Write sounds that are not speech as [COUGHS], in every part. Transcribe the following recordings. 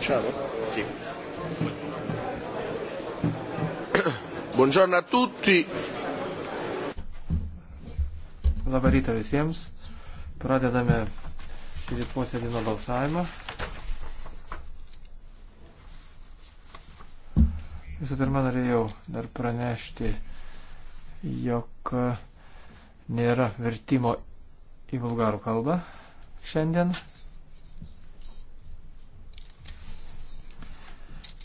cominciare? Sì. [COUGHS] Buongiorno a tutti. Labą rytą visiems. Pradedame šį posėdį nuo balsavimo. Visų pirma, norėjau dar pranešti, jog nėra vertimo į bulgarų kalbą šiandien.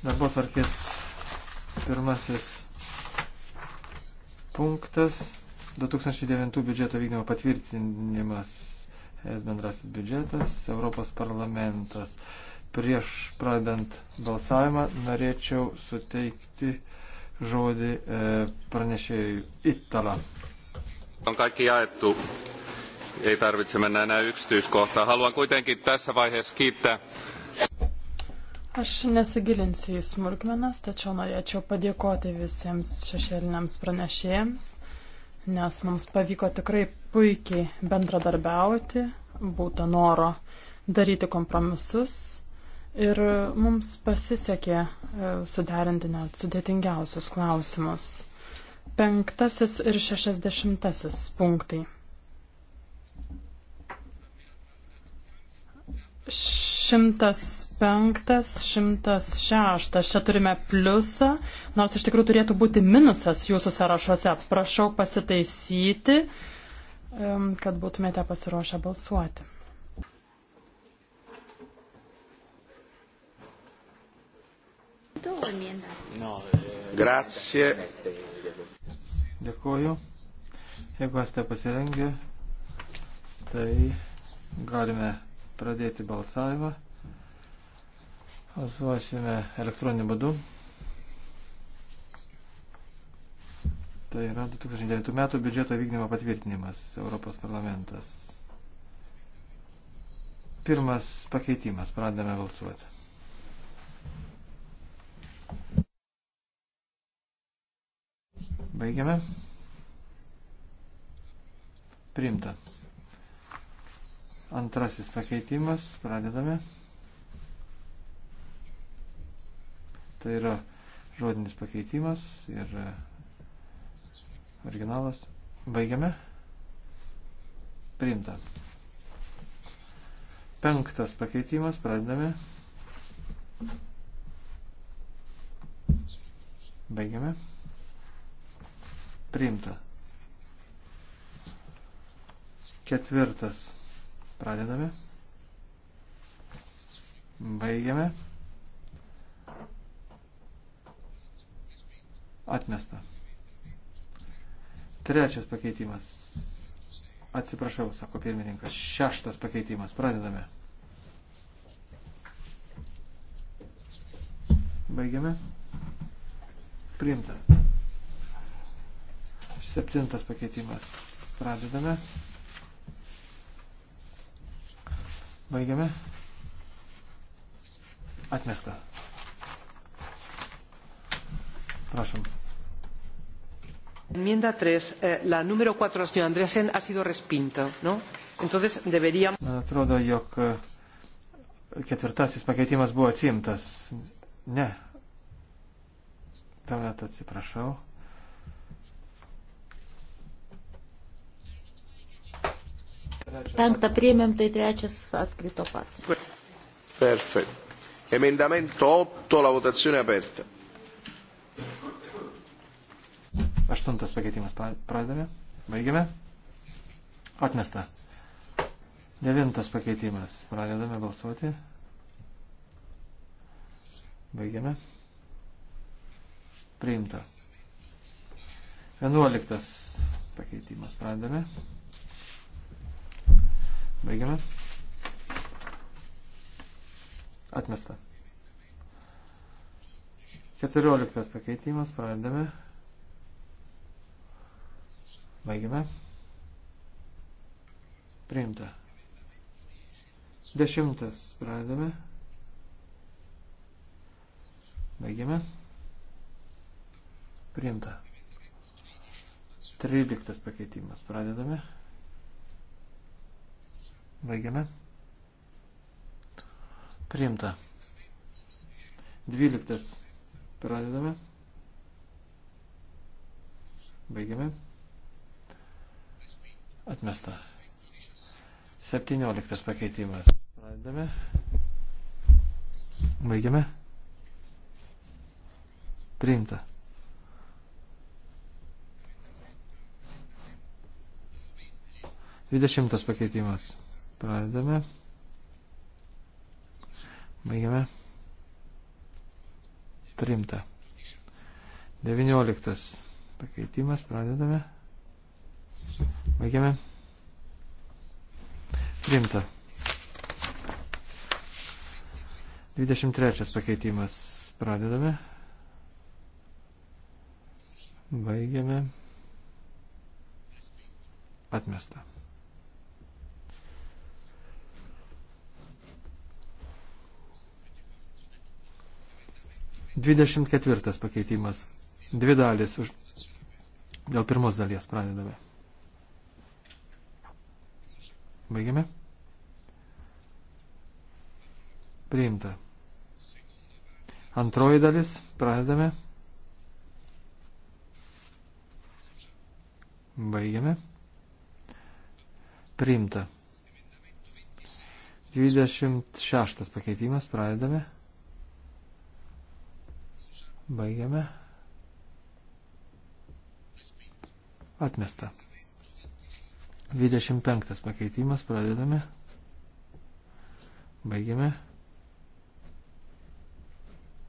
darbo tvarkės pirmasis punktas 2009 biudžeto vykdymo patvirtinimas es bendrasis biudžetas, Europos parlamentas. Prieš pradant balsavimą norėčiau suteikti žodį e, pranešėjui Ittala. On kaikki jaettu. Ei tarvitse mennä enää yksityiskohtaan. Haluan kuitenkin tässä vaiheessa kiittää Aš nesigilinsiu į smulkmenas, tačiau norėčiau padėkoti visiems šešėliniams pranešėjams, nes mums pavyko tikrai puikiai bendradarbiauti, būta noro daryti kompromisus ir mums pasisekė e, suderinti net sudėtingiausius klausimus. Penktasis ir šešiasdešimtasis punktai. Š 105, 106. Čia turime pliusą, nors iš tikrųjų turėtų būti minusas jūsų sąrašuose. Prašau pasitaisyti, kad būtumėte pasiruošę balsuoti. Grazie. Dėkuoju. Jeigu esate pasirengę, tai galime pradėti balsavimą. Balsuosime elektroniniu būdu. Tai yra 2009 metų biudžeto vykdymo patvirtinimas Europos parlamentas. Pirmas pakeitimas, pradame balsuoti. Baigiame. Priimta. Antrasis pakeitimas, pradedame. Tai yra žodinis pakeitimas ir e, originalas. Baigiame. Priimtas. Penktas pakeitimas, pradedame. Baigiame. Priimta. Ketvirtas Pradedame. Baigiame. Atmesta. Trečias pakeitimas. Atsiprašau, sako pirmininkas. Šeštas pakeitimas. Pradedame. Baigiame. Priimta. Septintas pakeitimas. Pradedame. Baigiame. Atmesta. Prašom. Enmienda 3, eh, la número 4, señor Andresen, ha sido respinto, ¿no? Entonces deberíamos... Man atrodo, jog eh, ketvirtasis pakeitimas buvo atsimtas. Ne. Tuomet atsiprašau. Penktą priėmėm, tai trečias atkrito pats. Perfekt. Emendamento 8, la votazione aperta. Aštuntas pakeitimas pradedame, baigiame. Atmesta. Devintas pakeitimas. Pradedame balsuoti. Baigiame. Priimta. Vienuoliktas pakeitimas. Pradedame. Baigiame. Atmesta. 14 pakeitimas, pradedame. Baigiame. Priimta. 10 pradedame. Baigiame. Priimta. 13 pakeitimas, pradedame. Baigiame. Priimta. Dvyliktas. Pradedame. Baigiame. Atmesta. Septynioliktas pakeitimas. Pradedame. Baigiame. Priimta. Dvidešimtas pakeitimas. Pradedame. Baigiame. Primta. 19. Pakeitimas. Pradedame. Baigiame. Primta. 23. Pakeitimas. Pradedame. Baigiame. Atmesta. 24 pakeitimas. Dvi dalis. Už... Dėl pirmos dalies pradedame. Baigiame. Priimta. Antroji dalis. Pradedame. Baigiame. Priimta. 26 pakeitimas. Pradedame. Baigiame. Atmesta. 25 pakeitimas, pradedame. Baigiame.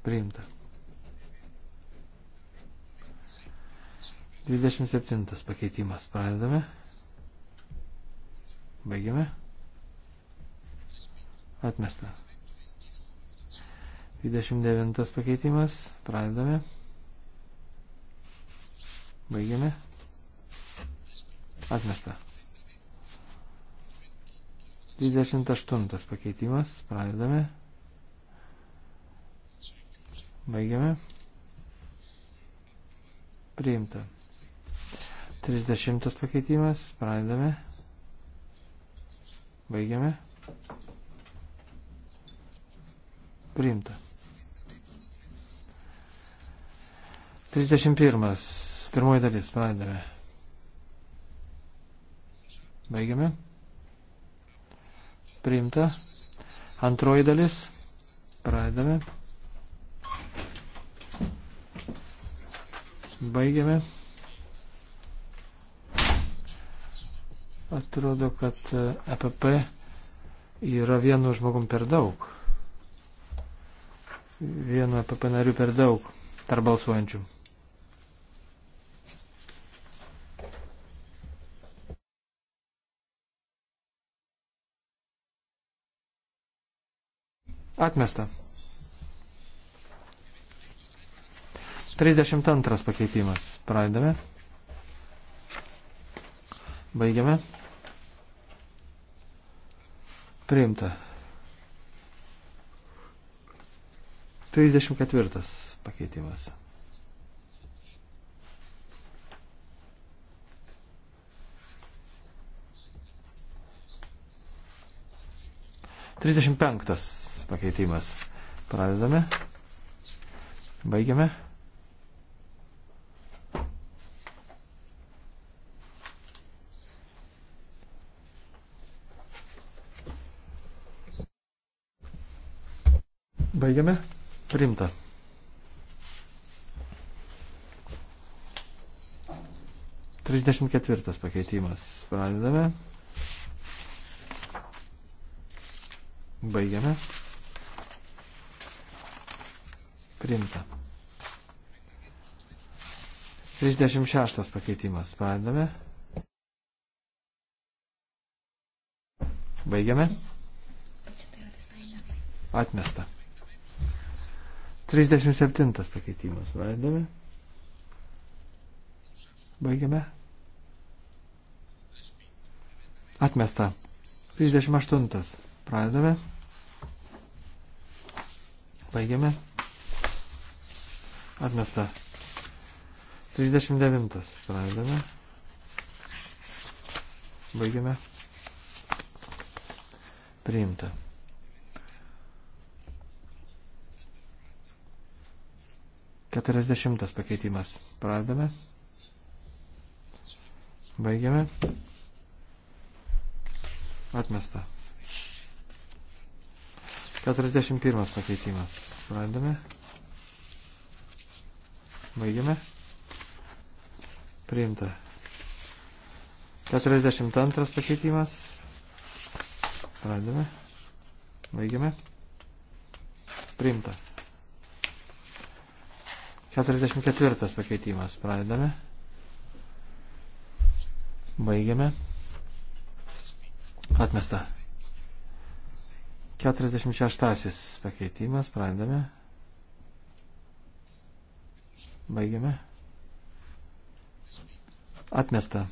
Priimta. 27 pakeitimas, pradedame. Baigiame. Atmesta. 29 pakeitimas. Pradedame. Baigiame. Atmesta. 28 pakeitimas. Pradedame. Baigiame. Priimta. 30 pakeitimas. Pradedame. Baigiame. Priimta. 31. Pirmoji dalis, pradedame. Baigiame. Priimta. Antroji dalis. Pradedame. Baigiame. Atrodo, kad EPP e yra vienu žmogum per daug. Vienu EPP nariu per daug tarp balsuojančių. Atmesta. 32 pakeitimas. Pradedame. Baigiame. Priimta. 34 pakeitimas. Trisdešimt penktas pakeitimas. Pradedame. Baigiame. Baigiame. Primta. Trisdešimt ketvirtas pakeitimas. Pradedame. Baigiame. Priimta. 36 pakeitimas. Pradedame. Baigiame. Atmesta. 37 pakeitimas. Pradedame. Baigiame. Atmesta. 38. Pradedame. Baigiame. Atmesta. 39. Pradedame. Baigiame. Priimta. Keturiasdešimtas pakeitimas. Pradedame. Baigiame. Atmesta. 41 pakeitimas. Pradedame. Baigiame. Priimta. 42 pakeitimas. Pradame. Baigiame. Priimta. 44 pakeitimas. Pradedame. Baigiame. Atmesta. 46 pakeitimas. Pradedame. Baigiame. Atmesta.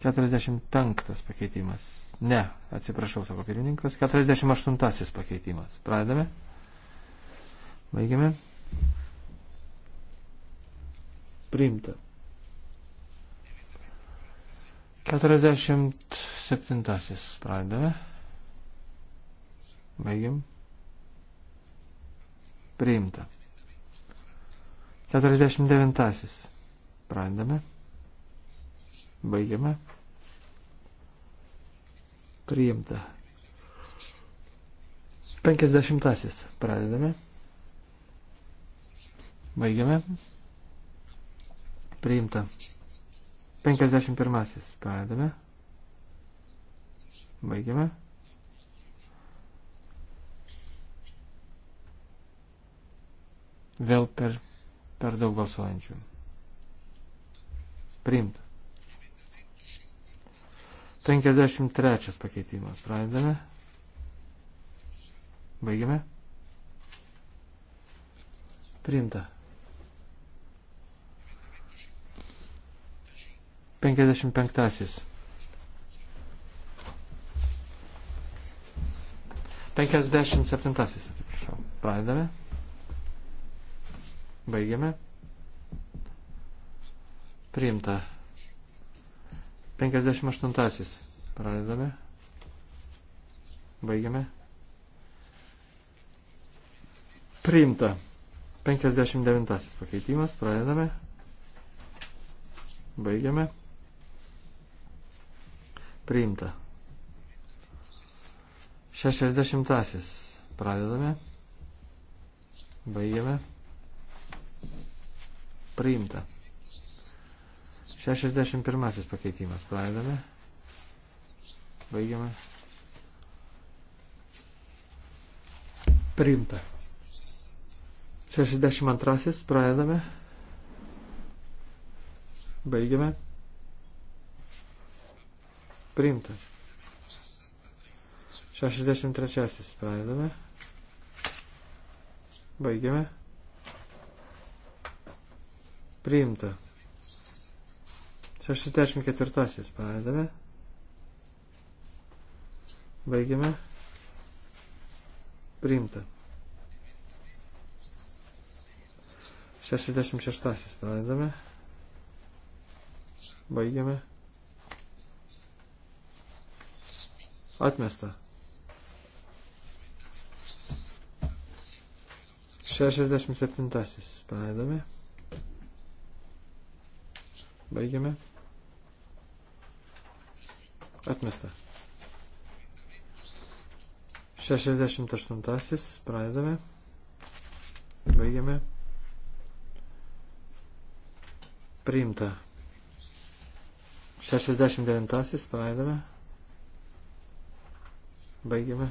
45 pakeitimas. Ne, atsiprašau, sako pirmininkas. 48 pakeitimas. Pradedame. Baigiame. Priimta. 47 pradedame. Baigiam priimta. 49. Pradedame. Baigiame. Priimta. 50. Pradedame. Baigiame. Priimta. 51. Pradedame. Baigiame. Vėl per, per daug balsuojančių. Priimta. 53 pakeitimas. Pradedame. Baigiame. Priimta. 55. 57. Atsiprašau. Pradedame. Baigiame. Priimta. 58. Pradedame. Baigiame. Priimta. 59. Pakeitimas. Pradedame. Baigiame. Priimta. 60. Pradedame. Baigiame priimta. 61 pakeitimas. Pradedame. Baigiame. Priimta. 62 pradedame. Baigiame. Priimta. 63 pradedame. Baigiame. Priimta. 64 pradedame. Baigiame. Priimta. 66 pradedame. Baigiame. Atmesta. 67 pradedame. Baigiame. Atmesta. 68. Pradedame. Baigiame. Priimta. 69. Pradedame. Baigiame.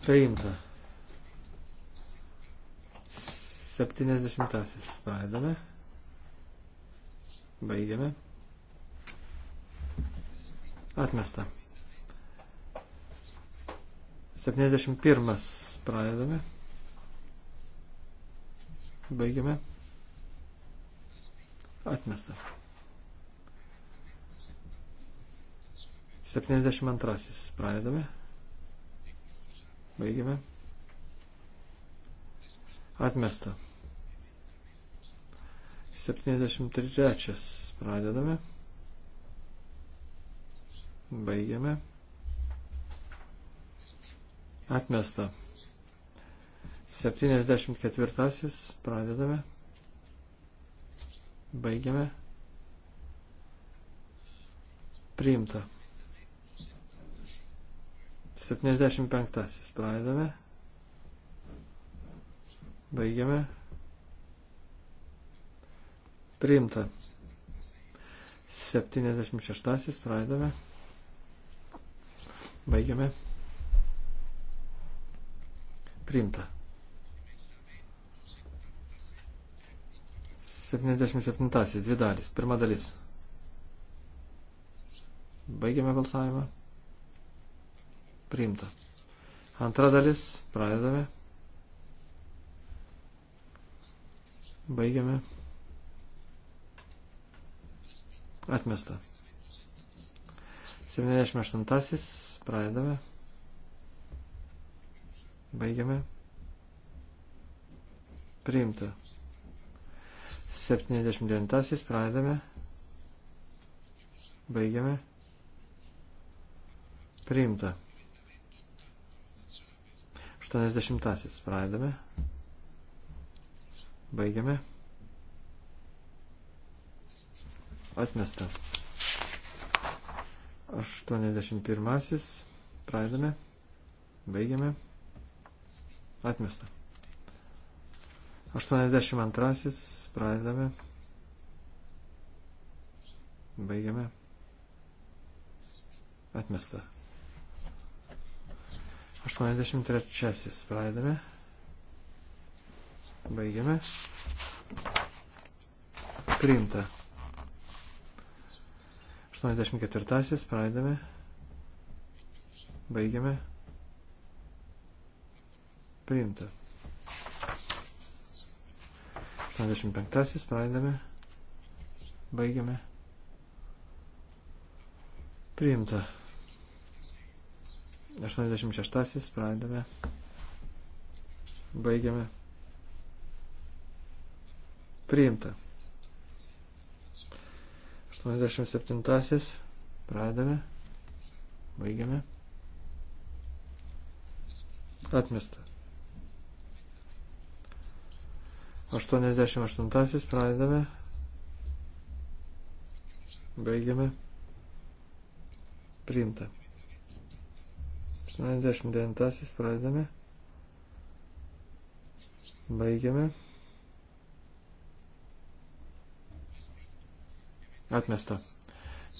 Priimta. 70. Pradedame. Baigiame. Atmesta. 71 pradedame. Baigiame. Atmesta. 72 pradedame. Baigiame. Atmesta. 73. Pradedame. Baigiame. Atmesta. 74. Pradedame. Baigiame. Priimta. 75. Pradedame. Baigiame priimta. 76 pradedame. Baigiame. Priimta. 77 dvi dalis. Pirma dalis. Baigiame balsavimą. Priimta. Antra dalis. Pradedame. Baigiame. Atmesta. 78. Pradedame. Baigiame. Priimta. 79. Pradedame. Baigiame. Priimta. 80. Pradedame. Baigiame. Atmesta. 81. Pradedame. Baigiame. Atmesta. 82. Pradedame. Baigiame. Atmesta. 83. Pradedame. Baigiame. Priimta. 84. Pradedame. Baigiame. Priimta. 85. Pradedame. Baigiame. Priimta. 86. Pradedame. Baigiame. Priimta. 87. Pradame. Baigiame. Atmesta. 88. Pradedame. Baigiame. Priimta. 89. Pradedame. Baigiame. Atmesta.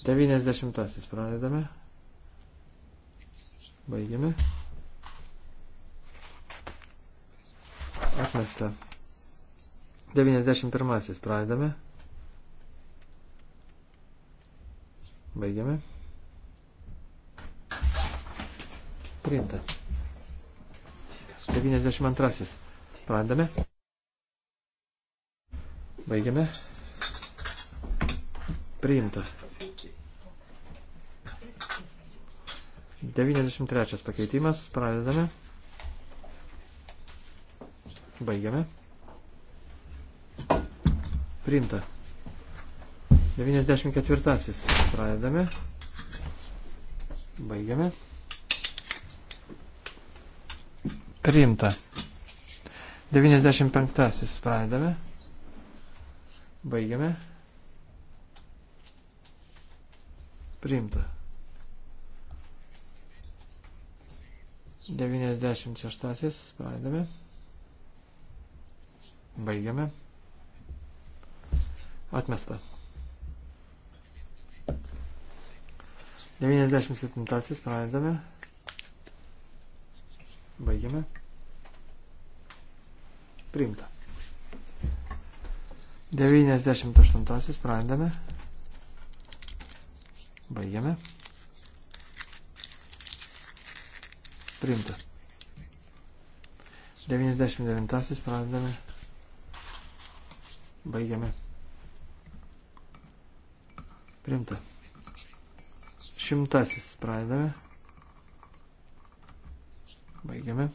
90. Pradedame. Baigiame. Atmesta. 91. Pradedame. Baigiame. Priimta. 92. Pradedame. Baigiame. Priimta. 93 pakeitimas. Pradedame. Baigiame. Priimta. 94. Pradedame. Baigiame. Priimta. 95. Pradedame. Baigiame. Priimta. 96. Pradedame. Baigiame. Atmesta. 97. Pradedame. Baigiame. Priimta. 98. Pradedame. Baigiame. Priimta. 99 pradedame. Baigiame. Priimta. Šimtasis pradedame. Baigiame.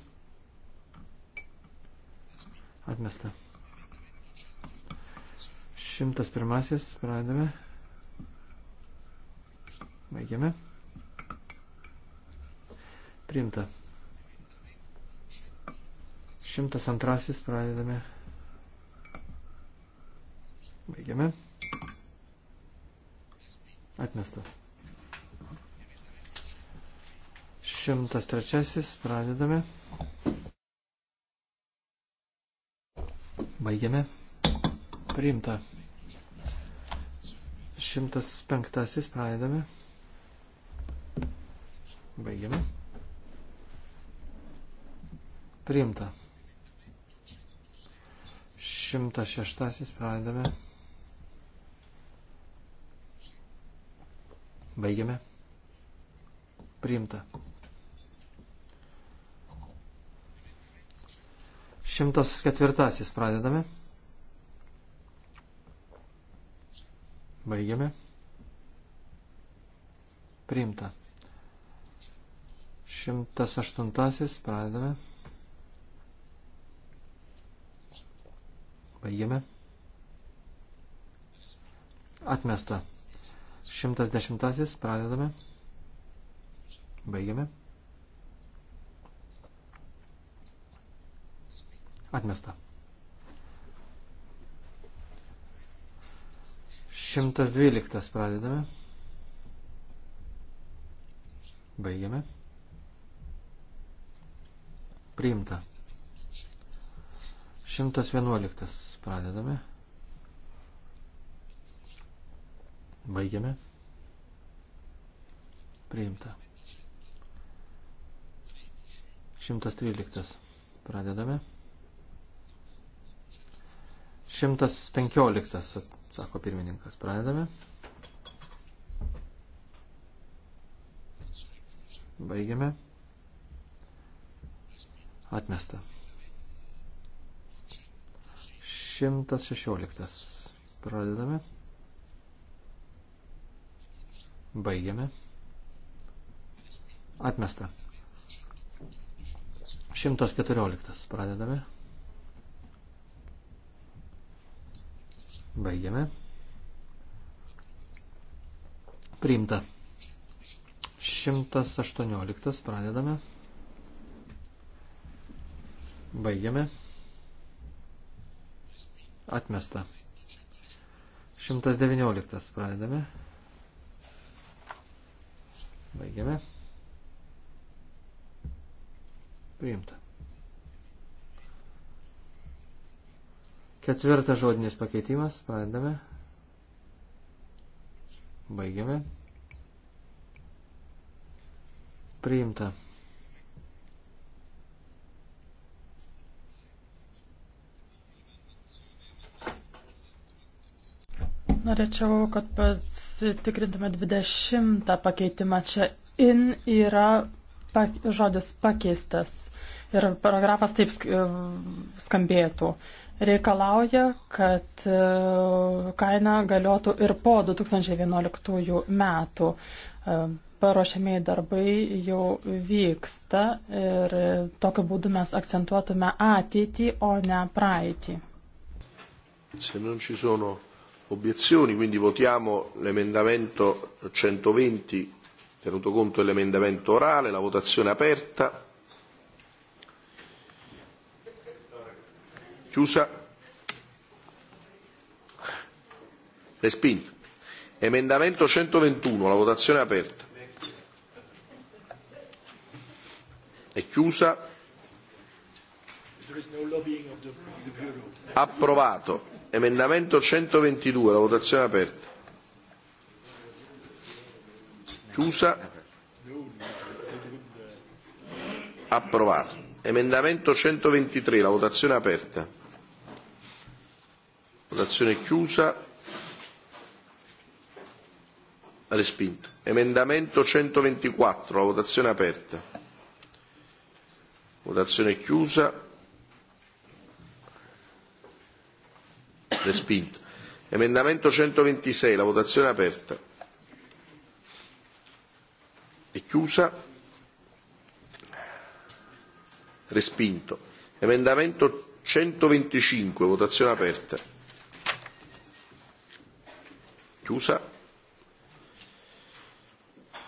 Atmesta. Šimtas pirmasis pradedame. Baigiame. Priimta. 102 pradedame. Baigiame. Atmesta. 103 pradedame. Baigiame. Priimta. 105 pradedame. Baigiame. Priimta. 106 pradedame. Baigiame. Priimta. 104 pradedame. Baigiame. Priimta. 108. Pradedame. Baigiame. Atmesta. 110. Pradedame. Baigiame. Atmesta. 112 pradedame. Baigiame priimta. 111 pradedame. Baigiame. Priimta. 113 pradedame. 115, sako pirmininkas, pradedame. Baigiame. Atmesta. 116. Pradedame. Baigiame. Atmesta. 114. Pradedame. Baigiame. Priimta. 118. Pradedame. Baigiame. Atmesta. 119 pradedame. Baigiame. Priimta. Ketvirtas žodinis pakeitimas. Pradedame. Baigiame. Priimta. Norėčiau, kad pasitikrintume 20 pakeitimą. Čia in yra pak, žodis pakeistas ir paragrafas taip skambėtų. Reikalauja, kad e, kaina galiotų ir po 2011 metų. E, Paruošėmiai darbai jau vyksta ir tokiu būdu mes akcentuotume ateitį, o ne praeitį. Se non ci sono obiezioni, quindi votiamo l'emendamento 120 tenuto conto dell'emendamento orale, la votazione è aperta. Chiusa. Respinto. Emendamento 121, la votazione è aperta. È chiusa. Approvato. Emendamento 122, la votazione è aperta. Chiusa. Approvato. Emendamento 123, la votazione è aperta. Votazione chiusa. Respinto. Emendamento 124, la votazione è aperta. Votazione chiusa. respinto. Emendamento 126, la votazione è aperta. È chiusa. Respinto. Emendamento 125, votazione aperta. Chiusa.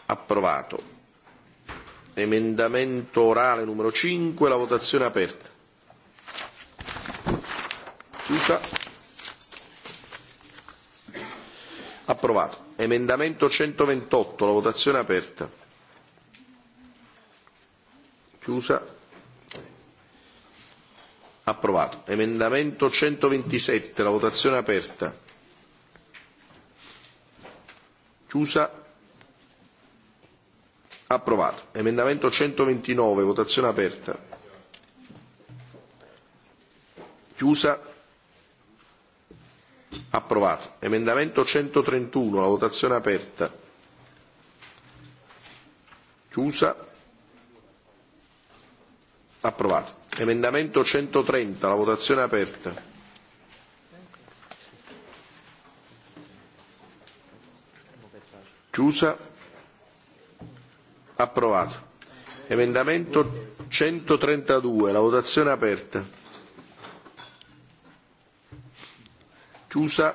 Approvato. Emendamento orale numero 5, la votazione è aperta. Chiusa Approvato. Emendamento 128, la votazione è aperta. Chiusa. Approvato. Emendamento 127, la votazione è aperta. Chiusa. Approvato. Emendamento 129, votazione aperta. Chiusa. Approvato. Emendamento 131, la votazione aperta. Chiusa. Approvato. Emendamento 130, la votazione aperta. Chiusa. Approvato. Emendamento 132, la votazione aperta. Chiusa.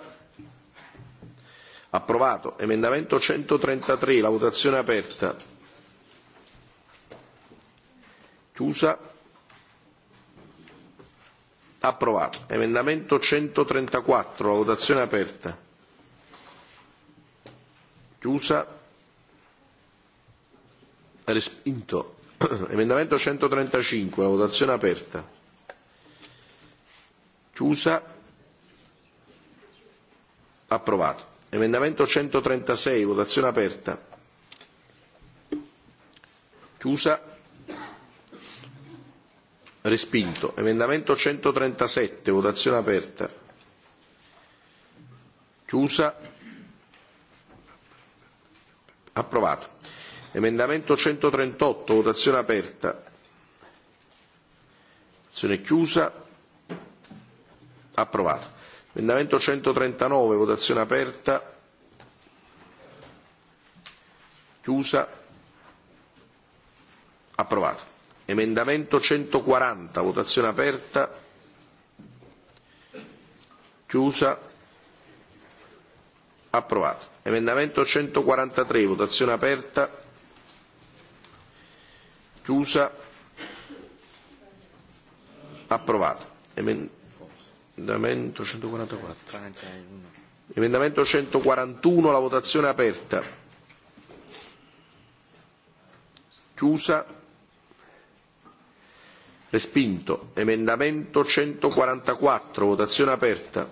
Approvato. Emendamento 133, la votazione è aperta. Chiusa. Approvato. Emendamento 134, la votazione è aperta. Chiusa. Respinto. [CLEARS THROAT] Emendamento 135, la votazione è aperta. Chiusa. Approvato. Emendamento 136, votazione aperta. Chiusa. Respinto. Emendamento 137, votazione aperta. Chiusa. Approvato. Emendamento 138, votazione aperta. Votazione chiusa. Approvato emendamento centotrentanove votazione aperta chiusa approvato emendamento centoquaranta votazione aperta chiusa approvato emendamento centoquarantatré votazione aperta chiusa approvato Emen Emendamento 144. 41. Emendamento 141, la votazione è aperta. Chiusa. Respinto. Emendamento 144, votazione aperta.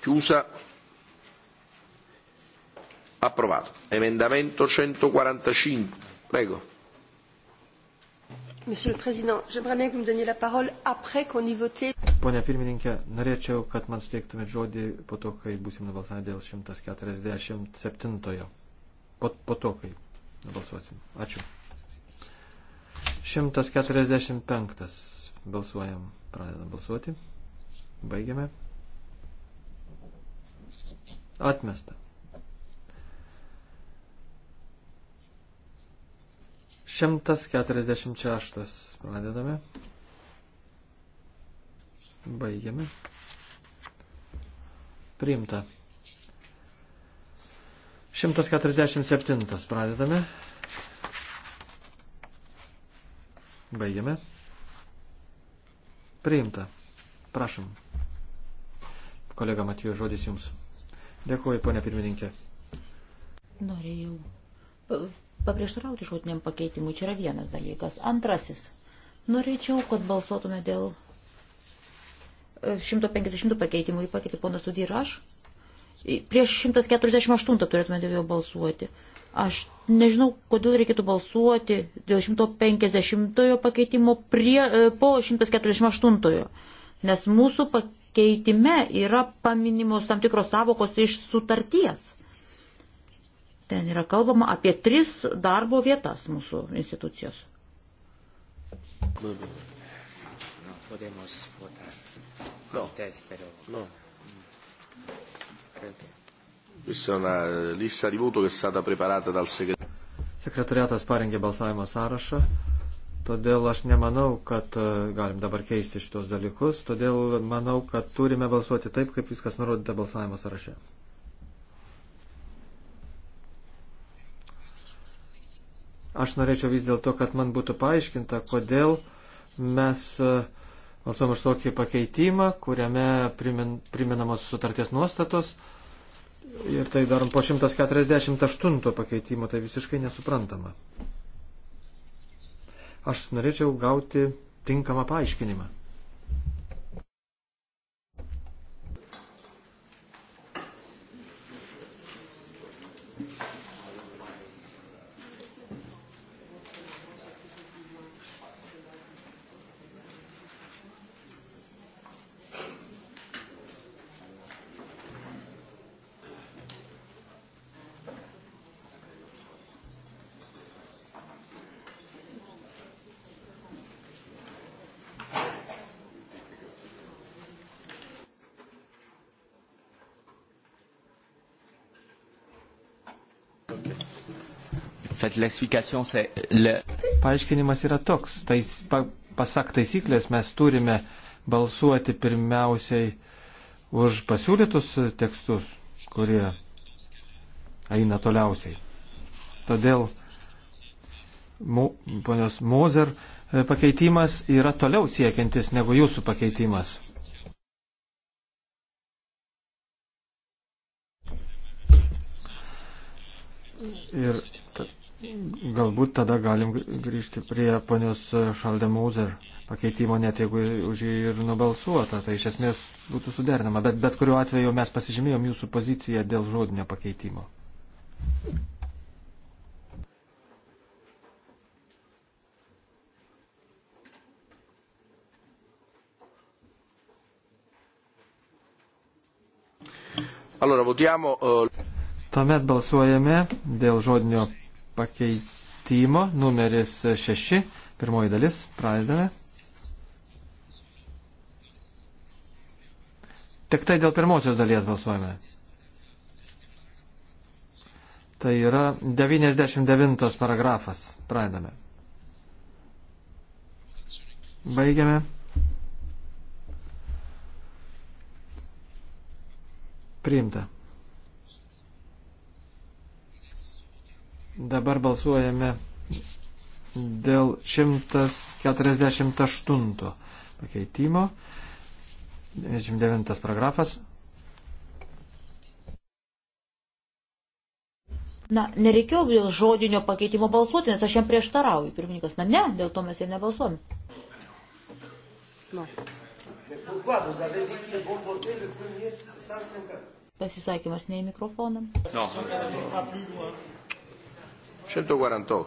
Chiusa. Approvato. Emendamento 145. Prego. Monsieur le Président, j'aimerais bien que vous me donniez la parole après qu'on y voté. Pone pirmininkė, norėčiau, kad man suteiktumėt žodį po to, kai būsim nubalsavę dėl 147. Po, po to, kai nubalsuosim. Ačiū. 145. Balsuojam. Pradedam balsuoti. Baigiame. Atmesta. 146. Pradedame. Baigiame. Priimta. 147. Pradedame. Baigiame. Priimta. Prašom. Kolega Matijo, žodis jums. Dėkuoju, ponia pirmininkė. Norėjau paprieštarauti žodiniam pakeitimui. Čia yra vienas dalykas. Antrasis. Norėčiau, kad balsuotume dėl 150 e, pakeitimų. Jį pakeitė ponas Sudį ir aš. Prieš 148 turėtume dėl jo balsuoti. Aš nežinau, kodėl reikėtų balsuoti dėl 150 pakeitimo prie, e, po 148. Nes mūsų pakeitime yra paminimos tam tikros savokos iš sutarties. Ten yra kalbama apie tris darbo vietas mūsų institucijos. No. No. Questa è una lista di voto che è stata preparata dal segretario. Sekretariatas parengė balsavimo sąrašą, todėl aš nemanau, kad e, galim dabar keisti šitos dalykus, todėl manau, kad turime balsuoti taip, kaip viskas nurodyta balsavimo sąraše. Aš norėčiau vis dėlto, kad man būtų paaiškinta, kodėl mes e, balsuom už tokį pakeitimą, kuriame primin, priminamos sutarties nuostatos ir tai darom po 148 pakeitimo, tai visiškai nesuprantama. Aš norėčiau gauti tinkamą paaiškinimą. kad l'explication c'est le. Paaiškinimas yra toks. Tais, pa, pasak taisyklės mes turime balsuoti pirmiausiai už pasiūlytus tekstus, kurie eina toliausiai. Todėl mu, ponios Mozer e, pakeitimas yra toliau siekiantis negu jūsų pakeitimas. Ir galbūt tada galim grįžti prie ponios Šaldemauser pakeitimo, net jeigu už jį ir nubalsuota, tai iš esmės būtų suderinama. Bet bet kuriuo atveju mes pasižymėjom jūsų poziciją dėl žodinio pakeitimo. Allora, votiamo, uh... Tuomet balsuojame dėl žodinio pakeitimo numeris 6, pirmoji dalis, pradedame. Tik tai dėl pirmosios dalies balsuojame. Tai yra 99 paragrafas, pradedame. Baigiame. Priimta. Dabar balsuojame dėl 148 pakeitimo. 29 paragrafas. Na, nereikėjo dėl žodinio pakeitimo balsuoti, nes aš jam prieštarauju, pirmininkas. Na, ne, dėl to mes ir nebalsuojame. No. Pasisakymas ne į mikrofoną. No. 148.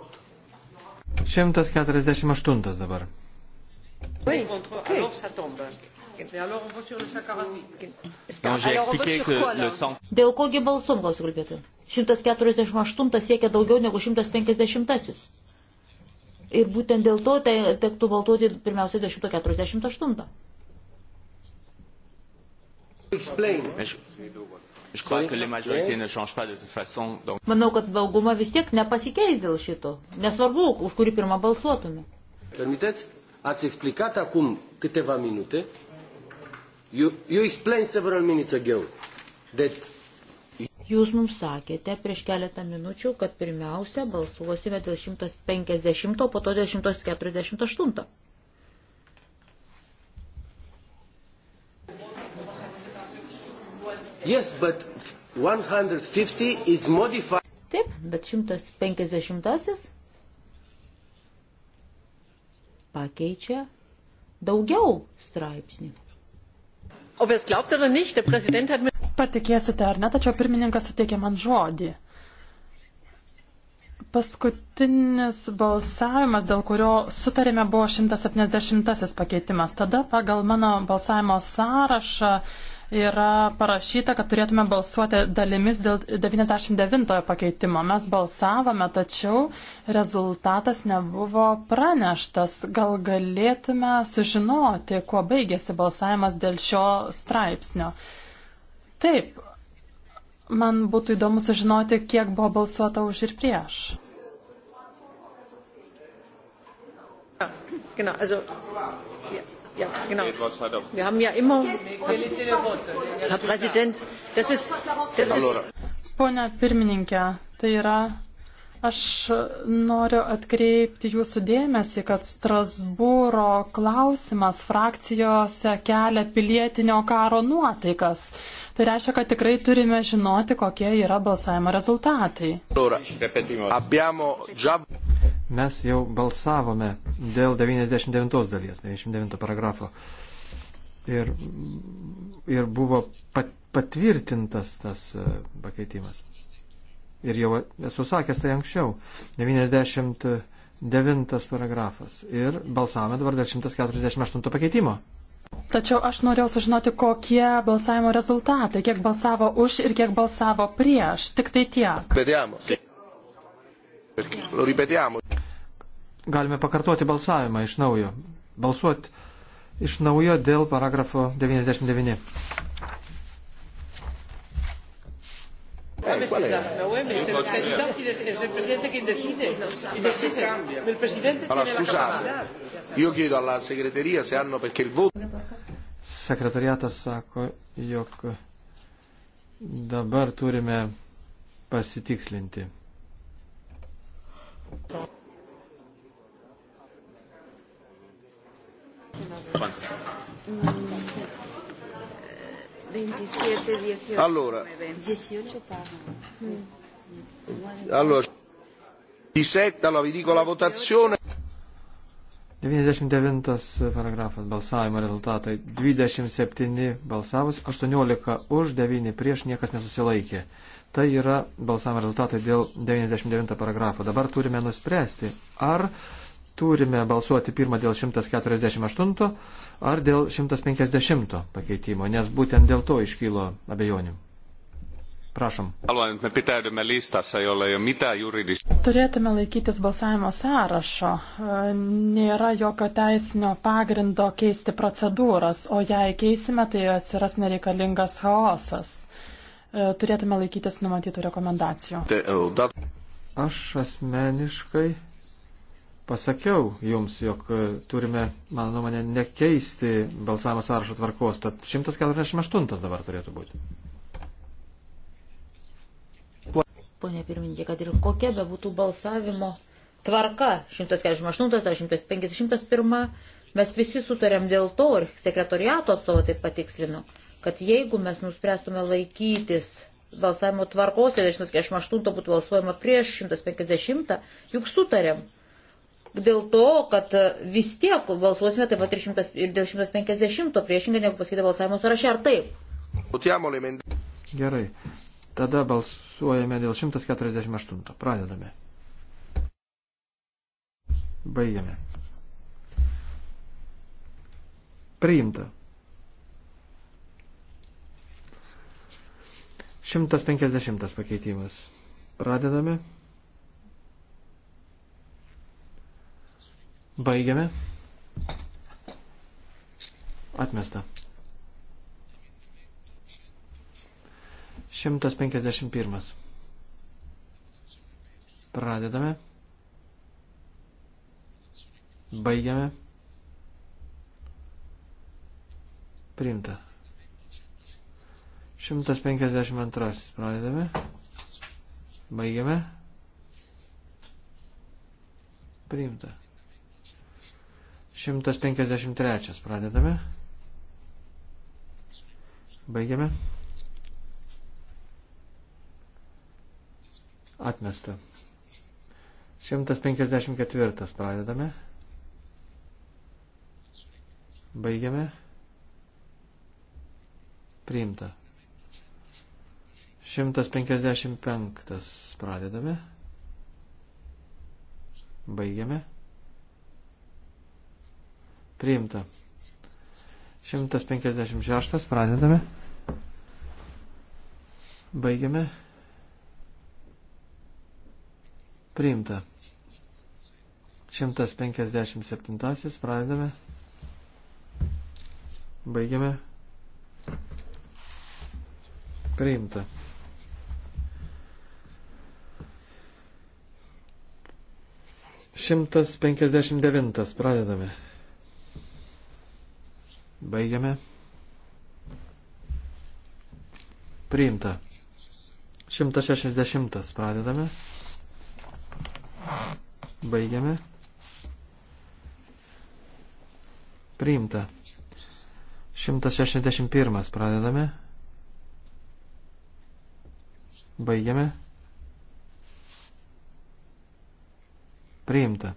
148 dabar. Oui. Dėl kogi balsum, klausiu kalbėtojų. 148 siekia daugiau negu 150. Ir būtent dėl to te, tektų baltuoti pirmiausia 148. Explain. Manau, kad dauguma vis tiek nepasikeis dėl šito. Nesvarbu, už kurį pirmą balsuotume. Permiteți, ați explicat acum câteva minute. You, you explained several minutes ago that Jūs mums sakėte prieš keletą minučių, kad pirmiausia balsuosime dėl 150, po to dėl 148. Yes, but 150 is modified. Taip, bet 150 pakeičia daugiau straipsnių. Er Patikėsite ar ne, tačiau pirmininkas suteikė man žodį. Paskutinis balsavimas, dėl kurio sutarėme, buvo 170 pakeitimas. Tada pagal mano balsavimo sąrašą uh, yra parašyta, kad turėtume balsuoti dalimis dėl 99 pakeitimo. Mes balsavome, tačiau rezultatas nebuvo praneštas. Gal galėtume sužinoti, kuo baigėsi balsavimas dėl šio straipsnio. Taip, man būtų įdomu sužinoti, kiek buvo balsuota už ir prieš. Genau, also Ja, genau. Wir haben ja immer, Herr Präsident, das ist, das ist. Pone pirmininkė, tai yra Aš noriu atkreipti jūsų dėmesį, kad Strasbūro klausimas frakcijose kelia pilietinio karo nuotaikas. Tai reiškia, kad tikrai turime žinoti, kokie yra balsavimo rezultatai. Mes jau balsavome dėl 99 dalies, 99 paragrafo. Ir, ir buvo pat, patvirtintas tas e, pakeitimas ir jau esu sakęs tai anksčiau, 99 paragrafas ir balsavome dabar dėl 148 pakeitimo. Tačiau aš norėjau sužinoti, kokie balsavimo rezultatai, kiek balsavo už ir kiek balsavo prieš, tik tai tiek. Galime pakartoti balsavimą iš naujo. Balsuoti iš naujo dėl paragrafo 99. Eh, ma se la UE è il presidente, es el presidente quien decide, y decide. El presidente allora, tiene scusate, la io chiedo alla segreteria se hanno perché il voto... Sekretariatas sako, jog dabar turime pasitikslinti. Quanto? 27, 18. Allora. 18 mm. Allora, 17, allora vi dico la votazione. 99 paragrafas balsavimo rezultatai. 27 balsavus, 18 už, 9 prieš, niekas nesusilaikė. Tai yra balsavimo rezultatai dėl 99 paragrafo. Dabar turime nuspręsti, ar turime balsuoti pirmą dėl 148 ar dėl 150 pakeitimo, nes būtent dėl to iškylo abejonių. Prašom. Turėtume laikytis balsavimo sąrašo. Nėra jokio teisinio pagrindo keisti procedūras, o jei keisime, tai atsiras nereikalingas chaosas. E, turėtume laikytis numatytų rekomendacijų. Aš asmeniškai pasakiau jums, jog e, turime, mano nuomonė, nekeisti balsavimo sąrašo tvarkos, tad 148 dabar turėtų būti. Pone pirmininkė, kad ir kokia be būtų balsavimo tvarka, 148 ar 151, mes visi sutarėm dėl to, ir sekretoriato savo taip patikslinu, kad jeigu mes nuspręstume laikytis balsavimo tvarkos, 148 būtų balsuojama prieš 150, juk sutarėm dėl to, kad vis tiek balsuosime taip pat ir, 100, ir dėl 150 priešingai negu pasakyta balsavimo sąraše, ar taip? Gerai. Tada balsuojame dėl 148. Pradedame. Baigiame. Priimta. 150 pakeitimas. Pradedame. Baigiame. Atmesta. 151. Pradedame. Baigiame. Priimta. 152. Pradedame. Baigiame. Priimta. 153 pradedame. Baigiame. Atmesta. 154 pradedame. Baigiame. Priimta. 155 pradedame. Baigiame. Priimta. 156 pradedame. Baigiame. Priimta. 157 pradedame. Baigiame. Priimta. Šimtas penkiasdešimt devintas pradedame. Baigiame. Priimta. 160 pradedame. Baigiame. Priimta. 161 pradedame. Baigiame. Priimta.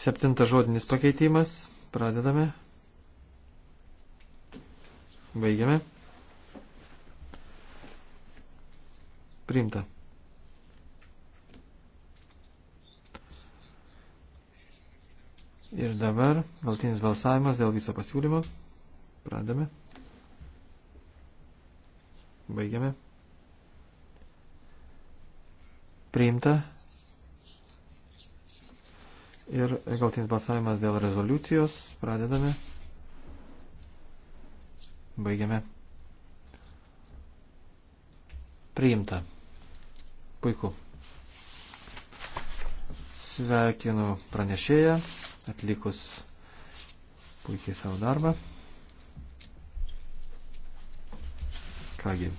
Septintas žodinis pakeitimas. Pradedame. Baigiame. Priimta. Ir dabar galtinis balsavimas dėl viso pasiūlymo. Pradame. Baigiame. Priimta. Ir galtinis balsavimas dėl rezoliucijos. Pradedame. Baigiame. Priimta. Puiku. Sveikinu pranešėją, atlikus puikiai savo darbą. Kągi.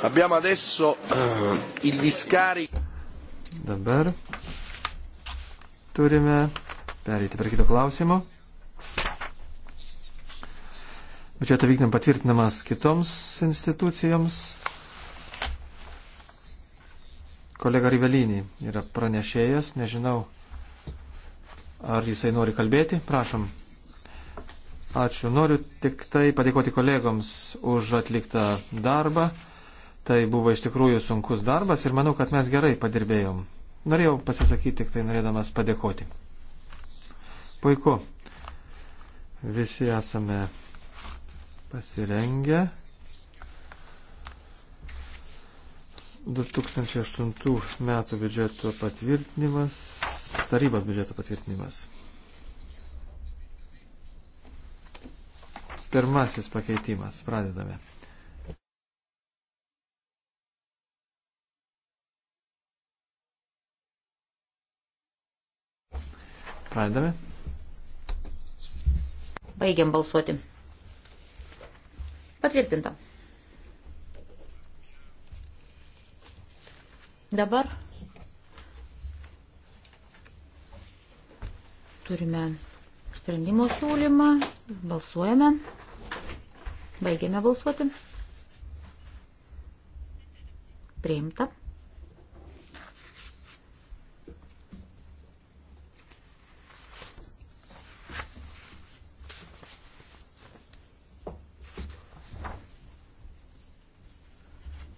Abbiamo adesso uh, il discarico. Dabar turime pereiti prie kito klausimo. Biudžeto vykdym patvirtinamas kitoms institucijoms. Kolega Rivelinį yra pranešėjas, nežinau, ar jisai nori kalbėti. Prašom. Ačiū. Noriu tik tai padėkoti kolegoms už atliktą darbą. Tai buvo iš tikrųjų sunkus darbas ir manau, kad mes gerai padirbėjom. Norėjau pasisakyti tik tai norėdamas padėkoti. Puiku. Visi esame pasirengę. 2008 metų biudžeto patvirtinimas, tarybos biudžeto patvirtinimas. Pirmasis pakeitimas. Pradedame. Pradedame. Baigiam balsuoti. Patvirtinta. Dabar turime sprendimo siūlymą, balsuojame. Baigėme balsuoti. Priimta.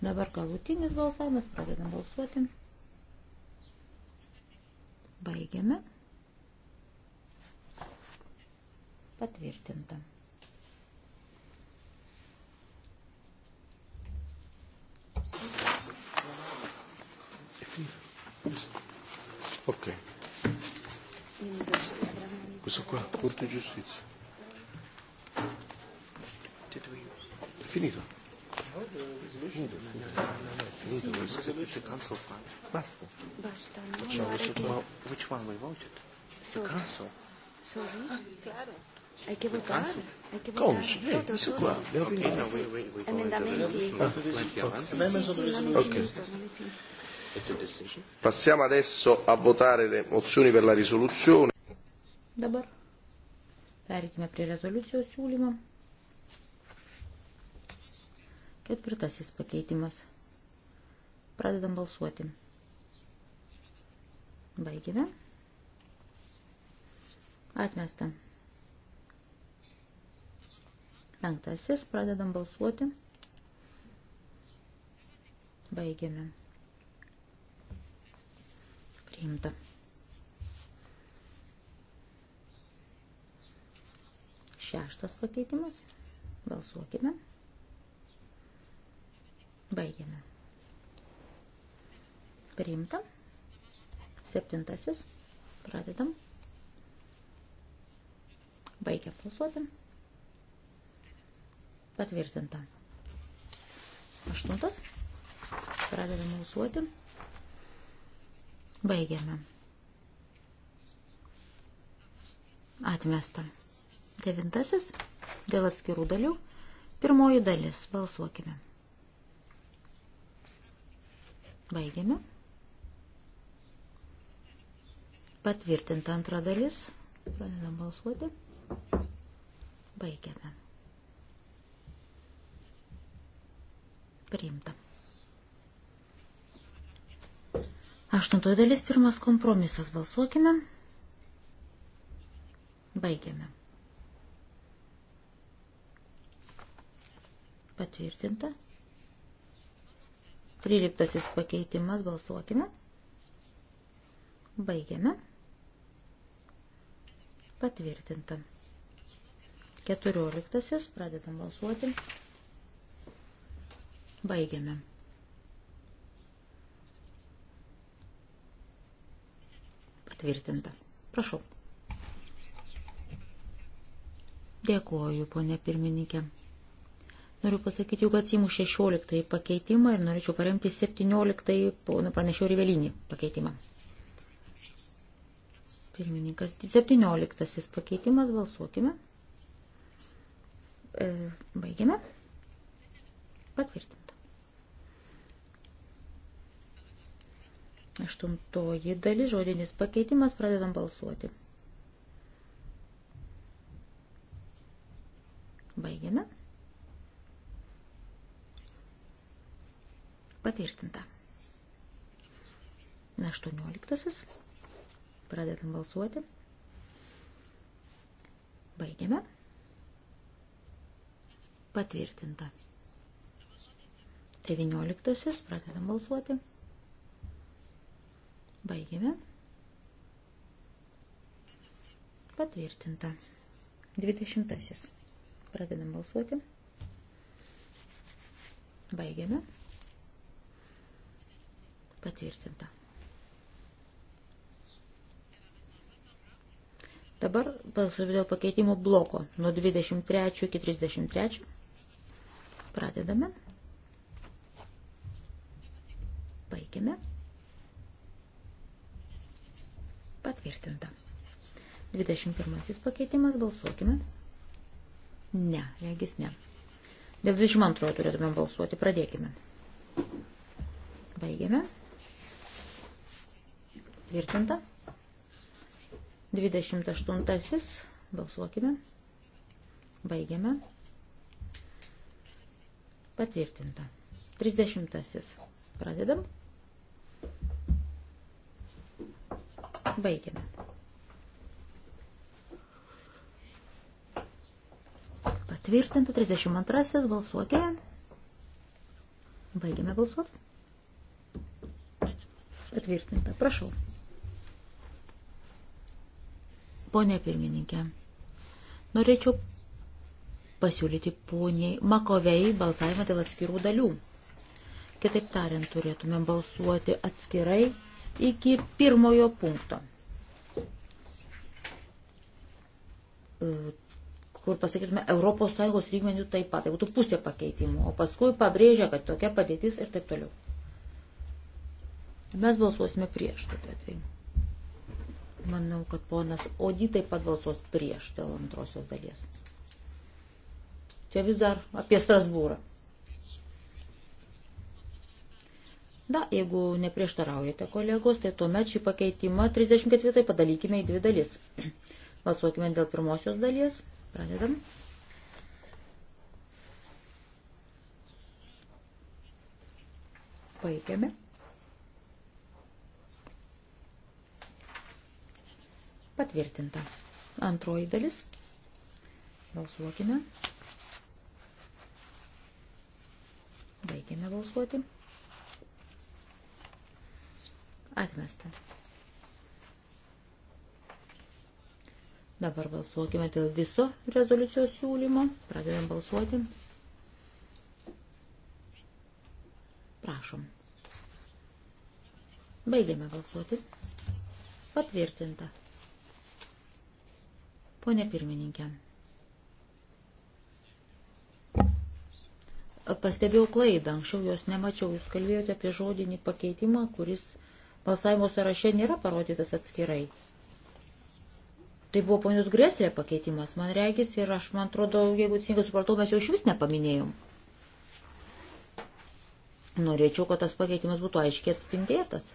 Dabar galutinis balsavimas, pradedam balsuoti. Baigiame. Patvirtinta. Ok. Questo qua, Corte di Giustizia. È finito? No, finito questo. Basta. Basta. Facciamo questo qua. Which one we voted? Sorry. The council. Sorry? Ah, claro. Hay que votar. Hay que votar. Cons, eh, todo, eso qua. Abbiamo finito. Emendamenti. Emendamenti. Ok. Passiamo adesso a votare le mozioni per la risoluzione. Dabar pereikime prie rezoliucijos siūlymo. Ketvirtasis pakeitimas. Pradedam balsuoti. Baigime. Atmesta. Penktasis. Pradedam balsuoti. Baigiame priimta. Šeštas pakeitimas. Balsuokime. Baigiame. Priimta. Septintasis. Pradedam. Baigia balsuoti. Patvirtinta. Aštuntas. Pradedam balsuoti. Baigiame. Atmesta. Devintasis. Dėl atskirų dalių. Pirmoji dalis. Balsuokime. Baigiame. Patvirtinta antra dalis. Pradedam balsuoti. Baigiame. Priimta. Aštuntoji dalis, pirmas kompromisas. Balsuokime. Baigiame. Patvirtinta. Tryliktasis pakeitimas. Balsuokime. Baigiame. Patvirtinta. Keturioliktasis. Pradedam balsuoti. Baigiame. patvirtinta. Prašau. Dėkuoju, ponė pirmininkė. Noriu pasakyti, jog atsimu 16 pakeitimą ir norėčiau paremti 17 pono pranešio rivelinį pakeitimą. Pirmininkas, 17 pakeitimas, balsuokime. E, baigime. Patvirtinti. Aštuntoji dalis žodinis pakeitimas, pradedam balsuoti. Baigiame. Patvirtinta. 18. Pradedam balsuoti. Baigiame. Patvirtinta. 19. Pradedam balsuoti. Baigėme. Patvirtinta. 20. Pradedam balsuoti. Baigėme. Patvirtinta. Dabar balsuoju dėl pakeitimo bloko nuo 23 iki 33. Pradedame. Baigiame. Patvirtinta. 21 pakeitimas, balsuokime. Ne, regis ne. 22 turėtume balsuoti, pradėkime. Baigiame. Tvirtinta. 28 balsuokime. Baigiame. Patvirtinta. 30 pradedam. Baigėme. Patvirtinta 32. Balsuokime. Baigėme balsuoti. Patvirtinta. Prašau. Pone pirmininkė, norėčiau pasiūlyti poniai Makovei balsavimą dėl atskirų dalių. Kitaip tariant, turėtumėm balsuoti atskirai iki pirmojo punkto, e, kur pasakytume Europos Sąjungos lygmenių taip pat, tai būtų pusė pakeitimų, o paskui pabrėžia, kad tokia padėtis ir taip toliau. Mes balsuosime prieš tokiu atveju. Manau, kad ponas Odi taip pat balsuos prieš dėl antrosios dalies. Čia vis dar apie Strasbūrą. Na, jeigu neprieštaraujate kolegos, tai tuomet šį pakeitimą 34 padalykime į dvi dalis. [CLEARS THROAT] Balsuokime dėl pirmosios dalies. Pradedam. Baigiame. Patvirtinta. Antroji dalis. Balsuokime. Baigiame balsuoti. Atmesta. Dabar balsuokime dėl viso rezoliucijos siūlymo. Pradedam balsuoti. Prašom. Baigiame balsuoti. Patvirtinta. Pone pirmininkė. Pastebėjau klaidą, anksčiau jos nemačiau. Jūs kalbėjote apie žodinį pakeitimą, kuris balsavimo sąraše nėra parodytas atskirai. Tai buvo ponios grėsrė pakeitimas, man regis, ir aš, man atrodo, jeigu teisingai supratau, mes jau iš vis nepaminėjom. Norėčiau, kad tas pakeitimas būtų aiškiai atspindėtas.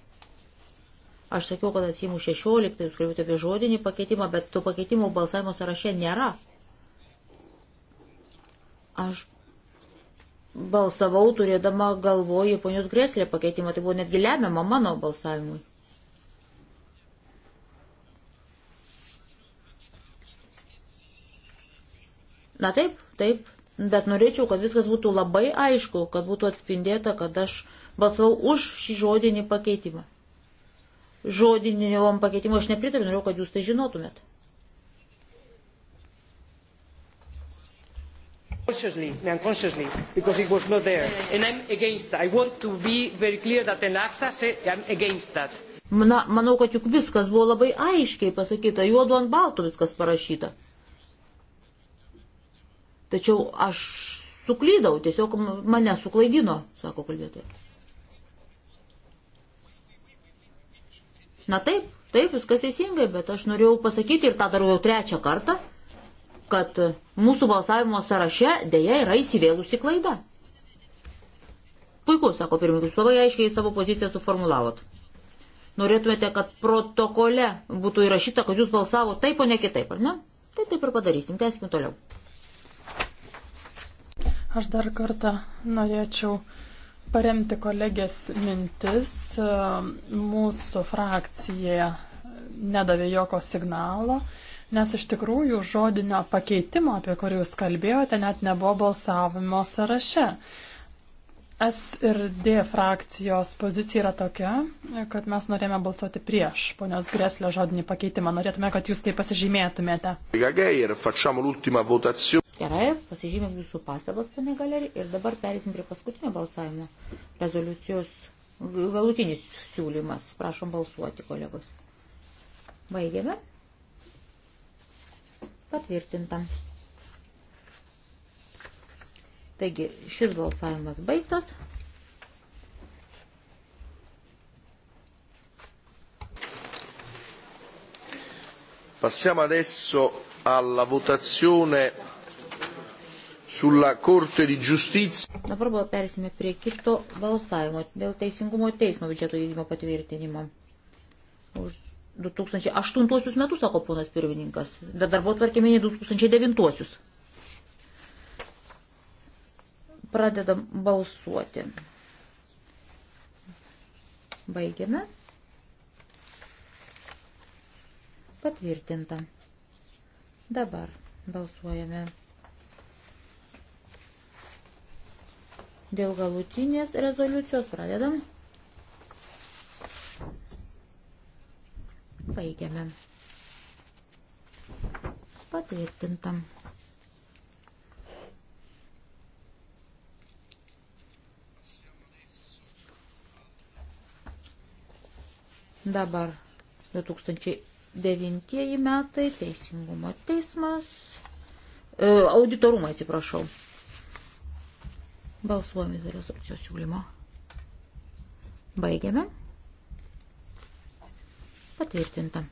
Aš sakiau, kad atsimu 16, jūs kalbėjote apie žodinį pakeitimą, bet tų pakeitimų balsavimo sąraše nėra. Aš balsavau turėdama galvoje ponios Greslė pakeitimą, tai buvo netgi lemiama mano balsavimui. Na taip, taip, bet norėčiau, kad viskas būtų labai aišku, kad būtų atspindėta, kad aš balsavau už šį žodinį pakeitimą. Žodiniam pakeitimui aš nepritariu, noriu, kad jūs tai žinotumėt. consciously, unconsciously, because it was not there. And I'm against that. I want to be very clear that in ACTA say I'm against that. Na, manau, kad juk viskas buvo labai aiškiai pasakyta, juodu ant balto viskas parašyta. Tačiau aš suklydau, tiesiog mane suklaidino, sako kalbėtoja. Na taip, taip, viskas teisingai, bet aš norėjau pasakyti ir tą darau jau trečią kartą, kad mūsų balsavimo sąraše dėja yra įsivėlusi klaida. Puiku, sako pirmininkas, labai aiškiai savo poziciją suformulavot. Norėtumėte, kad protokole būtų įrašyta, kad jūs balsavo taip, o ne kitaip, ar ne? Tai taip ir padarysim, tęskim toliau. Aš dar kartą norėčiau paremti kolegės mintis. Mūsų frakcija nedavė jokio signalo nes iš tikrųjų žodinio pakeitimo, apie kurį jūs kalbėjote, net nebuvo balsavimo sąraše. S ir D frakcijos pozicija yra tokia, kad mes norėjome balsuoti prieš ponios Greslio žodinį pakeitimą. Norėtume, kad jūs tai pasižymėtumėte. Gerai, pasižymėm jūsų pastabas, ponė Galerį, ir dabar perėsim prie paskutinio balsavimo. Rezoliucijos galutinis siūlymas. Prašom balsuoti, kolegos. Baigiame. Patvirtinta. Taigi, šis balsavimas baigtas. Passiamo adesso alla votazione sulla Corte di Giustizia. Dabar buvo persime prie kito balsavimo dėl Teisingumo teismo biudžeto vykdymo patvirtinimo. Už 2008 metus, sako ponas pirmininkas, bet darbo tvarkė minė 2009. Pradedam balsuoti. Baigiame. Patvirtinta. Dabar balsuojame dėl galutinės rezoliucijos. Pradedam. Baigiame. Patvirtintam. Dabar 2009 metai, teisingumo teismas, e, auditorumai atsiprašau. Balsuojame dėl rezoliucijos siūlymo. Baigiame. Patvirtinta.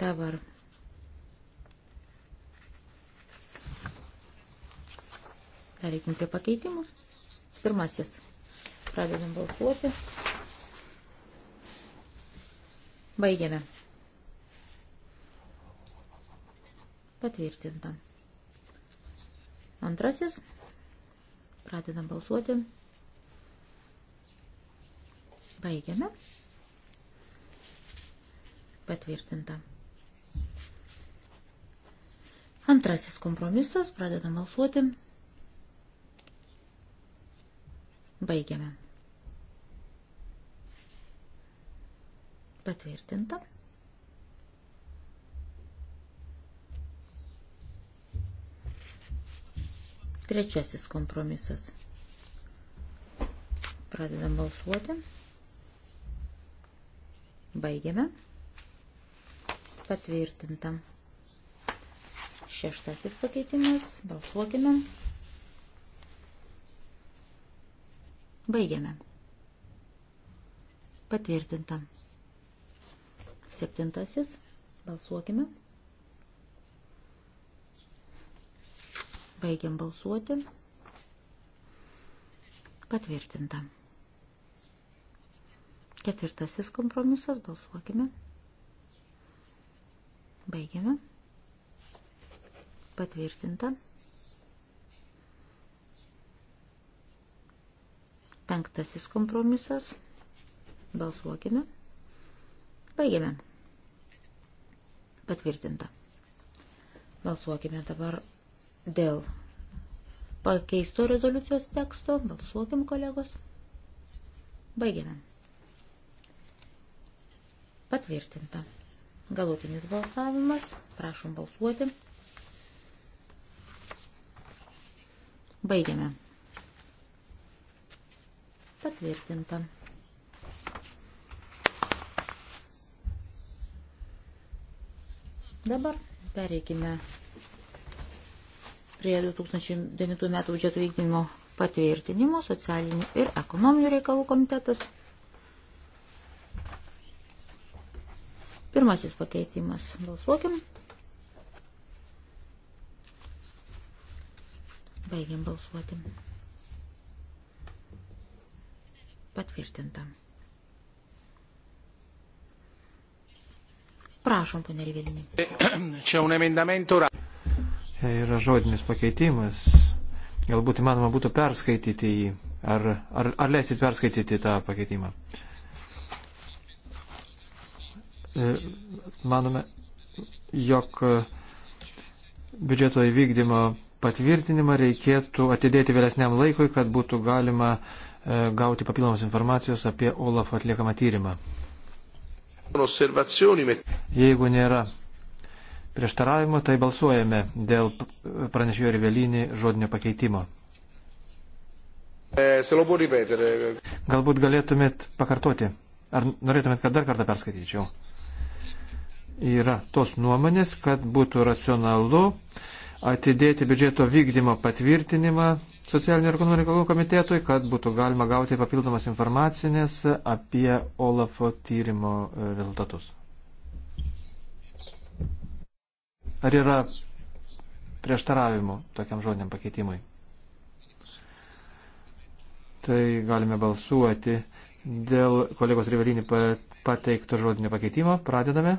Dabar. Pereikim prie pakeitimų. Pirmasis. Pradedam balsuoti. Baigiame. Patvirtinta. Antrasis. Pradedam balsuoti. Baigiame. Patvirtinta. Antrasis kompromisas. Pradedam balsuoti. Baigiame. Patvirtinta. Trečiasis kompromisas. Pradedam balsuoti. Baigiame patvirtinta. Šeštasis pakeitimas. Balsuokime. Baigiame. Patvirtinta. Septintasis. Balsuokime. Baigiam balsuoti. Patvirtinta. Ketvirtasis kompromisas. Balsuokime. Balsuokime. Baigiame. Patvirtinta. Penktasis kompromisas. Balsuokime. Baigiame. Patvirtinta. Balsuokime dabar dėl pakeisto rezoliucijos teksto. Balsuokim, kolegos. Baigiame. Patvirtinta. Galutinis balsavimas. Prašom balsuoti. Baigiame. Patvirtinta. Dabar pereikime prie 2009 metų biudžeto vykdymo patvirtinimo socialinių ir ekonominių reikalų komitetas. Pirmasis pakeitimas. Balsuokim. Baigiam balsuoti. Patvirtinta. Prašom, ponė Rivelinė. Čia un emendamento. Yra žodinis pakeitimas. Galbūt įmanoma būtų perskaityti jį. Ar, ar, ar leisit perskaityti tą pakeitimą? Uh, E, manome, jog e, biudžeto įvykdymo patvirtinimą reikėtų atidėti vėlesniam laikui, kad būtų galima e, gauti papildomos informacijos apie Olaf atliekamą tyrimą. Jeigu nėra prieštaravimo, tai balsuojame dėl pranešėjo Rivelinį žodinio pakeitimo. Eh, Galbūt galėtumėt pakartoti. Ar norėtumėt, kad dar kartą perskaityčiau? yra tos nuomonės, kad būtų racionalu atidėti biudžeto vykdymo patvirtinimą socialinių ir ekonominių reikalų komitetui, kad būtų galima gauti papildomas informacinės apie Olafo tyrimo e, rezultatus. Ar yra prieštaravimų tokiam žodiniam pakeitimui? Tai galime balsuoti dėl kolegos Rivelinį pateikto žodinio pakeitimo. Pradedame.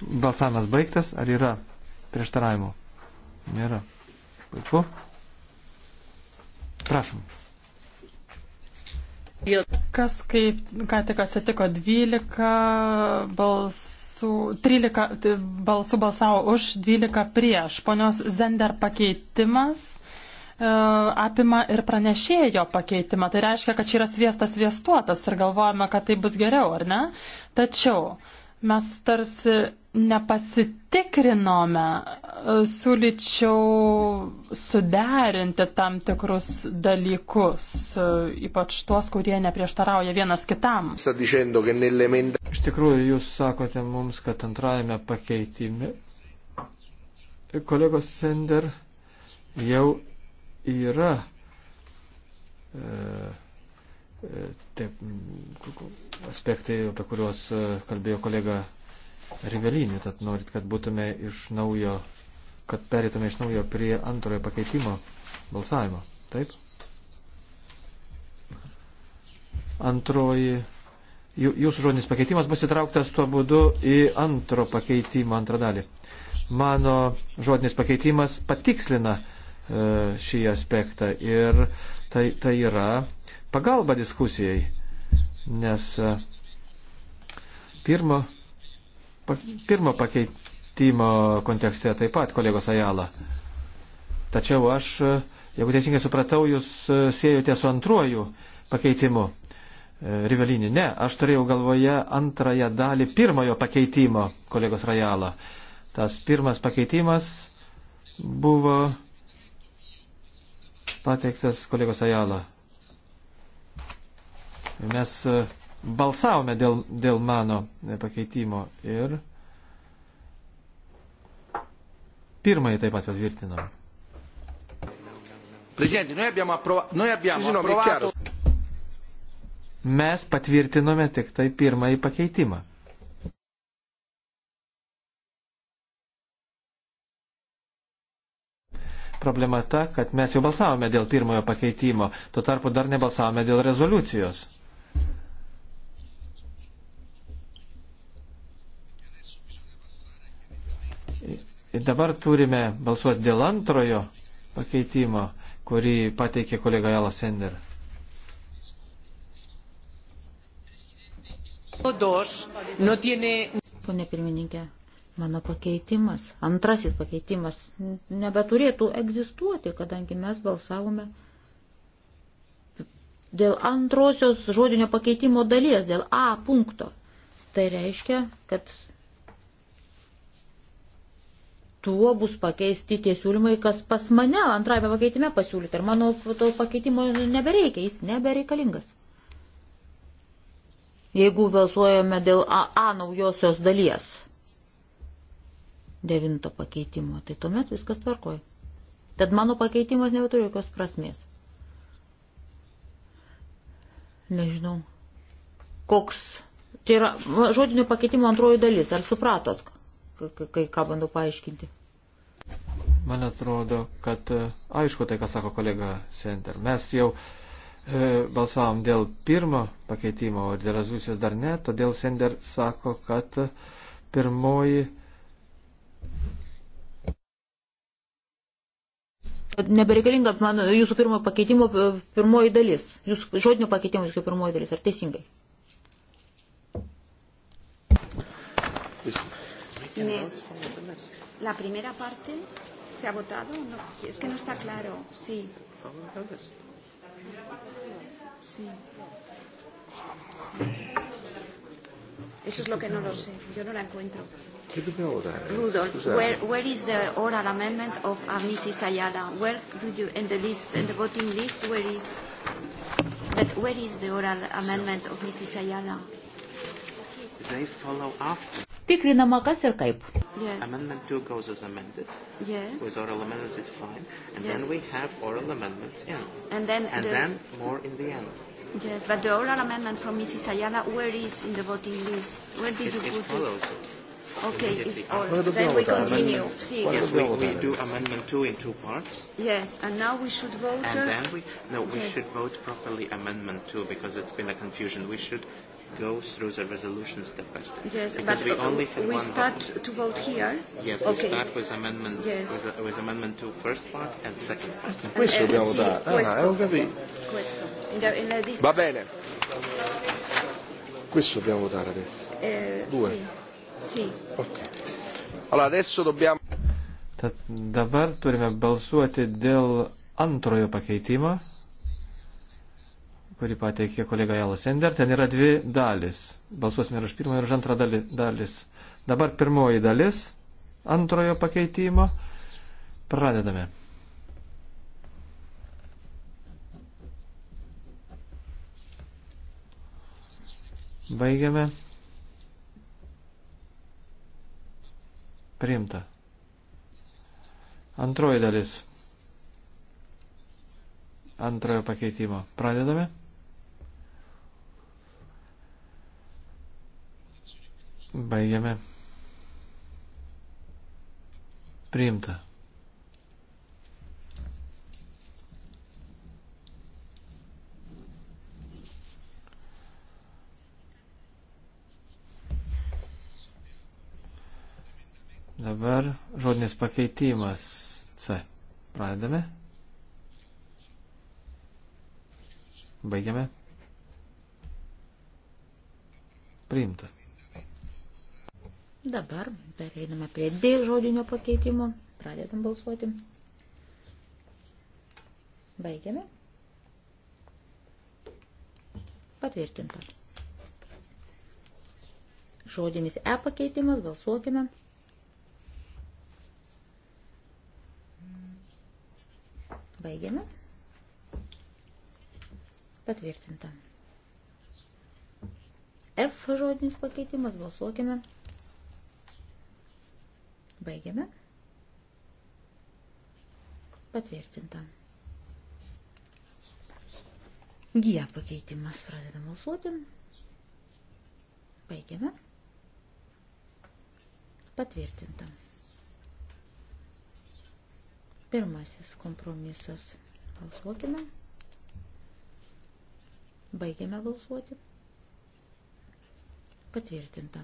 Balsavimas baigtas, ar yra prieštaravimo? Nėra. Puiku. Prašom. Kas kaip, ką tik atsitiko, 12 balsų, 13 balsų balsavo už, 12 prieš. Ponios Zender pakeitimas e, apima ir pranešėjo pakeitimą. Tai reiškia, kad čia yra sviestas sviestuotas ir galvojame, kad tai bus geriau, ar ne? Tačiau mes tarsi nepasitikrinome, siūlyčiau suderinti tam tikrus dalykus, ypač tuos, kurie neprieštarauja vienas kitam. Iš tikrųjų, jūs sakote mums, kad antrajame pakeitime kolegos Sender jau yra. E, e Taip, aspektai, apie kuriuos e, kalbėjo kolega rivelinį, tad norit, kad būtume iš naujo, kad perėtume iš naujo prie antrojo pakeitimo balsavimo. Taip? Antroji. Jūsų žodinis pakeitimas bus įtrauktas tuo būdu į antro pakeitimo antrą dalį. Mano žodinis pakeitimas patikslina e, šį aspektą ir tai, tai yra pagalba diskusijai, nes e, pirmo pirmo pakeitimo kontekste taip pat, kolegos Ajala. Tačiau aš, jeigu teisingai supratau, jūs e, siejote su antruoju pakeitimu. E, Rivelinį, ne, aš turėjau galvoje antrąją dalį pirmojo pakeitimo, kolegos Rajala. Tas pirmas pakeitimas buvo pateiktas kolegos Ajala. Mes uh, balsavome dėl, dėl mano pakeitimo ir pirmąjį taip pat patvirtinom. Presidente, noi abbiamo, approva noi abbiamo sì, sì, no, approvato... Mes patvirtinome tik tai pirmąjį pakeitimą. Problema ta, kad mes jau balsavome dėl pirmojo pakeitimo, tuo tarpu dar nebalsavome dėl rezoliucijos. Ir dabar turime balsuoti dėl antrojo pakeitimo, kurį pateikė kolega Jala Sender. Pone pirmininkė, mano pakeitimas, antrasis pakeitimas nebeturėtų egzistuoti, kadangi mes balsavome dėl antrosios žodinio pakeitimo dalies, dėl A punkto. Tai reiškia, kad tuo bus pakeisti tie siūlymai, kas pas mane antrajame pakeitime pasiūlyti. Ir mano to pakeitimo nebereikia, jis nebereikalingas. Jeigu balsuojame dėl A, A naujosios dalies devinto pakeitimo, tai tuomet viskas tvarkoja. Tad mano pakeitimas neturi jokios prasmės. Nežinau, koks. Tai yra žodinio pakeitimo antroji dalis. Ar supratot, kai ką bandau paaiškinti. Man atrodo, kad e, aišku tai, ką sako kolega Sender. Mes jau e, balsavom dėl pirmo pakeitimo, o dėl Azusės dar ne, todėl Sender sako, kad e, pirmoji. Nebereikalinga man jūsų pirmo pakeitimo e, pirmoji dalis, jūsų žodinio pakeitimo jūsų pirmoji dalis, ar teisingai? Viskas. Inés, la primera parte se ha votado. No, es que no está claro. Sí. Sí. Eso es lo que no lo sé. Yo no la encuentro. Rudolf, where, where is the oral amendment of uh, Mrs. Ayala? Where do you, in the list, in the voting list, where is, but where is the oral amendment of Mrs. Ayala? They follow after tikrinama kas ir kaip. Yes. Amendment 2 goes as amended. Yes. With oral amendments it's fine. And yes. then we have oral amendments in. And then, and the... then more in the end. Yes, but the oral amendment from Mrs. Ayala, where is in the voting list? Where did it, you it put follows it? it. Okay, it's oral. Then we continue. See. Yes, we, we do amendment two in two parts. Yes, and now we should vote. And uh, then we no, we yes. should vote properly amendment two because it's been a confusion. We should goes through the resolution step by step. Yes, because but we only have we one start vote. to vote here. Yes, okay. we start with amendment yes. with, with amendment to first part and second part. And questo and, dobbiamo dare. Sì, ah, questo, ah, ho capito. Questo. In the, in the Va bene. Questo dobbiamo votare adesso. Eh, Due. Sì. sì. Ok. Allora adesso dobbiamo. Tad dabar turime balsuoti dėl antrojo pakeitimo kurį pateikė kolega Jalas Ender. Ten yra dvi dalis. Balsuosime ir už pirmą, ir už antrą dalį, dalis. Dabar pirmoji dalis antrojo pakeitimo. Pradedame. Baigiame. Priimta. Antroji dalis antrojo pakeitimo. Pradedame. Baigiame. Priimta. Dabar žodinis pakeitimas C. Pradedame. Baigiame. Priimta. Dabar dar einame prie D žodinio pakeitimo. Pradedam balsuoti. Baigiame. Patvirtinta. Žodinis E pakeitimas. Balsuokime. Baigiame. Patvirtinta. F žodinis pakeitimas. Balsuokime. Baigiame. Baigiame. Patvirtinta. G pakeitimas. Pradedam balsuoti. Baigiame. Patvirtinta. Pirmasis kompromisas. Balsuokime. Baigiame balsuoti. Patvirtinta.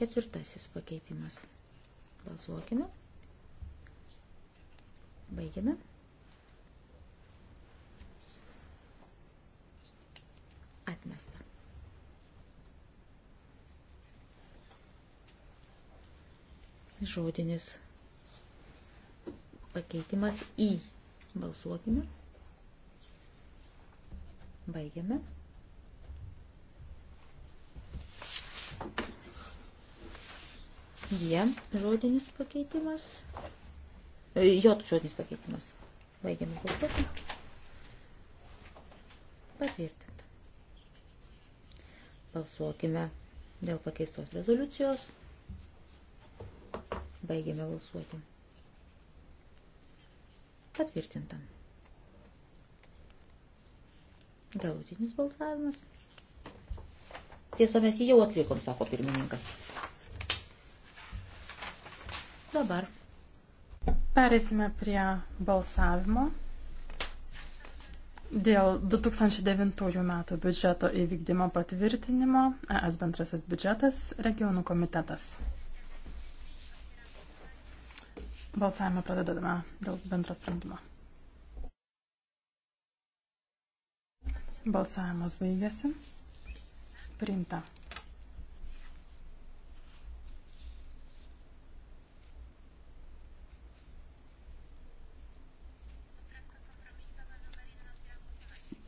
Ketvirtasis pakeitimas. Balsuokime. Baigiame. Atmesta. Žodinis pakeitimas į. Balsuokime. Baigiame. G žodinis pakeitimas. E, J žodinis pakeitimas. Baigiame balsuoti. Patvirtinta. Balsuokime dėl pakeistos rezoliucijos. Baigiame balsuoti. Patvirtinta. Galutinis balsavimas. Tiesa, mes jį jau atlikom, sako pirmininkas. Dabar perėsime prie balsavimo dėl 2009 metų biudžeto įvykdymo patvirtinimo ES bendrasis biudžetas regionų komitetas. Balsavimą pradedame dėl bendro sprendimo. Balsavimas baigėsi. Priimta.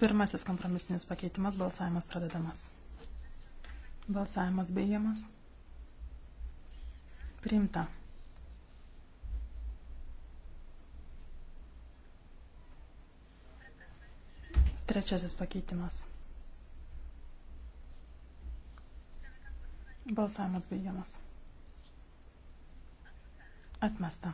Pirmasis kompromisinis pakeitimas balsavimas pradedamas. Balsavimas baigiamas. Priimta. Trečiasis pakeitimas. Balsavimas baigiamas. Atmesta.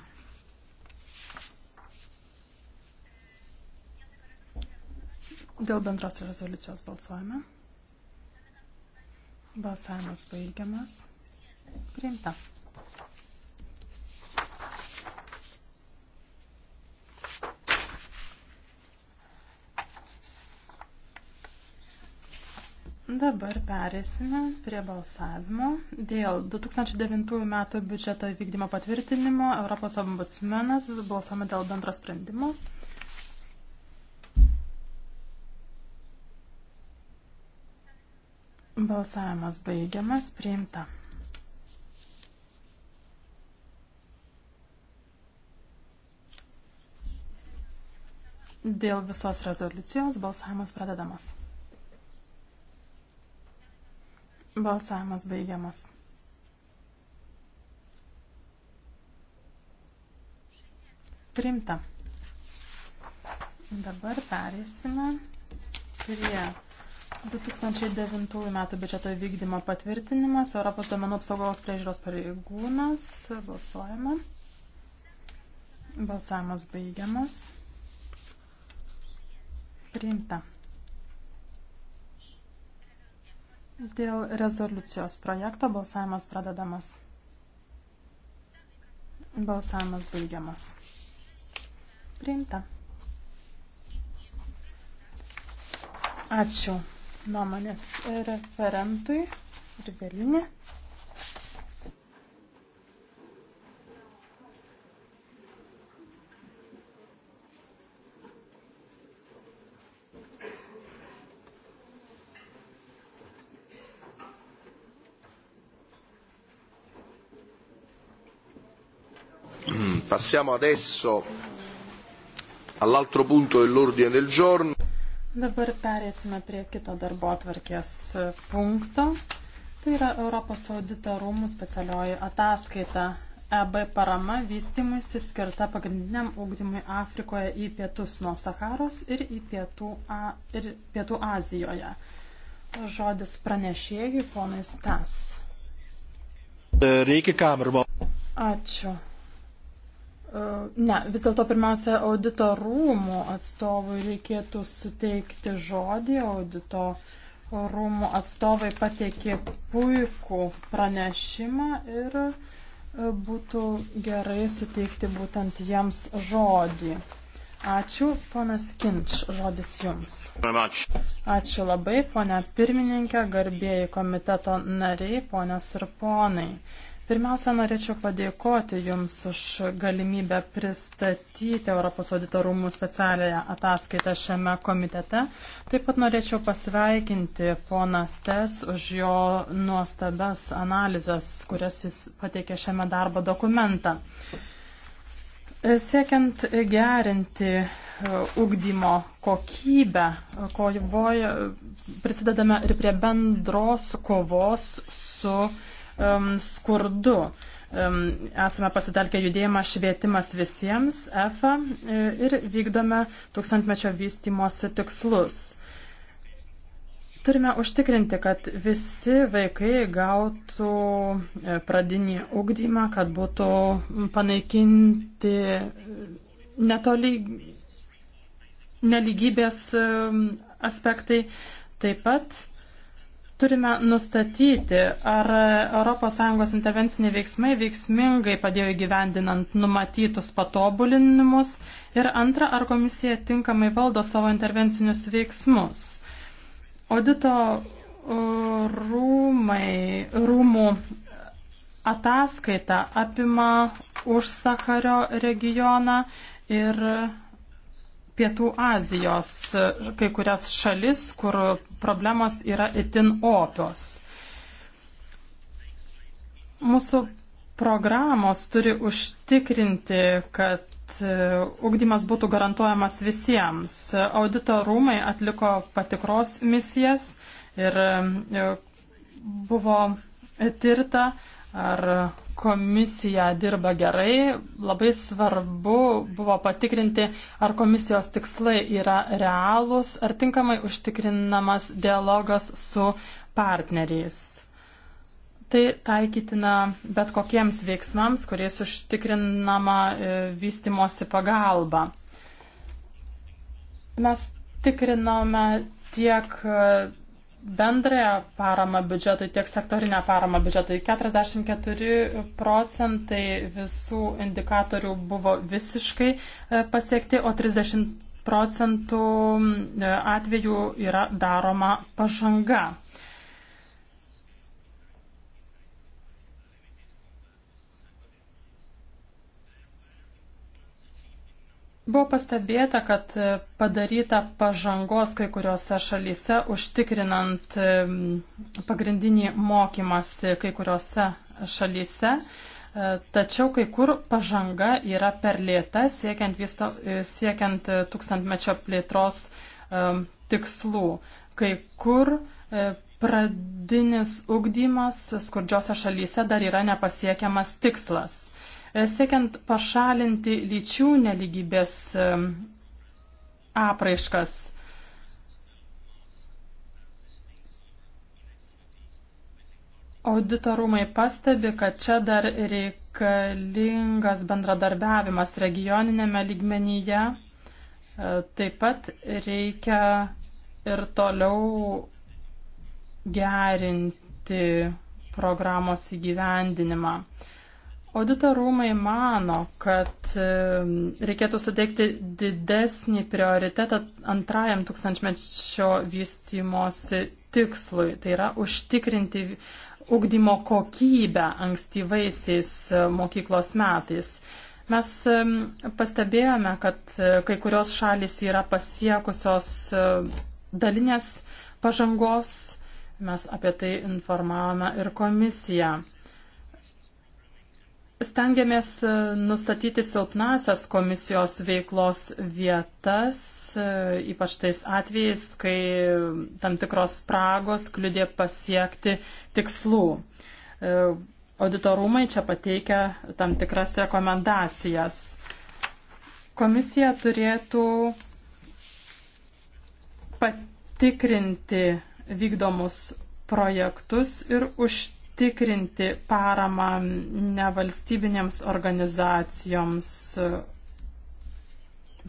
Dėl bendros rezoliucijos balsuojame. Balsavimas baigiamas. Priimta. Dabar perėsime prie balsavimo dėl 2009 metų biudžeto vykdymo patvirtinimo Europos ombudsmenas balsuojame dėl bendro sprendimo. Balsavimas baigiamas, priimta. Dėl visos rezoliucijos balsavimas pradedamas. Balsavimas baigiamas. Primta. Dabar perėsime prie 2009 m. biudžeto vykdymo patvirtinimas, Europos domenų apsaugos priežiūros pareigūnas, balsuojame. Balsavimas baigiamas. Priimta. Dėl rezoliucijos projekto balsavimas pradedamas. Balsavimas baigiamas. Priimta. Ačiū nuomonės referentui ir vėlinė. Passiamo adesso all'altro punto dell'ordine del giorno. Dabar perėsime prie kito darbo atvarkės e, punkto. Tai yra Europos audito rūmų specialioji ataskaita EB parama vystimuisi skirta pagrindiniam ūkdymui Afrikoje į pietus nuo Saharos ir į pietų, A, ir pietų Azijoje. Žodis pranešėjui, ponai Stas. Reikia kamerų. Ačiū, Ne, vis dėlto pirmiausia, audito rūmų atstovui reikėtų suteikti žodį. Audito rūmų atstovai pateikė puikų pranešimą ir e, būtų gerai suteikti būtent jiems žodį. Ačiū, ponas Kinč, žodis jums. Ačiū labai, ponia pirmininkė, garbėjai komiteto nariai, ponios ir ponai. Pirmiausia, norėčiau padėkoti Jums už galimybę pristatyti Europos audito rūmų specialiąją ataskaitą šiame komitete. Taip pat norėčiau pasveikinti poną Stes už jo nuostabes analizės, kurias jis pateikė šiame darbo dokumentą. Siekiant gerinti uh, ugdymo kokybę, kovoje prisidedame ir prie bendros kovos su um, skurdu. Um, esame pasitelkę judėjimą švietimas visiems, EFA, uh, ir vykdome tūkstantmečio vystimosi tikslus turime užtikrinti, kad visi vaikai gautų uh, pradinį ugdymą, kad būtų panaikinti uh, netoli neligybės um, aspektai. Taip pat Turime nustatyti, ar ES intervenciniai veiksmai veiksmingai padėjo įgyvendinant numatytus patobulinimus ir antra, ar komisija tinkamai valdo savo intervencinius veiksmus. Audito uh, rūmai, rūmų ataskaita apima Užsakario regioną ir Pietų Azijos kai kurias šalis, kur problemos yra itin opios. Mūsų programos turi užtikrinti, kad e, ugdymas būtų garantuojamas visiems. Audito rūmai atliko patikros misijas ir e, buvo tirta, ar komisija dirba gerai. Labai svarbu buvo patikrinti, ar komisijos tikslai yra realūs, ar tinkamai užtikrinamas dialogas su partneriais. Tai taikytina bet kokiems veiksmams, kuriais užtikrinama e, vystimosi pagalba. Mes tikrinome tiek e, bendrąją paramą biudžetui, tiek sektorinę paramą biudžetui. 44 procentai visų indikatorių buvo visiškai e, pasiekti, o 30 procentų e, atvejų yra daroma pažanga. Buvo pastebėta, kad e, padaryta pažangos kai kuriuose šalyse užtikrinant e, pagrindinį mokymasi kai kuriuose šalyse, e, tačiau kai kur pažanga yra per lėta siekiant, visto, siekiant tūkstantmečio plėtros tikslų. Kai kur pradinis ugdymas skurdžiose šalyse dar yra nepasiekiamas tikslas. E, siekiant pašalinti lyčių neligybės e, apraiškas. Auditorumai pastebi, kad čia dar reikalingas bendradarbiavimas regioninėme lygmenyje. E, taip pat reikia ir toliau gerinti programos įgyvendinimą. Audito rūmai mano, kad reikėtų suteikti didesnį prioritetą antrajam tūkstančmečio vystymosi tikslui, tai yra užtikrinti ugdymo kokybę ankstyvaisiais e, mokyklos metais. Mes pastebėjome, kad e, kai kurios šalis yra pasiekusios e, dalinės pažangos, mes apie tai informavome ir komisiją. Stengiamės e, nustatyti silpnasias komisijos veiklos vietas, e, ypač tais atvejais, kai tam tikros spragos kliudė pasiekti tikslų. E, auditorumai čia pateikia tam tikras rekomendacijas. Komisija turėtų patikrinti vykdomus projektus ir užtikrinti užtikrinti paramą nevalstybinėms organizacijoms.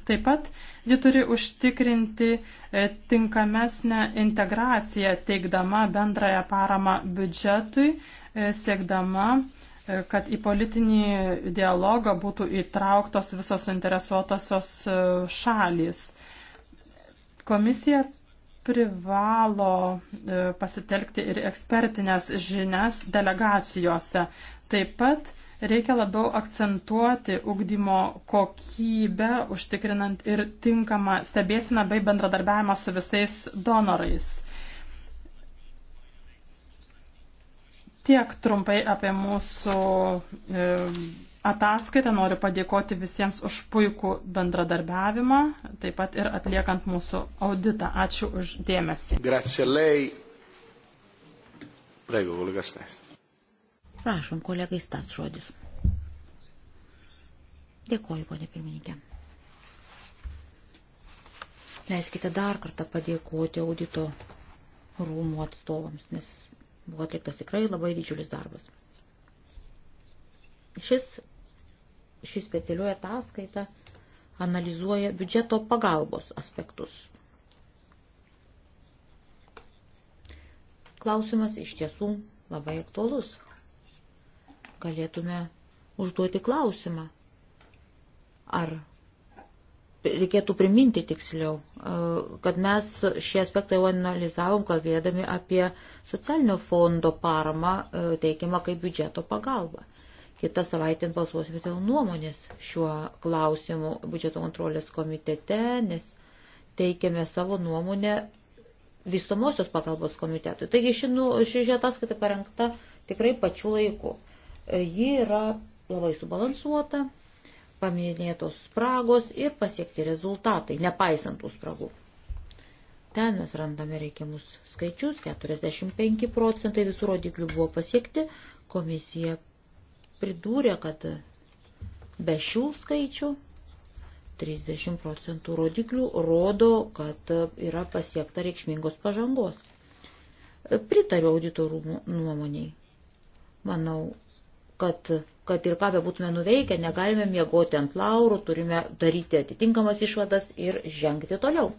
Taip pat ji turi užtikrinti e, tinkamesnę integraciją, teikdama bendrąją paramą biudžetui, e, siekdama, e, kad į politinį dialogą būtų įtrauktos visos suinteresuotosios šalys. Komisija privalo e, pasitelkti ir ekspertinės žinias delegacijose. Taip pat reikia labiau akcentuoti ugdymo kokybę, užtikrinant ir tinkamą stebėsiną bei bendradarbiavimą su visais donorais. Tiek trumpai apie mūsų e, ataskaitą, noriu padėkoti visiems už puikų bendradarbiavimą, taip pat ir atliekant mūsų auditą. Ačiū už dėmesį. Prego, kolega Stas. Prašom, kolegai Stas žodis. Dėkoju, ponė pirmininkė. Leiskite dar kartą padėkoti audito rūmų atstovams, nes buvo atliktas tikrai labai didžiulis darbas. Šis ši specialioja ataskaita analizuoja biudžeto pagalbos aspektus. Klausimas iš tiesų labai aktuolus. Galėtume užduoti klausimą, ar reikėtų priminti tiksliau, e, kad mes šį aspektą jau analizavom, kalbėdami apie socialinio fondo paramą e, teikiamą kaip biudžeto pagalbą. Kita savaitė balsuosime dėl nuomonės šiuo klausimu biudžeto kontrolės komitete, nes teikiame savo nuomonę visomosios pagalbos komitetui. Taigi ši, nu, ši ataskaita parengta tikrai pačiu laiku. E, ji yra labai subalansuota, paminėtos spragos ir pasiekti rezultatai, nepaisant tų spragų. Ten mes randame reikiamus skaičius, 45 procentai visų rodiklių buvo pasiekti, komisija pridūrė, kad be šių skaičių 30 procentų rodiklių rodo, kad yra pasiekta reikšmingos pažangos. Pritariu auditorų nuomoniai. Manau, kad, kad ir ką be būtume nuveikę, negalime miegoti ant laurų, turime daryti atitinkamas išvadas ir žengti toliau.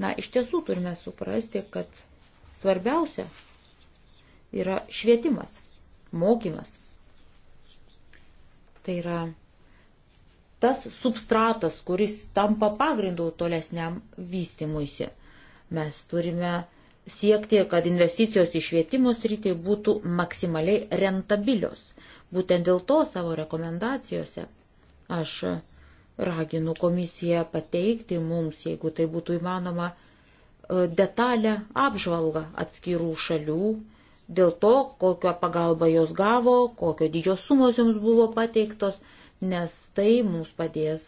Na, iš tiesų turime suprasti, kad svarbiausia yra švietimas, mokymas, Tai yra tas substratas, kuris tampa pagrindu tolesniam vystimuisi. Mes turime siekti, kad investicijos į švietimo sritį būtų maksimaliai rentabilios. Būtent dėl to savo rekomendacijose aš raginu komisiją pateikti mums, jeigu tai būtų įmanoma, detalę apžvalgą atskirų šalių dėl to, kokią pagalbą jos gavo, kokio didžio sumos joms buvo pateiktos, nes tai mums padės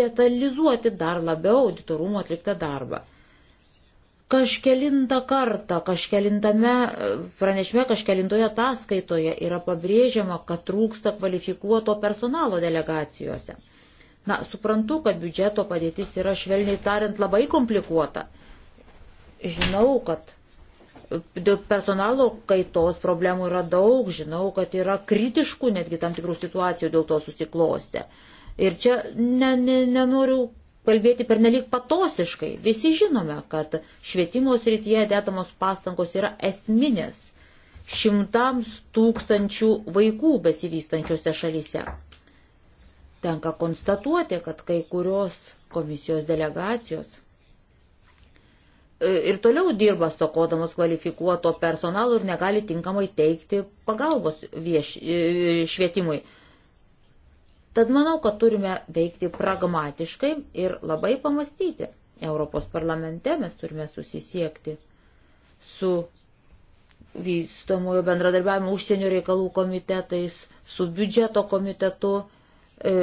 detalizuoti dar labiau auditorumo atliktą darbą. Kažkelintą kartą, kažkelintame pranešime, kažkelintoje ataskaitoje yra pabrėžiama, kad trūksta kvalifikuoto personalo delegacijose. Na, suprantu, kad biudžeto padėtis yra švelniai tariant labai komplikuota. Žinau, kad Dėl personalo kaitos problemų yra daug, žinau, kad yra kritiškų netgi tam tikrų situacijų dėl to susiklostę. Ir čia ne, ne, nenoriu kalbėti pernelik patosiškai. Visi žinome, kad švietimo srityje dedamos pastangos yra esminės šimtams tūkstančių vaikų besivystančiose šalyse. Tenka konstatuoti, kad kai kurios komisijos delegacijos E, ir toliau dirba stokodamas kvalifikuoto personalo ir negali tinkamai teikti pagalbos vieš, e, švietimui. Tad manau, kad turime veikti pragmatiškai ir labai pamastyti. Europos parlamente mes turime susisiekti su vystomojo bendradarbiavimo užsienio reikalų komitetais, su biudžeto komitetu. E,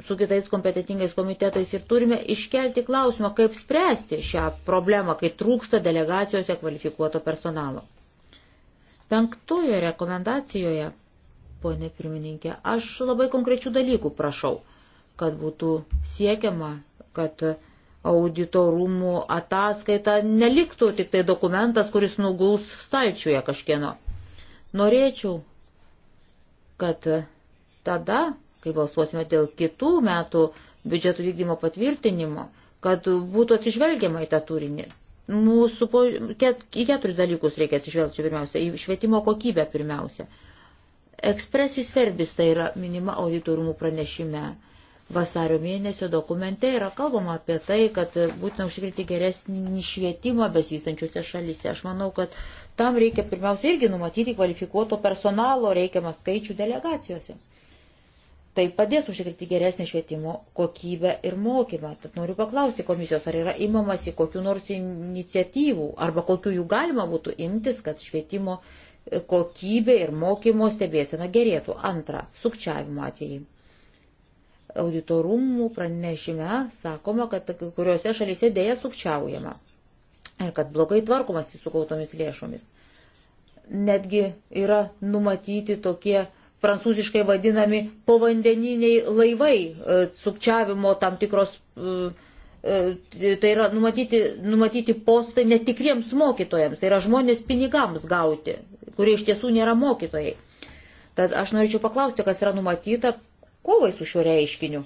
su kitais kompetitingais komitetais ir turime iškelti klausimą, kaip spręsti šią problemą, kai trūksta delegacijose kvalifikuoto personalo. Penktojoje rekomendacijoje, ponė pirmininkė, aš labai konkrečių dalykų prašau, kad būtų siekiama, kad auditorumų ataskaita neliktų tik tai dokumentas, kuris nuguls stalčiuje kažkieno. Norėčiau, kad tada kai balsuosime dėl kitų metų biudžeto vykdymo patvirtinimo, kad būtų atsižvelgiama į tą turinį. Mūsų nu, po, ket, į keturis dalykus reikia atsižvelgti pirmiausia. Į švietimo kokybę pirmiausia. Ekspresis verbis tai yra minima auditorumų pranešime. Vasario mėnesio dokumente yra kalbama apie tai, kad būtina užtikrinti geresnį švietimą besivystančiuose šalyse. Aš manau, kad tam reikia pirmiausia irgi numatyti kvalifikuoto personalo reikiamą skaičių delegacijose. Tai padės užtikrinti geresnį švietimo kokybę ir mokymą. Tad noriu paklausti komisijos, ar yra imamasi kokiu nors iniciatyvų arba kokiu jų galima būtų imtis, kad švietimo e, kokybė ir mokymo stebėsena gerėtų. Antra, sukčiavimo atvejai. Auditorumų pranešime sakoma, kad kuriuose šalyse dėja sukčiaujama ir kad blogai tvarkomasi su gautomis lėšomis. Netgi yra numatyti tokie prancūziškai vadinami povandeniniai laivai, e, sukčiavimo tam tikros, e, e, tai yra numatyti, numatyti postai netikriems mokytojams, tai yra žmonės pinigams gauti, kurie iš tiesų nėra mokytojai. Tad aš norėčiau paklausti, kas yra numatyta kovai su šiuo reiškiniu.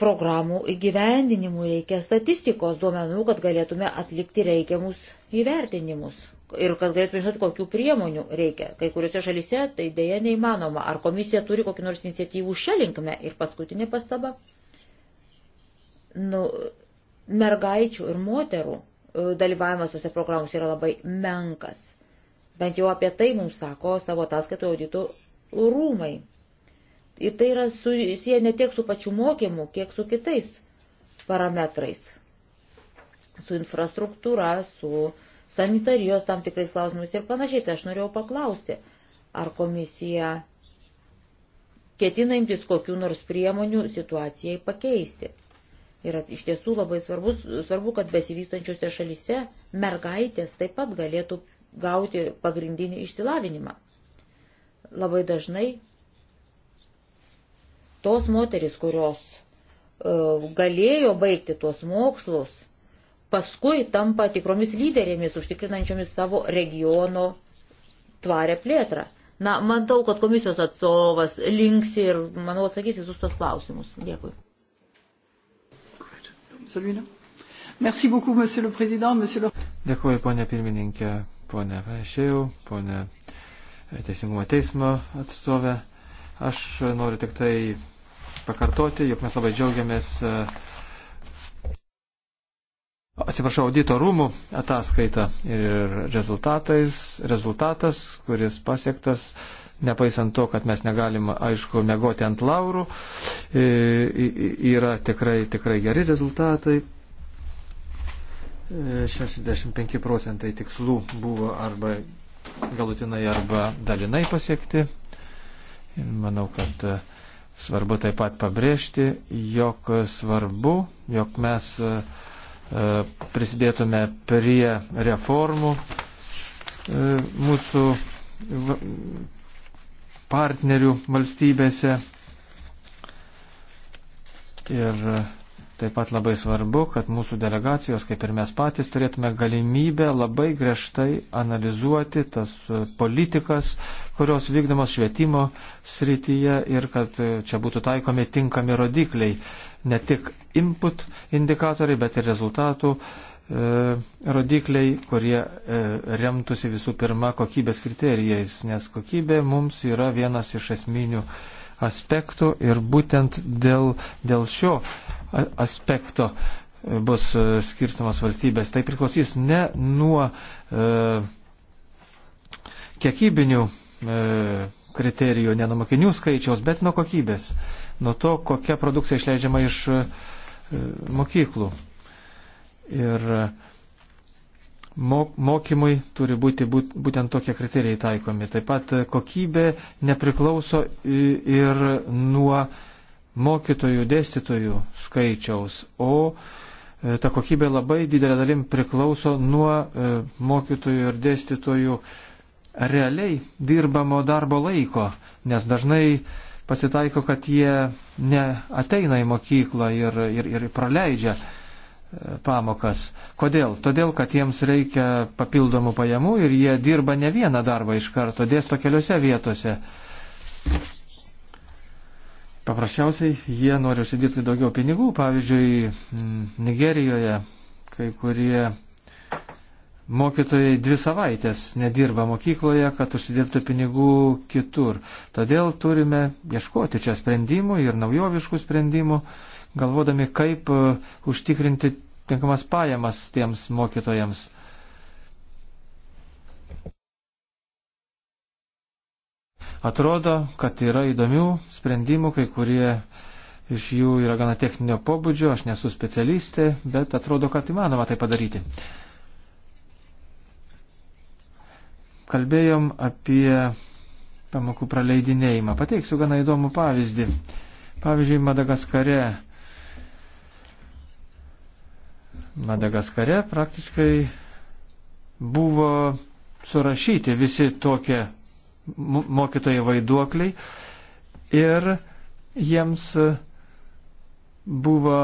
Programų įgyvendinimų reikia statistikos duomenų, kad galėtume atlikti reikiamus įvertinimus ir kad galėtume žinoti, kokių priemonių reikia. Kai kuriuose šalise tai dėja neįmanoma. Ar komisija turi kokį nors iniciatyvų šią linkmę? Ir paskutinė pastaba. Nu, mergaičių ir moterų e, dalyvavimas tose programose yra labai menkas. Bent jau apie tai mums sako savo ataskaitoje auditų rūmai. Ir tai yra susiję ne tiek su pačiu mokymu, kiek su kitais parametrais. Su infrastruktūra, su uh, sanitarijos tam tikrais klausimais ir panašiai. Tai aš norėjau paklausti, ar komisija ketina imtis kokiu nors priemonių situacijai pakeisti. Yra iš tiesų labai svarbus, svarbu, kad besivystančiose šalise mergaitės taip pat galėtų gauti pagrindinį išsilavinimą. Labai dažnai tos moteris, kurios uh, galėjo baigti tuos mokslus, paskui tampa tikromis lyderėmis, užtikrinančiomis savo regiono tvarę plėtrą. Na, matau, kad komisijos atstovas links ir, manau, atsakys visus tos klausimus. Dėkui. Dėkuoju, ponė pirmininkė, ponė Vaišėjau, ponė Teisingumo teismo atstovė. Aš noriu tik tai pakartoti, jog mes labai džiaugiamės uh, atsiprašau, audito rūmų ataskaita ir rezultatas, kuris pasiektas, nepaisant to, kad mes negalime, aišku, mėgoti ant laurų, yra tikrai, tikrai geri rezultatai. 65 e, procentai tikslų buvo arba galutinai arba dalinai pasiekti. Ir manau, kad e, svarbu taip pat pabrėžti, jog svarbu, jog mes uh, E, prisidėtume prie reformų e, mūsų partnerių valstybėse. Ir taip pat labai svarbu, kad mūsų delegacijos, kaip ir mes patys, turėtume galimybę labai griežtai analizuoti tas politikas, kurios vykdomos švietimo srityje ir kad čia būtų taikomi tinkami rodikliai ne tik input indikatoriai, bet ir rezultatų e, rodikliai, kurie e, remtųsi visų pirma kokybės kriterijais, nes kokybė mums yra vienas iš esminių aspektų ir būtent dėl, dėl šio aspekto e, bus skirtumas valstybės. Tai priklausys ne nuo e, kiekybinių e, kriterijų, ne nuo mokinių skaičiaus, bet nuo kokybės, nuo to, kokia produkcija išleidžiama iš e, mokyklų. Ir e, mokymui turi būti būtent tokie kriterijai taikomi. Taip pat e, kokybė nepriklauso ir nuo mokytojų, dėstytojų skaičiaus, o e, ta kokybė labai didelė dalim priklauso nuo mokytojų ir dėstytojų realiai dirbamo darbo laiko, nes dažnai pasitaiko, kad jie neateina į mokyklą ir, ir, ir praleidžia e, pamokas. Kodėl? Todėl, kad jiems reikia papildomų pajamų ir jie dirba ne vieną darbą iš karto, dėsto keliose vietose. Paprasčiausiai jie nori užsidirbti daugiau pinigų. Pavyzdžiui, Nigerijoje kai kurie mokytojai dvi savaitės nedirba mokykloje, kad užsidirbtų pinigų kitur. Todėl turime ieškoti čia sprendimų ir naujoviškų sprendimų, galvodami, kaip e, užtikrinti tinkamas pajamas tiems mokytojams. Atrodo, kad yra įdomių sprendimų, kai kurie iš jų yra gana techninio pobūdžio, aš nesu specialistė, bet atrodo, kad įmanoma tai padaryti. kalbėjom apie pamokų praleidinėjimą. Pateiksiu gana įdomų pavyzdį. Pavyzdžiui, Madagaskare. Madagaskare praktiškai buvo surašyti visi tokie mokytojai vaiduokliai ir jiems buvo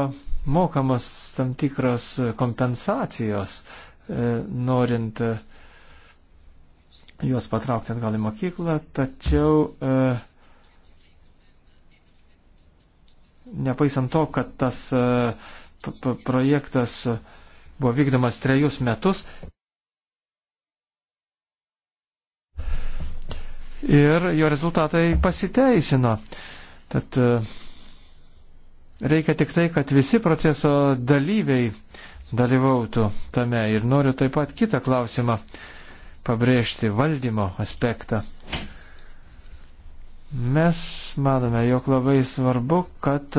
mokamos tam tikros kompensacijos, e, norint juos patraukti atgal į mokyklą, tačiau e, nepaisant to, kad tas e, projektas buvo vykdomas trejus metus ir jo rezultatai pasiteisino. Tad e, reikia tik tai, kad visi proceso dalyviai dalyvautų tame. Ir noriu taip pat kitą klausimą pabrėžti valdymo aspektą. Mes manome, jog labai svarbu, kad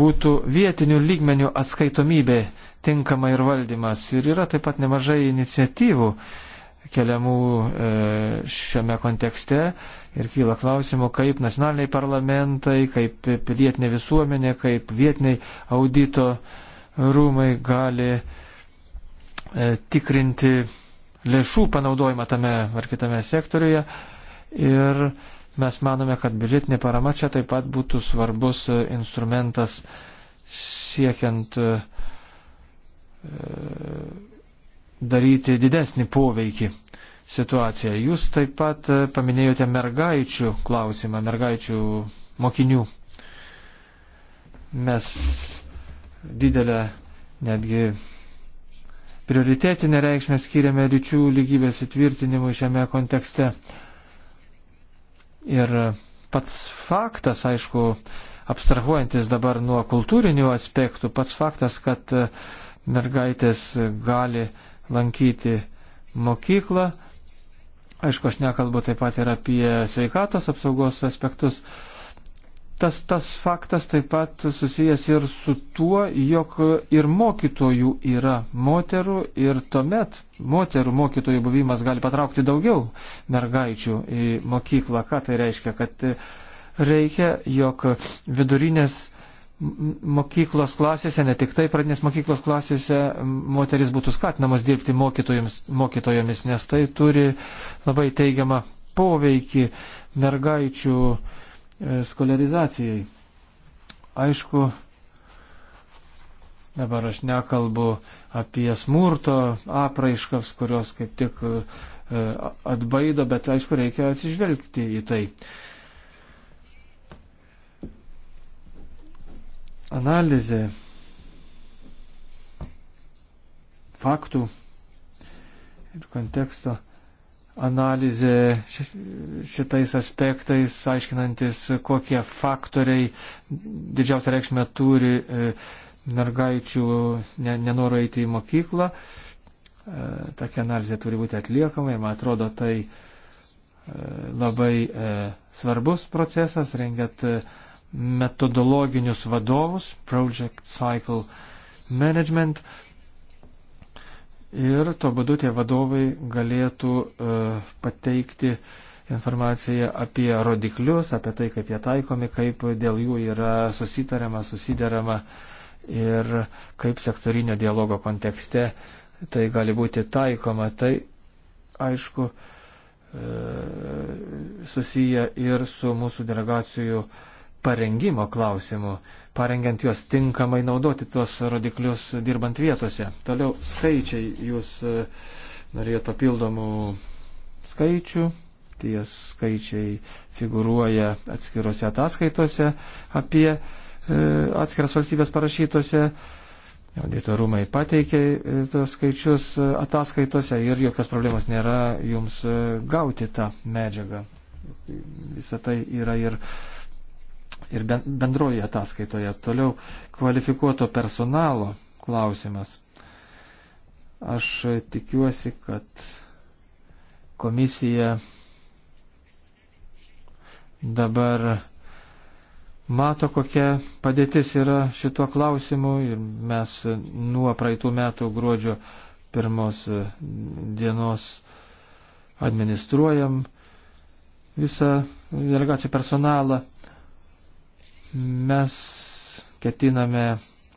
būtų vietinių lygmenių atskaitomybė tinkama ir valdymas. Ir yra taip pat nemažai iniciatyvų keliamų e, šiame kontekste ir kyla klausimų, kaip nacionaliniai parlamentai, kaip pilietinė visuomenė, kaip vietiniai audito rūmai gali e, tikrinti lėšų panaudojimą tame ar kitame sektoriuje. Ir mes manome, kad biudžetinė parama čia taip pat būtų svarbus e, instrumentas siekiant e, daryti didesnį poveikį situaciją. Jūs taip pat e, paminėjote mergaičių klausimą, mergaičių mokinių. Mes didelę netgi prioritetinę reikšmę skiriame lyčių lygybės įtvirtinimui šiame kontekste. Ir pats faktas, aišku, abstrahuojantis dabar nuo kultūrinių aspektų, pats faktas, kad e, mergaitės gali lankyti mokyklą, aišku, aš nekalbu taip pat ir apie sveikatos apsaugos aspektus, tas, tas faktas taip pat susijęs ir su tuo, jog ir mokytojų yra moterų ir tuomet moterų mokytojų buvimas gali patraukti daugiau mergaičių į mokyklą. Ką tai reiškia? Kad reikia, jog vidurinės mokyklos klasėse, ne tik tai pradinės mokyklos klasėse, moteris būtų skatinamos dirbti mokytojomis, nes tai turi labai teigiamą poveikį mergaičių uh, E, skolarizacijai. Aišku, dabar aš nekalbu apie smurto apraiškas, kurios kaip tik e, atbaido, bet aišku, reikia atsižvelgti į tai. Analizė faktų ir konteksto analizė šitais aspektais, aiškinantis, kokie faktoriai didžiausią reikšmę turi e, mergaičių nenoro eiti į mokyklą. E, tokia analizė turi būti atliekama ir man atrodo tai e, labai svarbus procesas, rengiat metodologinius vadovus, Project Cycle Management ir to būdu tie vadovai galėtų e, pateikti informaciją apie rodiklius, apie tai, kaip jie taikomi, kaip dėl jų yra susitariama, susiderama ir kaip sektorinio dialogo kontekste tai gali būti taikoma. Tai aišku e, susiję ir su mūsų delegacijų uh, parengimo klausimų, parengiant juos tinkamai naudoti tuos rodiklius dirbant vietose. Toliau skaičiai, jūs e, norėjot papildomų skaičių, tie skaičiai figuruoja atskiruose ataskaitose apie e, atskiras valstybės parašytose. Auditorumai pateikė e, tos skaičius e, ataskaitose ir jokios problemos nėra jums gauti tą medžiagą. Visą tai yra ir ir bendroje ataskaitoje. Toliau kvalifikuoto personalo klausimas. Aš tikiuosi, kad komisija dabar mato, kokia padėtis yra šituo klausimu ir mes nuo praeitų metų gruodžio pirmos dienos administruojam visą delegacijų personalą Mes ketiname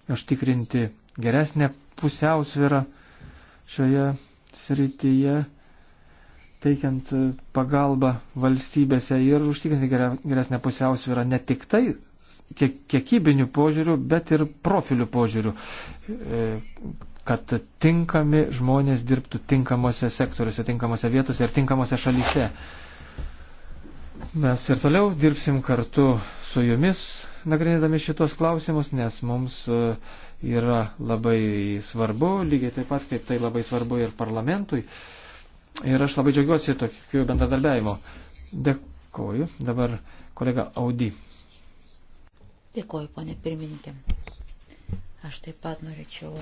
užtikrinti geresnę pusiausvyrą šioje srityje, teikiant pagalbą valstybėse ir užtikrinti geresnę pusiausvyrą ne tik tai kiekybinių požiūrių, bet ir profilių požiūrių, e, kad tinkami žmonės dirbtų tinkamuose sektoriuose, tinkamuose vietose ir tinkamuose šalyse. Mes ir toliau dirbsim kartu su jumis, nagrinėdami šitos klausimus, nes mums e, yra labai svarbu, lygiai taip pat, kaip tai labai svarbu ir parlamentui. Ir aš labai džiaugiuosi tokiu bendradarbiavimu. Dėkoju. Dabar kolega Audi. Dėkoju, ponė pirmininkė. Aš taip pat norėčiau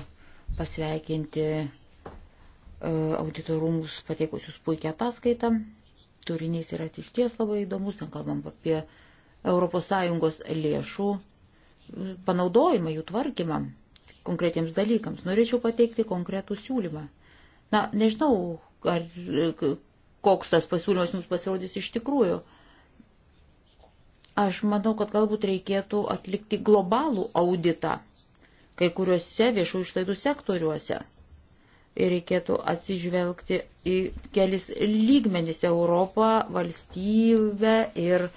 pasveikinti e, auditorumus pateikusius puikią paskaitą turinys yra išties labai įdomus, ten kalbam apie ES lėšų panaudojimą, jų tvarkymą konkretiems dalykams. Norėčiau pateikti konkretų siūlymą. Na, nežinau, ar, koks tas pasiūlymas jums pasirodys iš tikrųjų. Aš manau, kad galbūt reikėtų atlikti globalų auditą kai kuriuose viešų išlaidų sektoriuose ir reikėtų atsižvelgti į kelis lygmenis Europą, valstybę ir e,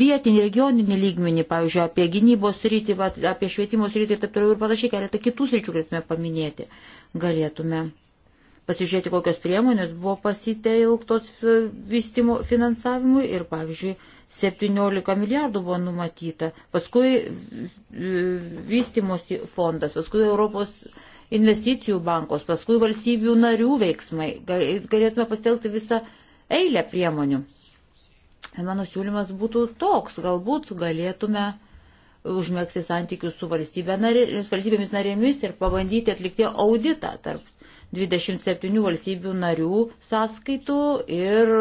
vietinį regioninį lygmenį, pavyzdžiui, apie gynybos rytį, apie švietimo rytį taip toliau ir panašiai, keletą kitų sričių galėtume paminėti. Galėtume pasižiūrėti, kokios priemonės buvo pasitelktos vystimo finansavimui ir, pavyzdžiui, 17 milijardų buvo numatyta, paskui e, vystimosi fondas, paskui Europos investicijų bankos, paskui valstybių narių veiksmai. Galėtume pastelti visą eilę priemonių. Mano siūlymas būtų toks, galbūt galėtume užmėgsti santykius su valstybė narė, valstybėmis narėmis ir pabandyti atlikti auditą tarp 27 valstybių narių sąskaitų ir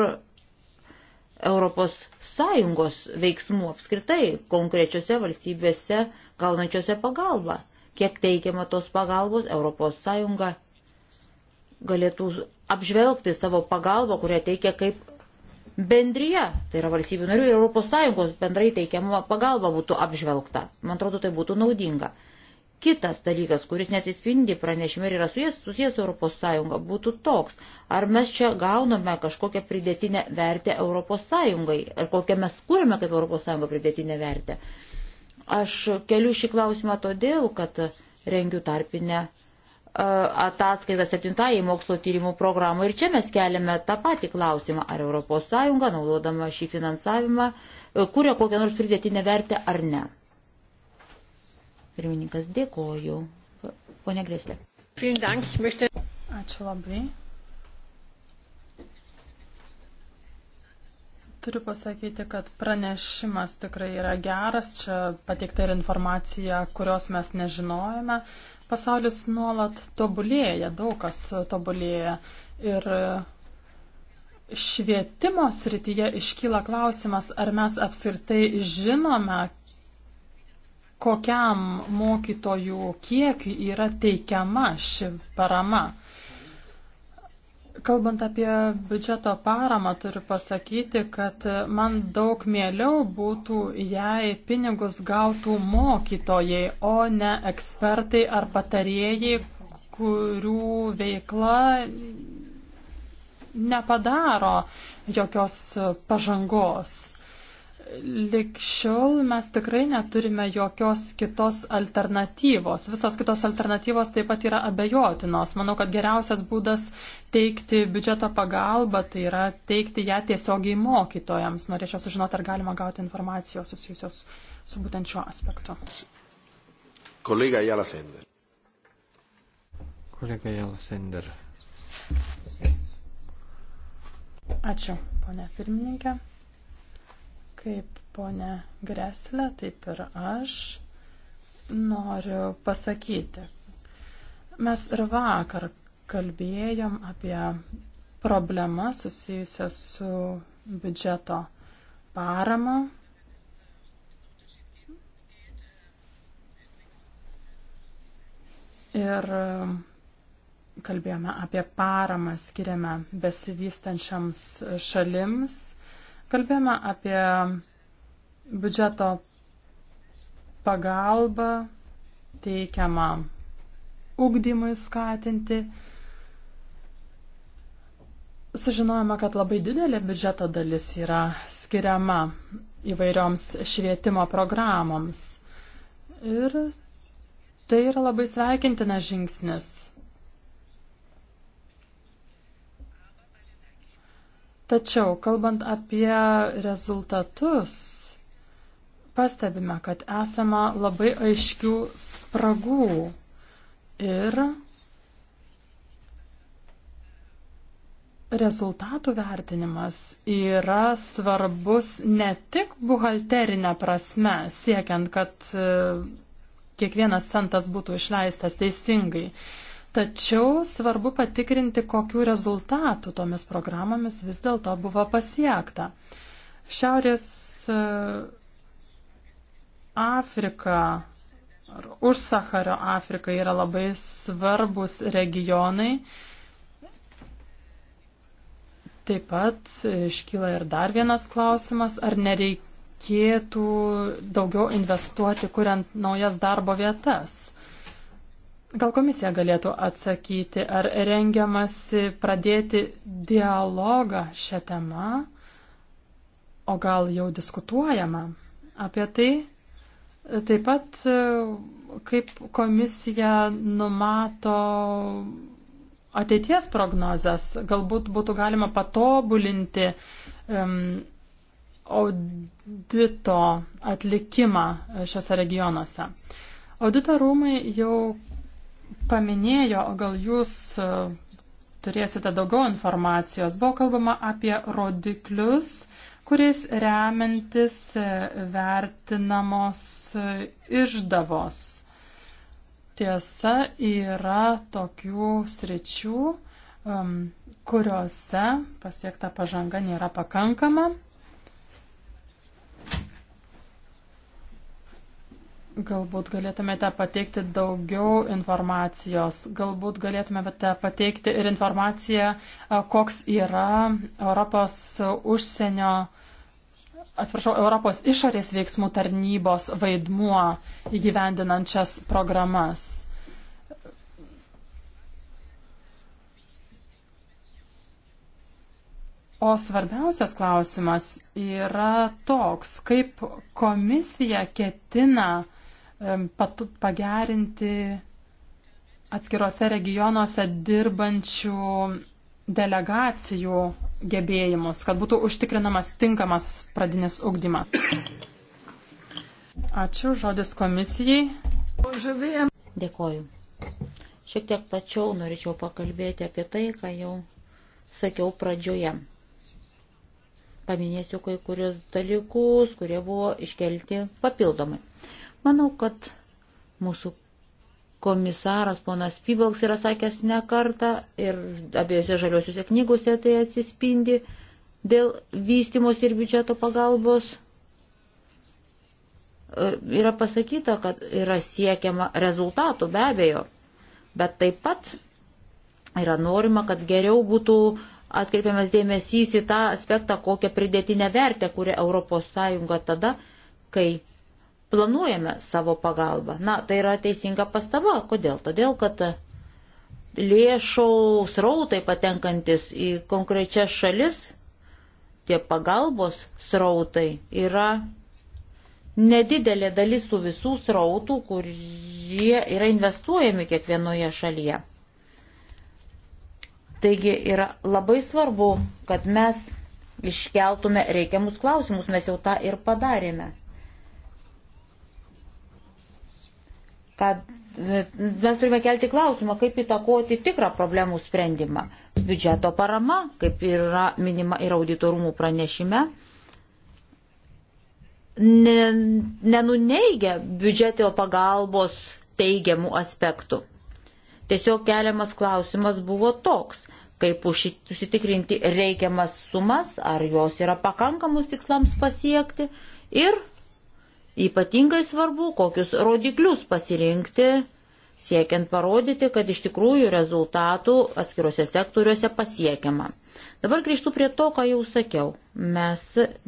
Europos Sąjungos veiksmų apskritai konkrečiose valstybėse gaunančiose pagalbą kiek teikiama tos pagalbos, ES galėtų apžvelgti savo pagalbą, kurią teikia kaip bendryje, tai yra valstybių narių ir ES bendrai teikiama pagalba būtų apžvelgta. Man atrodo, tai būtų naudinga. Kitas dalykas, kuris nesispindi pranešime ir yra susijęs su ES, būtų toks, ar mes čia gauname kažkokią pridėtinę vertę ES ir kokią mes kūrėme kaip ES pridėtinę vertę. Aš keliu šį klausimą todėl, kad rengiu tarpinę e, ataskaitą 7-ąjį mokslo tyrimų programą ir čia mes keliame tą patį klausimą, ar ES, naudodama šį finansavimą, e, kuria kokią nors pridėtinę vertę ar ne. Pirmininkas, dėkoju. Pone Greslė. Ačiū labai. Turiu pasakyti, kad pranešimas tikrai yra geras, čia pateikta ir informacija, kurios mes nežinojame. Pasaulis nuolat tobulėja, daug kas tobulėja. Ir švietimo srityje iškyla klausimas, ar mes apskritai žinome, kokiam mokytojų kiekiu yra teikiama ši parama. Kalbant apie biudžeto paramą, turiu pasakyti, kad man daug mieliau būtų, jei pinigus gautų mokytojai, o ne ekspertai ar patarėjai, kurių veikla nepadaro jokios pažangos likščiol mes tikrai neturime jokios kitos alternatyvos. Visos kitos alternatyvos taip pat yra abejotinos. Manau, kad geriausias būdas teikti biudžeto pagalbą, tai yra teikti ją tiesiogiai mokytojams. Norėčiau sužinoti, ar galima gauti informacijos susijusios su būtent šiuo aspektu. Kolega Jala Sender. Kolega Jala Sender. Ačiū, ponė pirmininkė. Kaip ponia Greslė, taip ir aš noriu pasakyti. Mes ir vakar kalbėjom apie problemą susijusią su biudžeto parama. Ir kalbėjome apie paramą skiriamą besivystančiams šalims Kalbėjome apie biudžeto pagalbą teikiamą ugdymui skatinti. Sužinojome, kad labai didelė biudžeto dalis yra skiriama įvairioms švietimo programoms. Ir tai yra labai sveikintinas žingsnis. Tačiau, kalbant apie rezultatus, pastebime, kad esama labai aiškių spragų ir rezultatų vertinimas yra svarbus ne tik buhalterinė prasme, siekiant, kad e, kiekvienas centas būtų išleistas teisingai. Tačiau svarbu patikrinti, kokiu rezultatu tomis programomis vis dėlto buvo pasiekta. Šiaurės e, Afrika ar už Sakario Afrika yra labai svarbus regionai. Taip pat iškyla ir dar vienas klausimas, ar nereikėtų daugiau investuoti, kuriant naujas darbo vietas. Gal komisija galėtų atsakyti, ar rengiamasi pradėti dialogą šią temą, o gal jau diskutuojama apie tai? Taip pat, kaip komisija numato ateities prognozes, galbūt būtų galima patobulinti um, audito atlikimą šiuose regionuose. Audito rūmai jau paminėjo, gal jūs e, turėsite daugiau informacijos, buvo kalbama apie rodiklius, kuriais remiantis e, vertinamos e, išdavos. Tiesa, yra tokių sričių, um, kuriuose pasiekta pažanga nėra pakankama. Galbūt galėtumėte pateikti daugiau informacijos, galbūt galėtumėte pateikti ir informaciją, koks yra Europos užsienio, atsiprašau, Europos išorės veiksmų tarnybos vaidmuo įgyvendinančias programas. O svarbiausias klausimas yra toks, kaip komisija ketina pagerinti atskiruose regionuose dirbančių delegacijų gebėjimus, kad būtų užtikrinamas tinkamas pradinis ugdymas. Ačiū, žodis komisijai. Dėkoju. Šiek tiek plačiau norėčiau pakalbėti apie tai, ką jau sakiau pradžioje. Paminėsiu kai kurios dalykus, kurie buvo iškelti papildomai. Manau, kad mūsų komisaras ponas Pybalks yra sakęs ne kartą ir abiejose žaliosiuose knygose tai atsispindi dėl vystimos ir biudžeto pagalbos. E, yra pasakyta, kad yra siekiama rezultatų be abejo, bet taip pat yra norima, kad geriau būtų atkreipiamas dėmesys į tą aspektą, kokią pridėtinę vertę kuria ES tada, kai planuojame savo pagalbą. Na, tai yra teisinga pastaba. Kodėl? Todėl, kad lėšų srautai patenkantis į konkrečias šalis, tie pagalbos srautai yra nedidelė dalis tų visų srautų, kurie yra investuojami kiekvienoje šalyje. Taigi yra labai svarbu, kad mes iškeltume reikiamus klausimus, mes jau tą ir padarėme. kad e, mes turime kelti klausimą, kaip įtakoti tikrą problemų sprendimą. Biudžeto parama, kaip yra minima ir auditorumų pranešime, ne, nenuneigia biudžeto pagalbos teigiamų aspektų. Tiesiog keliamas klausimas buvo toks, kaip užsitikrinti reikiamas sumas, ar jos yra pakankamos tikslams pasiekti ir Ypatingai svarbu, kokius rodiklius pasirinkti, siekiant parodyti, kad iš tikrųjų rezultatų atskiruose sektoriuose pasiekiama. Dabar grįžtu prie to, ką jau sakiau. Mes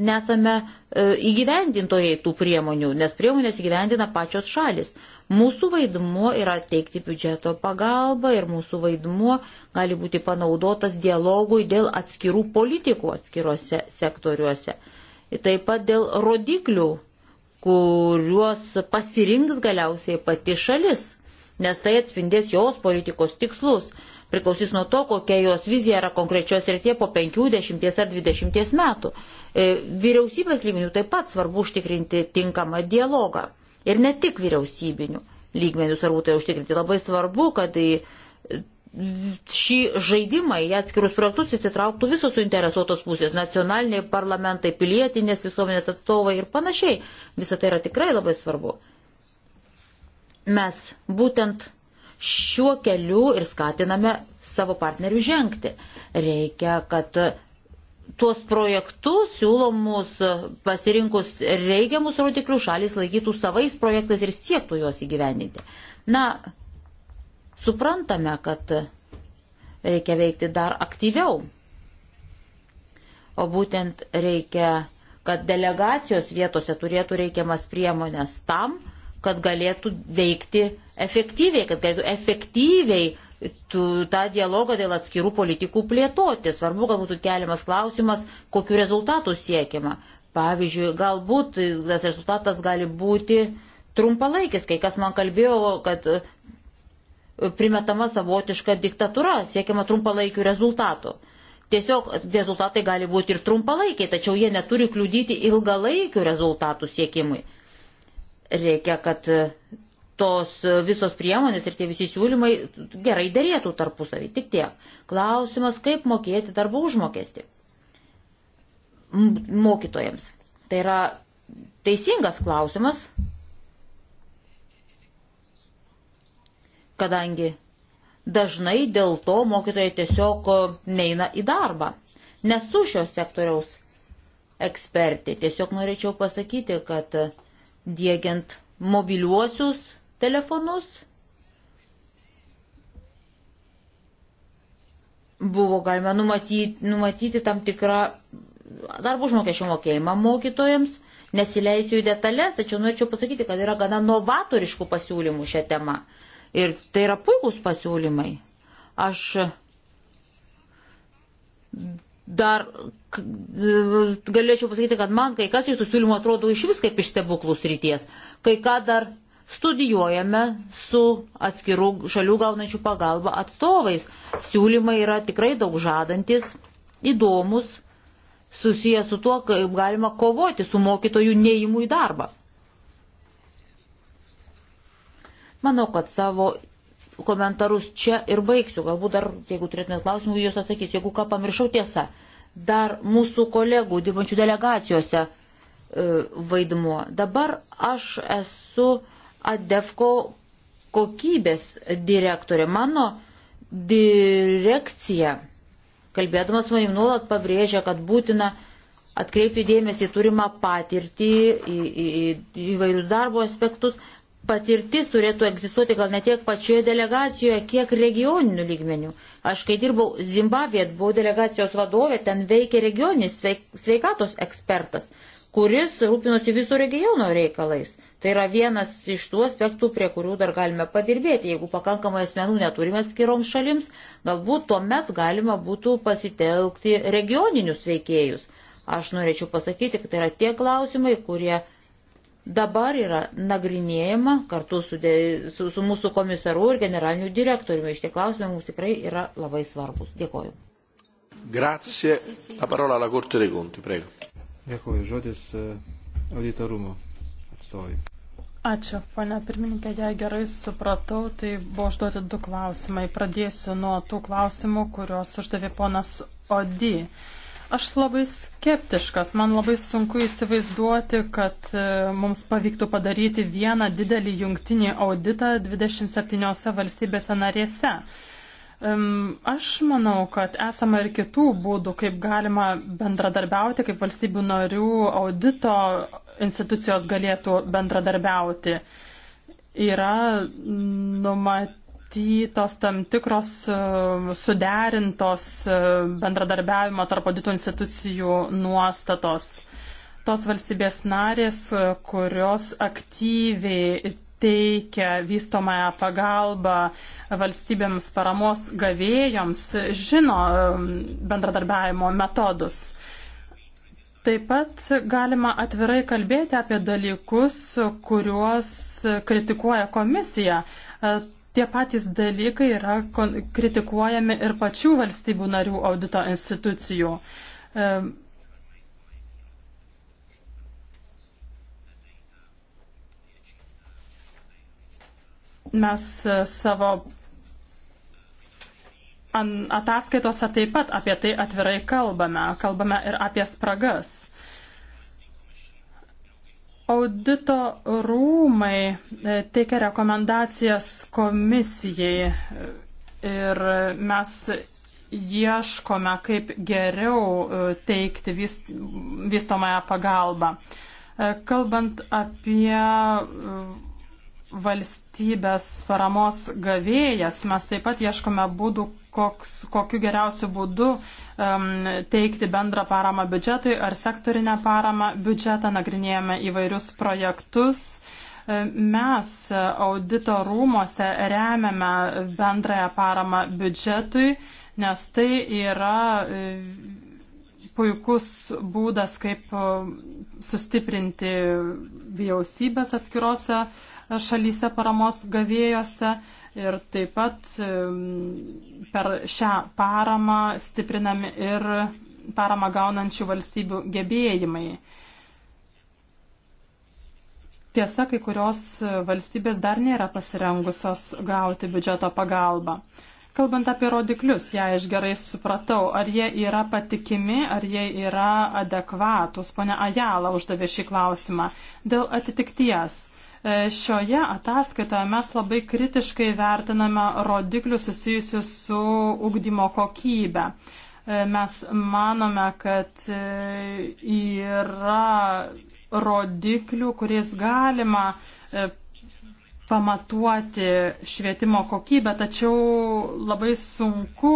nesame e, įgyvendintojai tų priemonių, nes priemonės įgyvendina pačios šalis. Mūsų vaidmuo yra teikti biudžeto pagalbą ir mūsų vaidmuo gali būti panaudotas dialogui dėl atskirų politikų atskiruose sektoriuose. Taip pat dėl rodiklių kuriuos pasirinks galiausiai pati šalis, nes tai atspindės jos politikos tikslus. Priklausys nuo to, kokia jos vizija yra konkrečios rytie po 50 ar 20 metų. E, vyriausybės lygmenių taip pat svarbu užtikrinti tinkamą dialogą. Ir ne tik vyriausybinių lygmenių svarbu tai užtikrinti. Labai svarbu, kad į šį žaidimą į atskirus projektus įsitrauktų visos suinteresuotos pusės - nacionaliniai parlamentai, pilietinės visuomenės atstovai ir panašiai. Visą tai yra tikrai labai svarbu. Mes būtent šiuo keliu ir skatiname savo partnerių žengti. Reikia, kad tuos projektus siūlomus pasirinkus reikiamus rodiklius šalis laikytų savais projektais ir siektų juos įgyvendinti. Na, Suprantame, kad reikia veikti dar aktyviau. O būtent reikia, kad delegacijos vietose turėtų reikiamas priemonės tam, kad galėtų veikti efektyviai, kad galėtų efektyviai tų, tą dialogą dėl atskirų politikų plėtoti. Svarbu, kad būtų keliamas klausimas, kokiu rezultatu siekiama. Pavyzdžiui, galbūt tas rezultatas gali būti trumpalaikis. Kai kas man kalbėjo, kad primetama savotiška diktatūra, siekiama trumpalaikių rezultatų. Tiesiog rezultatai gali būti ir trumpalaikiai, tačiau jie neturi kliudyti ilgalaikių rezultatų siekimui. Reikia, kad tos visos priemonės ir tie visi siūlymai gerai dėrėtų tarpusavį. Tik tiek. Klausimas, kaip mokėti darbo užmokesti mokytojams. Tai yra teisingas klausimas, kadangi dažnai dėl to mokytojai tiesiog neina į darbą. Nesu šios sektoriaus ekspertė, tiesiog norėčiau pasakyti, kad dėgiant mobiliuosius telefonus buvo galima numatyti, numatyti tam tikrą darbo užmokesčio mokėjimą mokytojams. Nesileisiu į detalės, tačiau norėčiau pasakyti, kad yra gana novatoriškų pasiūlymų šią temą. Ir tai yra puikūs pasiūlymai. Aš dar galėčiau pasakyti, kad man kai kas iš tų siūlymų atrodo iš vis kaip iš stebuklus ryties. Kai ką dar studijuojame su atskirų šalių gaunančių pagalbą atstovais. Siūlymai yra tikrai daug žadantis, įdomus, susijęs su tuo, kaip galima kovoti su mokytojų neįmų į darbą. Manau, kad savo komentarus čia ir baigsiu. Galbūt dar, jeigu turėtumėt klausimų, jūs atsakys. Jeigu ką pamiršau tiesą, dar mūsų kolegų, dirbančių delegacijose e, vaidmuo. Dabar aš esu ADEFCO kokybės direktorė. Mano direkcija, kalbėdamas manim, nuolat pabrėžia, kad būtina atkreipti dėmesį turimą patirtį į, į, į įvairius darbo aspektus patirtis turėtų egzistuoti gal ne tiek pačioje delegacijoje, kiek regioninių lygmenių. Aš kai dirbau Zimbabvėje, buvau delegacijos vadovė, ten veikė regioninis sveikatos ekspertas, kuris rūpinosi viso regiono reikalais. Tai yra vienas iš tų aspektų, prie kurių dar galime padirbėti. Jeigu pakankamai asmenų neturime atskiroms šalims, galbūt tuomet galima būtų pasitelkti regioninius veikėjus. Aš norėčiau pasakyti, kad tai yra tie klausimai, kurie dabar yra nagrinėjama kartu su, de, su, su mūsų komisaru ir generaliniu direktoriumi. Šitie klausimai mums tikrai yra labai svarbus. Dėkoju. Grazie. La parola alla Corte dei Conti, prego. Dėkoju. Žodis eh, auditorumo atstovai. Ačiū, ponia pirmininkė, jei gerai supratau, tai buvo užduoti du klausimai. Pradėsiu nuo tų klausimų, kuriuos uždavė ponas Odi. Uh, Aš labai skeptiškas, man labai sunku įsivaizduoti, kad e, mums pavyktų padaryti vieną didelį jungtinį auditą 27 valstybėse narėse. Aš manau, kad esama ir kitų būdų, kaip galima bendradarbiauti, kaip valstybių narių audito institucijos galėtų bendradarbiauti. Yra numatyti numatytos tam tikros e, suderintos e, bendradarbiavimo tarp auditų institucijų nuostatos. Tos valstybės narės, e, kurios aktyviai teikia vystomąją pagalbą valstybėms paramos gavėjoms, žino bendradarbiavimo metodus. Taip pat galima atvirai kalbėti apie dalykus, kuriuos kritikuoja komisija tie patys dalykai yra kritikuojami ir pačių valstybių narių audito institucijų. Mes e, savo ataskaitose taip pat apie tai atvirai kalbame, kalbame ir apie spragas. Audito rūmai e, teikia rekomendacijas komisijai e, ir mes ieškome, kaip geriau e, teikti vystomąją pagalbą. Kalbant apie valstybės paramos gavėjas, mes taip pat ieškome būdų, koks, kokiu geriausiu būdu Um, teikti bendrą paramą biudžetui ar sektorinę paramą biudžetą, nagrinėjame įvairius projektus. Um, mes audito rūmose remiame bendrąją paramą biudžetui, nes tai yra um, puikus būdas, kaip sustiprinti vyriausybės atskirose šalyse paramos gavėjose ir taip pat per šią paramą stiprinami ir paramą gaunančių valstybių gebėjimai. Tiesa, kai kurios valstybės dar nėra pasirengusios gauti biudžeto pagalbą. Kalbant apie rodiklius, jei aš gerai supratau, ar jie yra patikimi, ar jie yra adekvatus, ponia Ajala uždavė šį klausimą. Dėl atitikties. E, šioje ataskaitoje mes labai kritiškai vertiname rodiklius susijusius su ugdymo kokybe. Mes manome, kad e, yra rodiklių, kuriais galima e, pamatuoti švietimo kokybę, tačiau labai sunku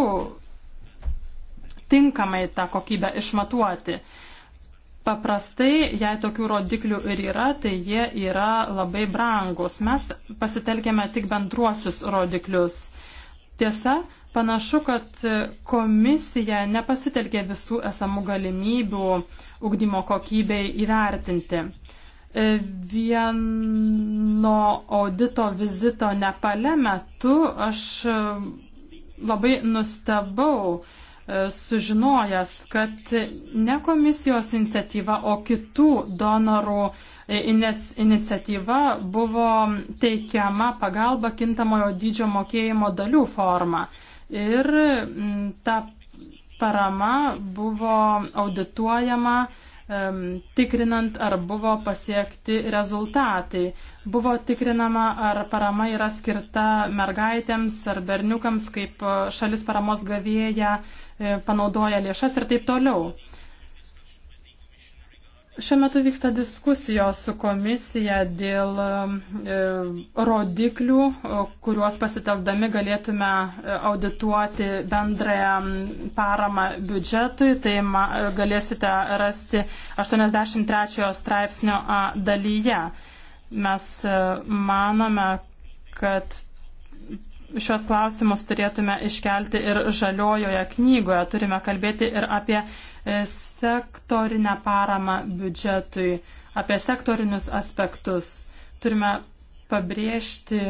tinkamai tą kokybę išmatuoti. Paprastai, jei tokių rodiklių ir yra, tai jie yra labai brangus. Mes pasitelkėme tik bendruosius rodiklius. Tiesa, panašu, kad komisija nepasitelkė visų esamų galimybių ugdymo kokybei įvertinti. E, vieno audito vizito Nepale metu aš e, labai nustebau, E, sužinojęs, kad ne komisijos iniciatyva, o kitų donorų e, iniciatyva buvo teikiama pagalba kintamojo dydžio mokėjimo dalių forma. Ir ta parama buvo audituojama uh, tikrinant, ar buvo pasiekti rezultatai. Buvo tikrinama, ar parama yra skirta mergaitėms ar berniukams, kaip e, šalis paramos gavėja e, panaudoja lėšas ir taip toliau. Šiuo metu vyksta diskusijos su komisija dėl um, e, rodiklių, kuriuos pasitelkdami galėtume e, audituoti bendrąją paramą biudžetui. Tai e, galėsite rasti 83 straipsnio A dalyje. Mes manome, kad šios klausimus turėtume iškelti ir žaliojoje knygoje. Turime kalbėti ir apie e, sektorinę paramą biudžetui, apie sektorinius aspektus. Turime pabrėžti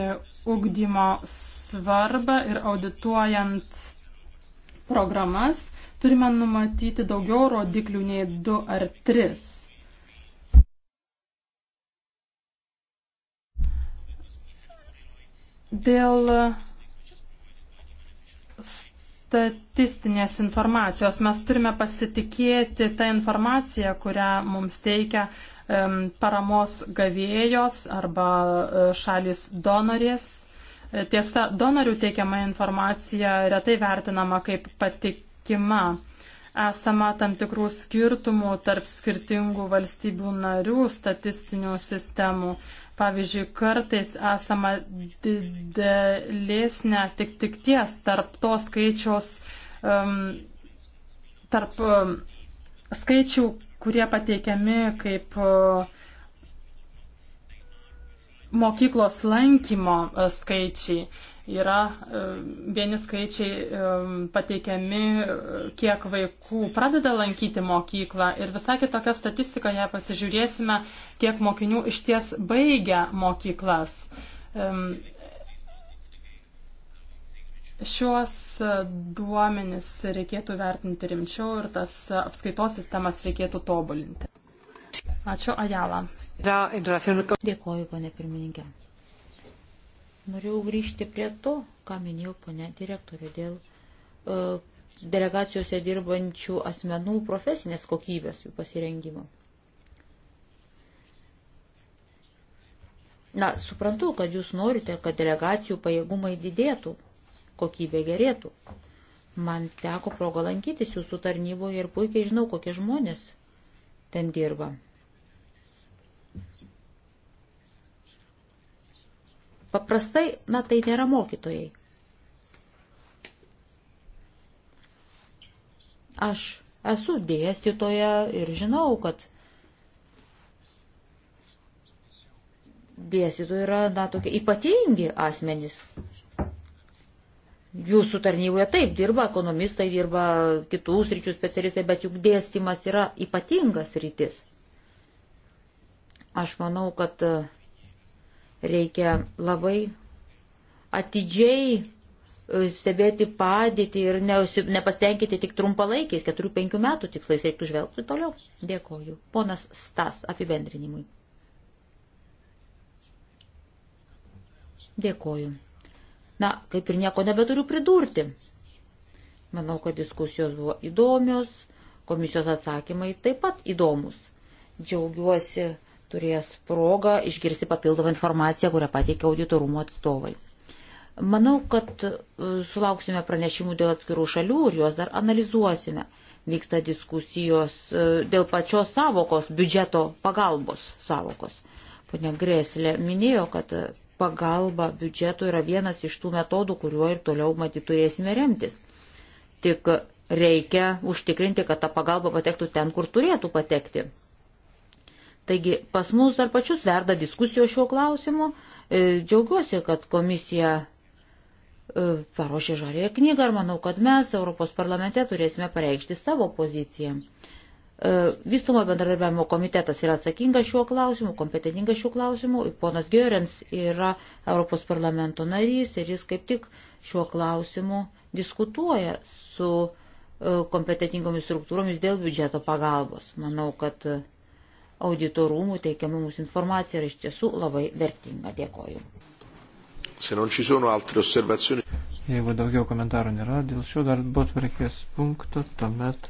ugdymo svarbą ir audituojant programas turime numatyti daugiau rodiklių nei du ar tris. Dėl statistinės informacijos mes turime pasitikėti tą informaciją, kurią mums teikia paramos gavėjos arba e, šalis donorės. E, tiesa, donorių teikiama informacija retai vertinama kaip patikima esama tam tikrų skirtumų tarp skirtingų valstybių narių statistinių sistemų. Pavyzdžiui, kartais esama didelės netiktikties tarp to skaičiaus, um, tarp um, skaičių, kurie pateikiami kaip uh, mokyklos lankymo uh, skaičiai yra e, vieni skaičiai e, pateikiami, e, kiek vaikų pradeda lankyti mokyklą ir visai kitokia statistika, jei pasižiūrėsime, kiek mokinių iš ties baigia mokyklas. Šiuos duomenis reikėtų vertinti rimčiau ir tas apskaitos sistemas reikėtų tobulinti. Ačiū, Ajala. Dėkoju, ponė pirmininkė. Norėjau grįžti prie to, ką minėjau ponė direktorė, dėl uh, delegacijose dirbančių asmenų profesinės kokybės jų pasirengimo. Na, suprantu, kad jūs norite, kad delegacijų pajėgumai didėtų, kokybė gerėtų. Man teko proga lankytis jūsų tarnyboje ir puikiai žinau, kokie žmonės ten dirba. Paprastai, na, tai nėra mokytojai. Aš esu dėstytoja ir žinau, kad dėstytojai yra, na, tokie ypatingi asmenys. Jūsų tarnyboje taip dirba, ekonomistai dirba, kitų sričių specialistai, bet juk dėstymas yra ypatingas rytis. Aš manau, kad Reikia labai atidžiai e, stebėti padėtį ir nepastenkinti tik trumpalaikiais 4-5 metų tikslais, reiktų žvelgti toliau. Dėkoju. Ponas Stas apibendrinimui. Dėkoju. Na, kaip ir nieko nebeturiu pridurti. Manau, kad diskusijos buvo įdomios, komisijos atsakymai taip pat įdomus. Džiaugiuosi turės progą išgirsti papildomą informaciją, kurią pateikė auditorumo atstovai. Manau, kad e, sulauksime pranešimų dėl atskirų šalių ir juos dar analizuosime. Vyksta diskusijos e, dėl pačios savokos, biudžeto pagalbos savokos. Pane Greslė minėjo, kad pagalba biudžeto yra vienas iš tų metodų, kuriuo ir toliau matyt turėsime remtis. Tik reikia užtikrinti, kad ta pagalba patektų ten, kur turėtų patekti. Taigi pas mus dar pačius verda diskusijos šiuo klausimu. E, džiaugiuosi, kad komisija e, paruošė žarėje knygą ir manau, kad mes Europos parlamente turėsime pareikšti savo poziciją. E, vystumo bendradarbiavimo komitetas yra atsakingas šiuo klausimu, kompetentingas šiuo klausimu. Ponas Giorens yra Europos parlamento narys ir jis kaip tik šiuo klausimu diskutuoja su kompetentingomis struktūromis dėl biudžeto pagalbos. Manau, kad auditorumų teikiama mums informacija yra iš tiesų labai vertinga. Dėkoju. Jeigu daugiau komentarų nėra dėl šio darbo tvarkės punkto, tuomet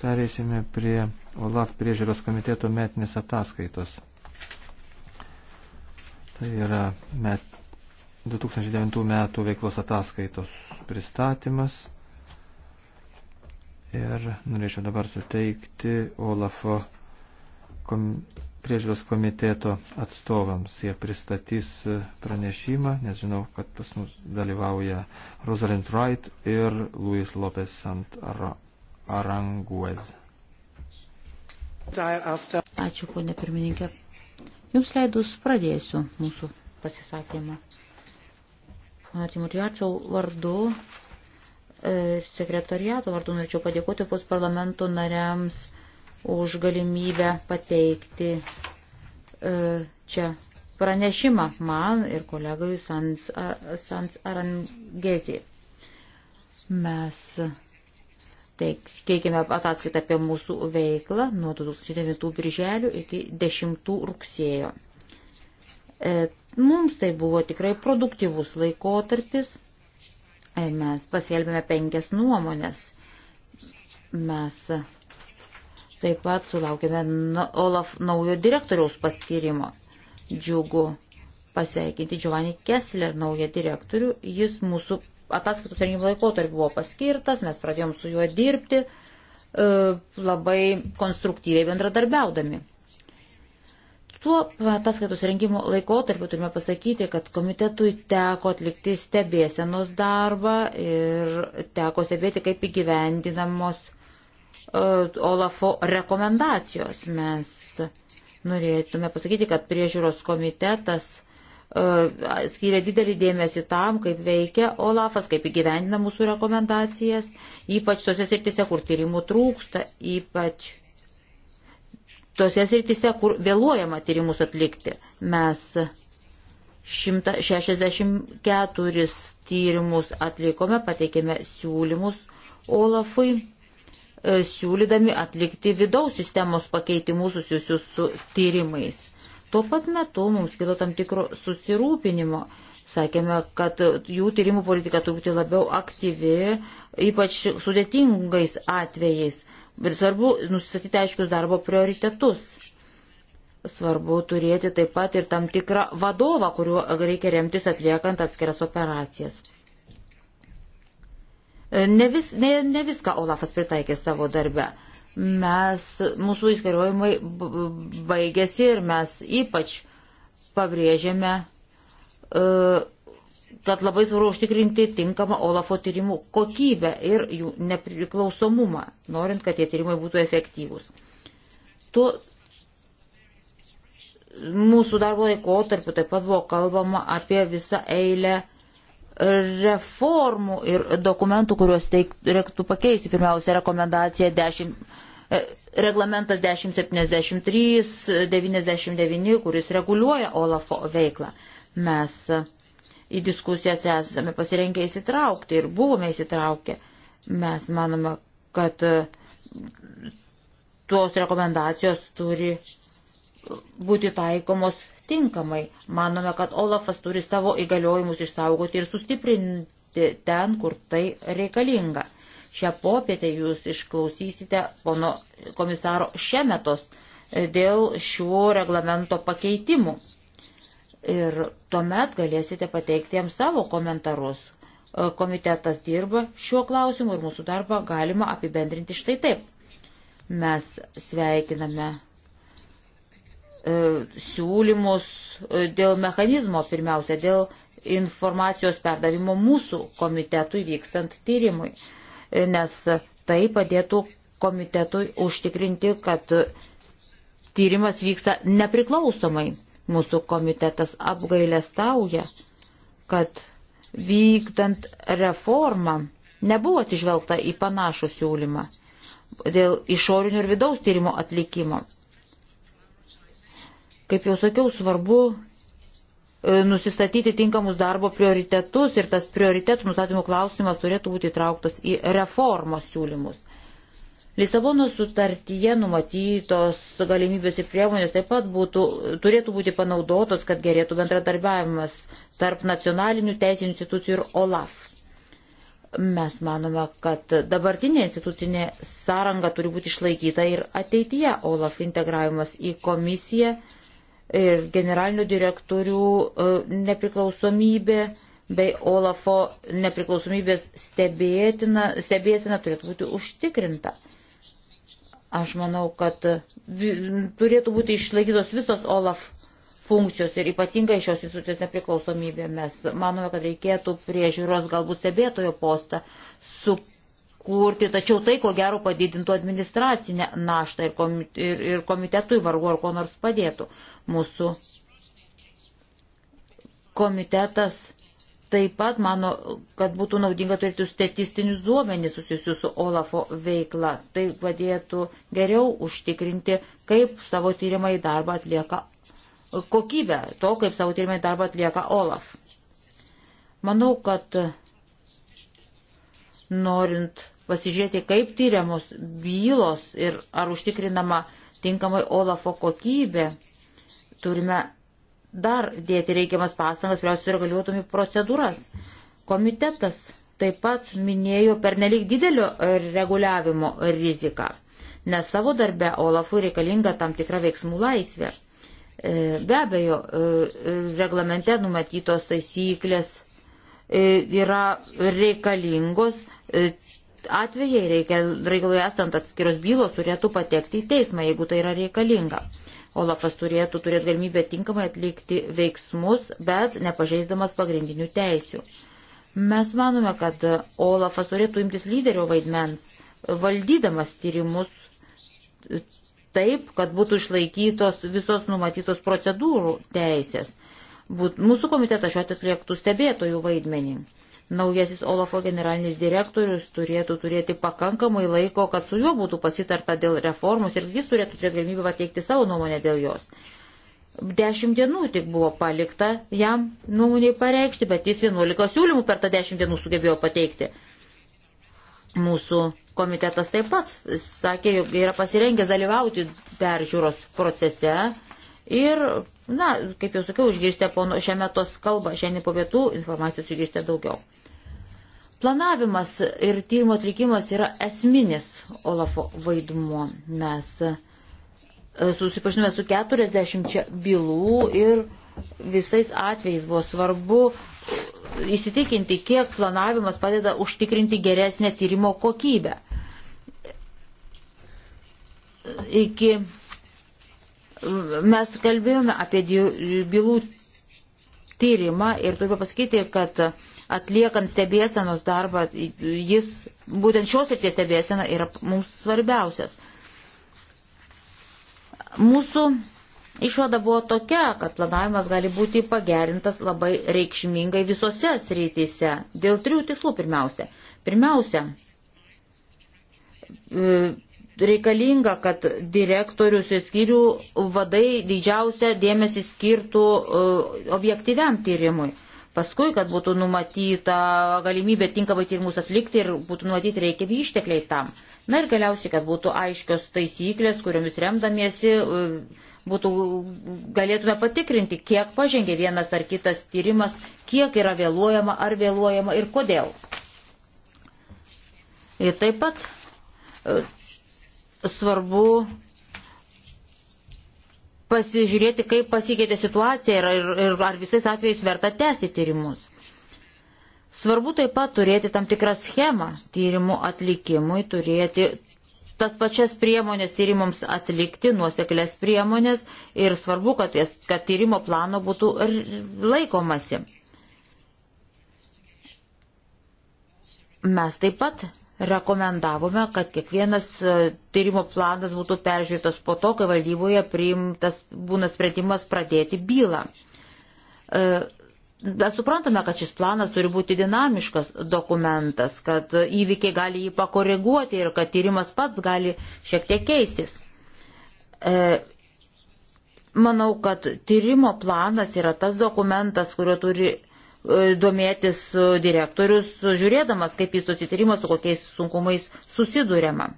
pereisime prie OLAF priežiūros komiteto metinės ataskaitos. Tai yra met, 2009 metų veiklos ataskaitos pristatymas. Ir norėčiau dabar suteikti Olafo kom, priežiūros komiteto atstovams. Jie pristatys pranešimą, nes žinau, kad pas mus dalyvauja Rosalind Wright ir Luis Lopez Sant Aranguez. Ačiū, ponė pirmininkė. Jums leidus pradėsiu mūsų pasisakymą. Timotijāčio vardu ir e, sekretariato vardu norėčiau padėkoti pos parlamento nariams už galimybę pateikti e, čia pranešimą man ir kolegai Sans, Sans Arangezi. Mes teikėme ataskaitą apie mūsų veiklą nuo 2009 birželio iki 10 rugsėjo. E, mums tai buvo tikrai produktyvus laikotarpis. E, mes pasielbėme penkias nuomonės. Mes Taip pat sulaukėme nu, Olaf naujo direktoriaus paskirimo. Džiugu pasveikinti Giovanni Kessler naują direktorių. Jis mūsų ataskaitos rengimo laikotarpį buvo paskirtas, mes pradėjom su juo dirbti e, labai konstruktyviai bendradarbiaudami. Tuo ataskaitos rengimo laikotarpiu turime pasakyti, kad komitetui teko atlikti stebėsenos darbą ir teko stebėti, kaip įgyvendinamos E, Olafo rekomendacijos. Mes norėtume pasakyti, kad priežiūros komitetas e, skiria didelį dėmesį tam, kaip veikia Olafas, kaip įgyvendina mūsų rekomendacijas, ypač tose srityse, kur tyrimų trūksta, ypač tose srityse, kur vėluojama tyrimus atlikti. Mes 164 tyrimus atlikome, pateikėme siūlymus Olafui E, siūlydami atlikti vidaus sistemos pakeitimus susijusius su tyrimais. Tuo pat metu mums kilo tam tikro susirūpinimo. Sakėme, kad jų tyrimų politika turi būti labiau aktyvi, ypač sudėtingais atvejais. Bet svarbu nusistatyti aiškius darbo prioritetus. Svarbu turėti taip pat ir tam tikrą vadovą, kuriuo reikia remtis atliekant atskiras operacijas. Ne, vis, ne, ne viską Olafas pritaikė savo darbę. Mes, mūsų įskaliojimai baigėsi ir mes ypač pabrėžėme, e, kad labai svarbu užtikrinti tinkamą Olafo tyrimų kokybę ir jų nepriklausomumą, norint, kad tie tyrimai būtų efektyvūs. Tuo mūsų darbo laikotarpiu taip pat buvo kalbama apie visą eilę reformų ir dokumentų, kuriuos teik, reiktų pakeisti. Pirmiausia, rekomendacija 10, e, reglamentas 1073, 99, kuris reguliuoja Olafo veiklą. Mes į diskusijas esame pasirengę įsitraukti ir buvome įsitraukę. Mes manome, kad e, tuos rekomendacijos turi būti taikomos tinkamai. Manome, kad Olafas turi savo įgaliojimus išsaugoti ir sustiprinti ten, kur tai reikalinga. Šią popietę jūs išklausysite pono komisaro Šemetos e, dėl šių reglamento pakeitimų. Ir tuomet galėsite pateikti jam savo komentarus. E, komitetas dirba šiuo klausimu ir mūsų darbą galima apibendrinti štai taip. Mes sveikiname E, siūlymus e, dėl mechanizmo, pirmiausia, dėl informacijos perdavimo mūsų komitetui vykstant tyrimui, e, nes tai padėtų komitetui užtikrinti, kad tyrimas vyksta nepriklausomai. Mūsų komitetas apgailestauja, kad vykdant reformą nebuvo atsižvelgta į panašų siūlymą dėl išorinių ir vidaus tyrimo atlikimo. Kaip jau sakiau, svarbu e, nusistatyti tinkamus darbo prioritetus ir tas prioritetų nustatymo klausimas turėtų būti įtrauktas į reformos siūlymus. Lisabonos sutartyje numatytos galimybės ir priemonės taip pat būtų, turėtų būti panaudotos, kad gerėtų bendradarbiavimas tarp nacionalinių teisinių institucijų ir OLAF. Mes manome, kad dabartinė institucinė sąranga turi būti išlaikyta ir ateityje OLAF integravimas į komisiją ir generalinių direktorių e, nepriklausomybė bei Olafo nepriklausomybės stebėtina, stebėsina turėtų būti užtikrinta. Aš manau, kad turėtų būti išlaikytos visos Olaf funkcijos ir ypatingai šios institucijos nepriklausomybė. Mes manome, kad reikėtų priežiūros galbūt stebėtojo postą su kurti, tačiau tai ko gero padidintų administracinę naštą ir komitetui vargu ar ko nors padėtų. Mūsų komitetas taip pat mano, kad būtų naudinga turėti statistinius duomenys susijusius su Olafo veikla. Tai padėtų geriau užtikrinti, kaip savo tyrimai darbą atlieka kokybę to, kaip savo tyrimai darbą atlieka Olaf. Manau, kad norint pasižiūrėti, kaip tyriamos bylos ir ar užtikrinama tinkamai Olafo kokybė. Turime dar dėti reikiamas pastangas, kurios sureguliuotumį procedūras. Komitetas taip pat minėjo pernelyg didelio reguliavimo riziką, nes savo darbe Olafui reikalinga tam tikra veiksmų laisvė. E, be abejo, e, reglamente numatytos taisyklės e, yra reikalingos atvejai, reikia, reikalui esant atskiros bylos, turėtų patekti į teismą, jeigu tai yra reikalinga. Olafas turėtų turėti galimybę tinkamai atlikti veiksmus, bet nepažeisdamas pagrindinių teisių. Mes manome, kad Olafas turėtų imtis lyderio vaidmens, valdydamas tyrimus taip, kad būtų išlaikytos visos numatytos procedūrų teisės. Būt, mūsų komitetas šiuo atveju atliektų stebėtojų vaidmenį. Naujasis Olafo generalinis direktorius turėtų turėti pakankamai laiko, kad su juo būtų pasitarta dėl reformos ir jis turėtų čia galimybę pateikti savo nuomonę dėl jos. Dešimt dienų tik buvo palikta jam nuomoniai pareikšti, bet jis 11 siūlymų per tą dešimt dienų sugebėjo pateikti. Mūsų komitetas taip pat sakė, jog yra pasirengęs dalyvauti peržiūros procese ir Na, kaip jau sakiau, išgirstė pono šiame tos kalbą, šiandien po pietų informacijos išgirstė daugiau. Planavimas ir tyrimo atlikimas yra esminis Olafo vaidmuo. Mes e, susipažinome su 40 bylų ir visais atvejais buvo svarbu įsitikinti, kiek planavimas padeda užtikrinti geresnę tyrimo kokybę. Iki mes kalbėjome apie bylų tyrimą ir turiu pasakyti, kad uh, atliekant stebėsenos darbą, jis būtent šios ir tie stebėsena yra mums svarbiausias. Mūsų išvada buvo tokia, kad planavimas gali būti pagerintas labai reikšmingai visose srityse dėl trijų tikslų pirmiausia. Pirmiausia, e, reikalinga, kad direktorius ir skyrių vadai didžiausia dėmesį skirtų e, objektyviam tyrimui paskui, kad būtų numatyta galimybė tinkamai tyrimus atlikti ir būtų numatyti reikiami ištekliai tam. Na ir galiausiai, kad būtų aiškios taisyklės, kuriomis remdamiesi e, būtų, galėtume patikrinti, kiek pažengė vienas ar kitas tyrimas, kiek yra vėluojama ar vėluojama ir kodėl. Ir taip pat e, svarbu pasižiūrėti, kaip pasikeitė situacija ir, ir, ir ar visais atvejais verta tęsti tyrimus. Svarbu taip pat turėti tam tikrą schemą tyrimų atlikimui, turėti tas pačias priemonės tyrimams atlikti, nuoseklės priemonės ir svarbu, kad, jas, kad tyrimo plano būtų laikomasi. Mes taip pat rekomendavome, kad kiekvienas e, tyrimo planas būtų peržiūrėtas po to, kai valdyboje priimtas būna sprendimas pradėti bylą. E, mes suprantame, kad šis planas turi būti dinamiškas dokumentas, kad įvykiai gali jį pakoreguoti ir kad tyrimas pats gali šiek tiek keistis. E, manau, kad tyrimo planas yra tas dokumentas, kurio turi E, domėtis direktorius, žiūrėdamas, kaip jis susityrimas, su kokiais sunkumais susidūrėma.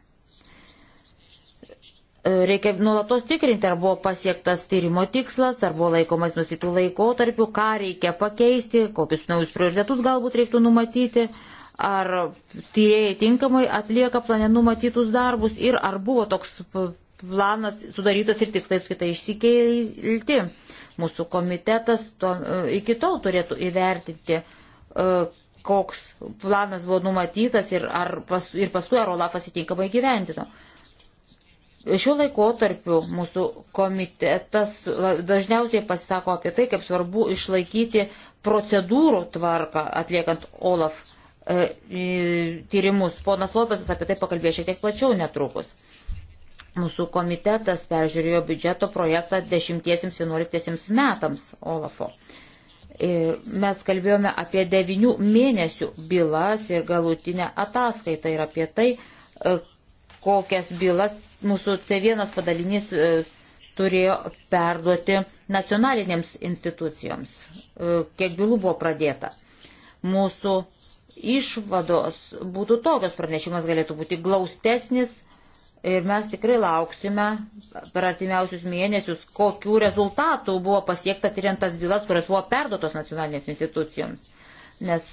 E, reikia nuolatos tikrinti, ar buvo pasiektas tyrimo tikslas, ar buvo laikomas nusitų laikotarpių, ką reikia pakeisti, kokius naujus prioritetus galbūt reiktų numatyti, ar tyrėjai tinkamai atlieka plane numatytus darbus ir ar buvo toks planas sudarytas ir tikslai apskaitai išsikelti. Mūsų komitetas to, e, iki tol turėtų įvertinti, e, koks planas buvo numatytas ir, pas, ir paskui ar Olafas įtinkamai gyventino. Šiuo laikotarpiu mūsų komitetas dažniausiai pasisako apie tai, kaip svarbu išlaikyti procedūrų tvarką atliekant Olaf e, tyrimus. Ponas Lopesas apie tai pakalbėjo šiek tiek plačiau netrukus. Mūsų komitetas peržiūrėjo biudžeto projektą 10-11 metams Olafo. Ir e, mes kalbėjome apie 9 mėnesių bylas ir galutinę ataskaitą ir apie tai, e, kokias bylas mūsų C1 padalinys e, turėjo perduoti nacionalinėms institucijoms, kiek bylų buvo pradėta. Mūsų išvados būtų tokios pranešimas galėtų būti glaustesnis Ir mes tikrai lauksime per artimiausius mėnesius, kokių rezultatų buvo pasiekta tyriant tas bylas, kurios buvo perduotos nacionalinėms institucijoms. Nes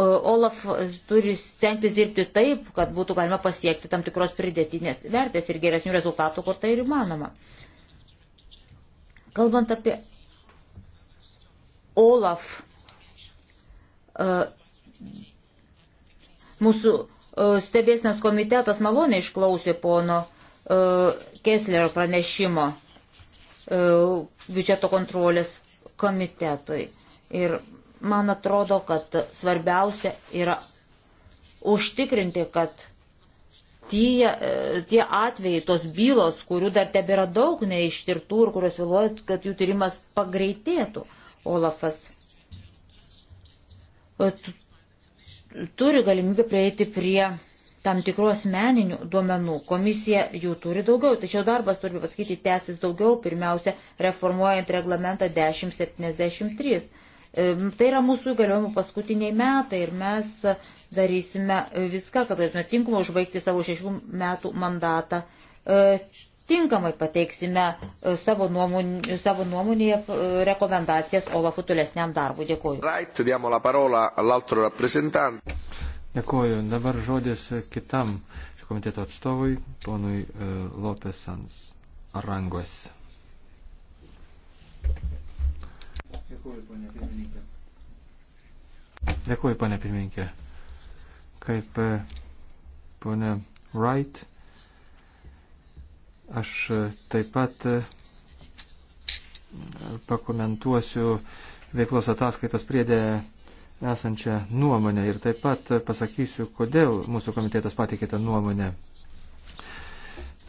Olaf turi stengtis dirbti taip, kad būtų galima pasiekti tam tikros pridėtinės vertės ir geresnių rezultatų, kur tai ir įmanoma. Kalbant apie Olaf, e, mūsų E, stebėsnės komitetas maloniai išklausė pono e, Keslerio pranešimo e, biudžeto kontrolės komitetui. Ir man atrodo, kad svarbiausia yra užtikrinti, kad tie, tie atvejai, tos bylos, kurių dar tebėra daug neištirtų ir kurios vėluoja, kad jų tyrimas pagreitėtų. Olafas turi galimybę prieiti prie tam tikrų asmeninių duomenų. Komisija jų turi daugiau, tačiau darbas, turime pasakyti, tęsis daugiau, pirmiausia, reformuojant reglamentą 1073. E, tai yra mūsų įgaliojimų paskutiniai metai ir mes darysime viską, kad galėtume tinkamai užbaigti savo šešių metų mandatą e, tinkamai pateiksime e, savo, nuomonė, savo nuomonėje e, rekomendacijas Olafų tolesniam darbui. Dėkuoju. Right, Dėkuoju. Dabar žodis kitam šio komiteto atstovui, ponui e, Lopesans Arangos. Dėkuoju, ponė pirmininkė. Dėkuoju, ponė pirmininkė. Kaip ponė Wright Aš taip pat e, pakomentuosiu veiklos ataskaitos priedė esančią nuomonę ir taip pat pasakysiu, kodėl mūsų komitetas patikė tą nuomonę.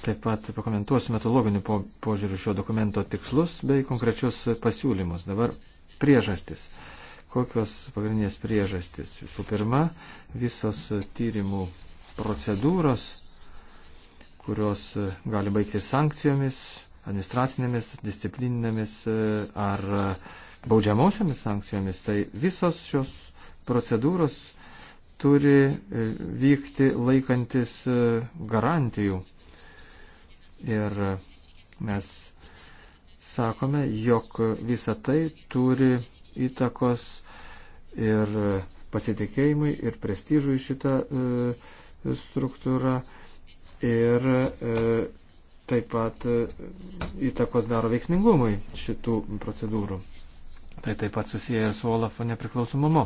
Taip pat pakomentuosiu metologinių po, požiūrių šio dokumento tikslus bei konkrečius pasiūlymus. Dabar priežastis. Kokios pagrindinės priežastis? Visų pirma, visos tyrimų procedūros kurios e, gali baigti sankcijomis, administracinėmis, disciplininėmis e, ar e, baudžiamosiamis sankcijomis, tai visos šios procedūros turi vykti laikantis garantijų. Ir mes sakome, jog visa tai turi įtakos ir pasitikėjimui, ir prestižui šitą struktūrą ir e, taip pat e, įtakos daro veiksmingumui šitų procedūrų. Tai taip pat susiję ir su Olafo nepriklausomumu.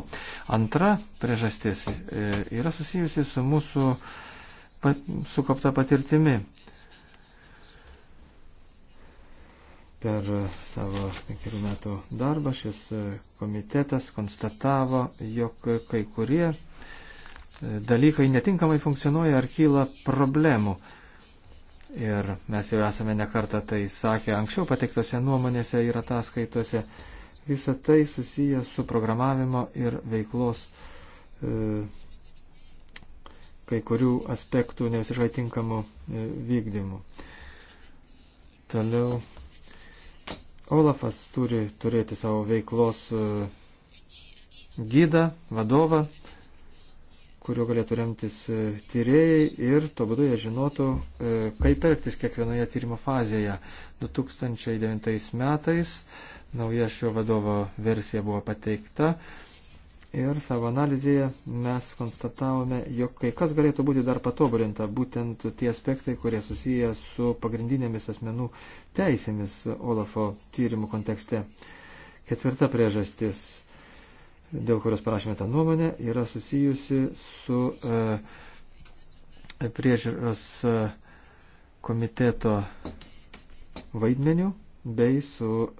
Antra priežastis e, yra susijusi su mūsų sukopta patirtimi. Per savo penkerių metų darbą šis komitetas konstatavo, jog kai kurie dalykai netinkamai funkcionuoja ar kyla problemų. Ir mes jau esame nekartą tai sakę anksčiau pateiktose nuomonėse ir ataskaitose. Visa tai susiję su programavimo ir veiklos e, kai kurių aspektų nevisiškai tinkamu e, vykdymu. Toliau Olafas turi turėti savo veiklos e, gydą, vadovą. E, kuriuo galėtų remtis e, tyrėjai ir to būdu jie žinotų, e, kaip elgtis kiekvienoje tyrimo fazėje. 2009 metais nauja šio vadovo versija buvo pateikta ir savo analizėje mes konstatavome, jog kai kas galėtų būti dar patobulinta, būtent tie aspektai, kurie susiję su pagrindinėmis asmenų teisėmis Olafo tyrimų kontekste. Ketvirta priežastis dėl kurios parašėme tą nuomonę, yra susijusi su e, priežiūros e, komiteto vaidmeniu bei su, e,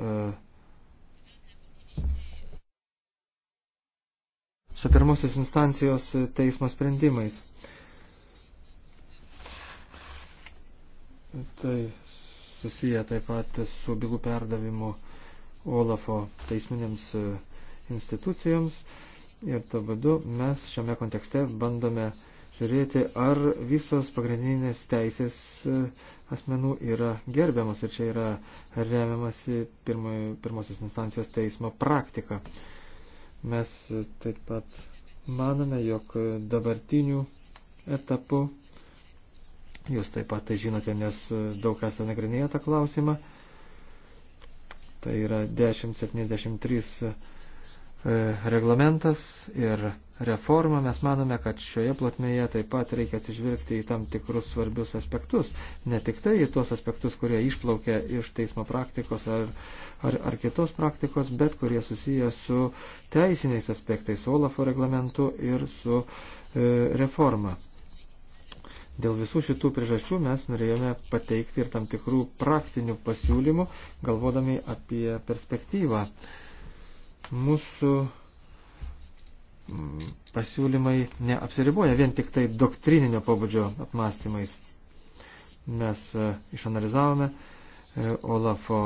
su pirmosios instancijos teismo sprendimais. Tai susiję taip pat su bylų perdavimu Olafo teisminėms e, institucijoms ir to būdu mes šiame kontekste bandome žiūrėti, ar visos pagrindinės teisės e, asmenų yra gerbiamos ir čia yra remiamasi pirmojo, pirmosios instancijos teismo praktika. Mes taip pat manome, jog dabartinių etapų, jūs taip pat tai žinote, nes daug kas ten nagrinėja tą klausimą, tai yra 1073 E, reglamentas ir reforma, mes manome, kad šioje plotmėje taip pat reikia atsižvelgti į tam tikrus svarbius aspektus, ne tik tai į tuos aspektus, kurie išplaukia iš teismo praktikos ar, ar, ar kitos praktikos, bet kurie susiję su teisiniais aspektais, su Olafo reglamentu ir su e, reforma. Dėl visų šitų priežasčių mes norėjome pateikti ir tam tikrų praktinių pasiūlymų, galvodami apie perspektyvą. E, Mūsų mm, pasiūlymai neapsiriboja vien tik tai doktrininio pobūdžio apmąstymais. Mes e, išanalizavome e, Olafo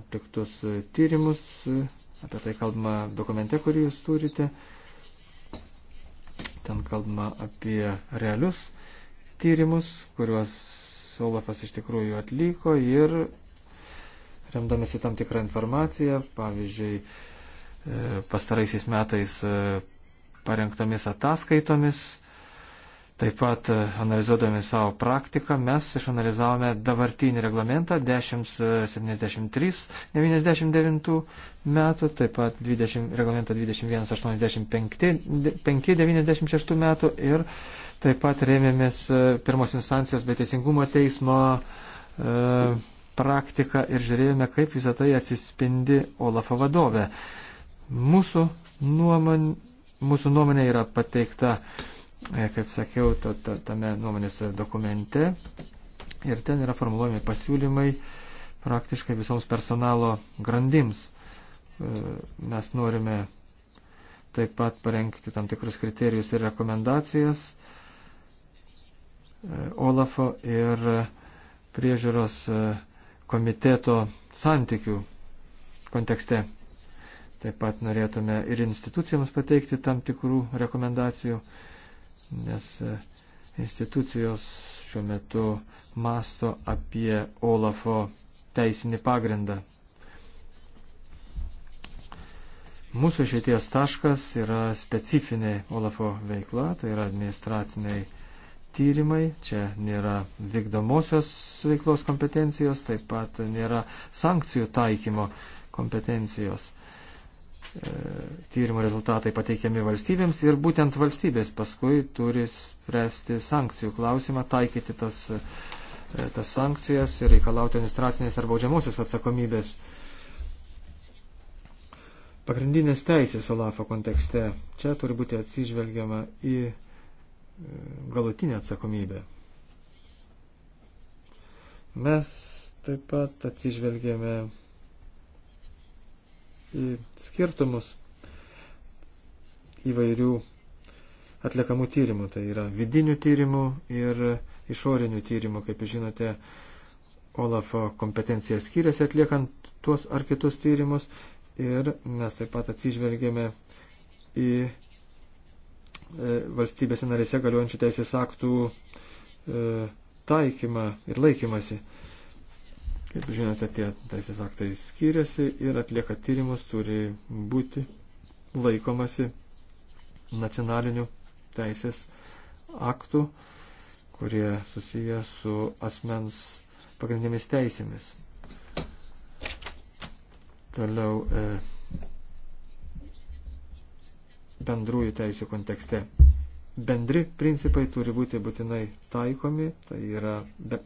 atliktus e, tyrimus, apie tai kalbama dokumente, kurį jūs turite. Ten kalbama apie realius tyrimus, kuriuos Olafas iš tikrųjų atliko ir remdamėsi tam tikrą informaciją, pavyzdžiui, e, pastaraisiais metais e, parengtomis ataskaitomis, taip pat e, analizuodami savo praktiką, mes išanalizavome dabartinį reglamentą 1073-99 metų, taip pat 20, reglamentą 2185-96 metų ir taip pat rėmėmės pirmos instancijos bei teisingumo teismo e, praktiką ir žiūrėjome, kaip visą tai atsispindi Olafo vadovė. Mūsų, nuomon, mūsų nuomonė yra pateikta, e, kaip sakiau, ta, ta, tame nuomonės dokumente ir ten yra formuluojami pasiūlymai praktiškai visoms personalo grandims. E, mes norime taip pat parengti tam tikrus kriterijus ir rekomendacijas e, Olafo ir priežiūros komiteto santykių kontekste. Taip pat norėtume ir institucijoms pateikti tam tikrų rekomendacijų, nes e, institucijos šiuo metu masto apie Olafo teisinį pagrindą. Mūsų švieties taškas yra specifinė Olafo veikla, tai yra administraciniai tyrimai, čia nėra vykdomosios veiklos kompetencijos, taip pat nėra sankcijų taikymo kompetencijos. E, tyrimo rezultatai pateikiami valstybėms ir būtent valstybės paskui turi spręsti sankcijų klausimą, taikyti tas, e, tas sankcijas ir reikalauti administracinės ar baudžiamosios atsakomybės. Pagrindinės teisės Olafo kontekste. Čia turi būti atsižvelgiama į galutinę atsakomybę. Mes taip pat atsižvelgėme į skirtumus įvairių atliekamų tyrimų, tai yra vidinių tyrimų ir išorinių tyrimų, kaip žinote, Olafo kompetencija skiriasi atliekant tuos ar kitus tyrimus ir mes taip pat atsižvelgėme į E, valstybėse narėse galiojančių teisės aktų e, taikymą ir laikymasi. Kaip žinote, tie teisės aktai skiriasi ir atlieka tyrimus, turi būti laikomasi nacionalinių teisės aktų, kurie susiję su asmens pagrindinėmis teisėmis. Toliau. E, bendrųjų teisų kontekste. Bendri principai turi būti būtinai taikomi, tai yra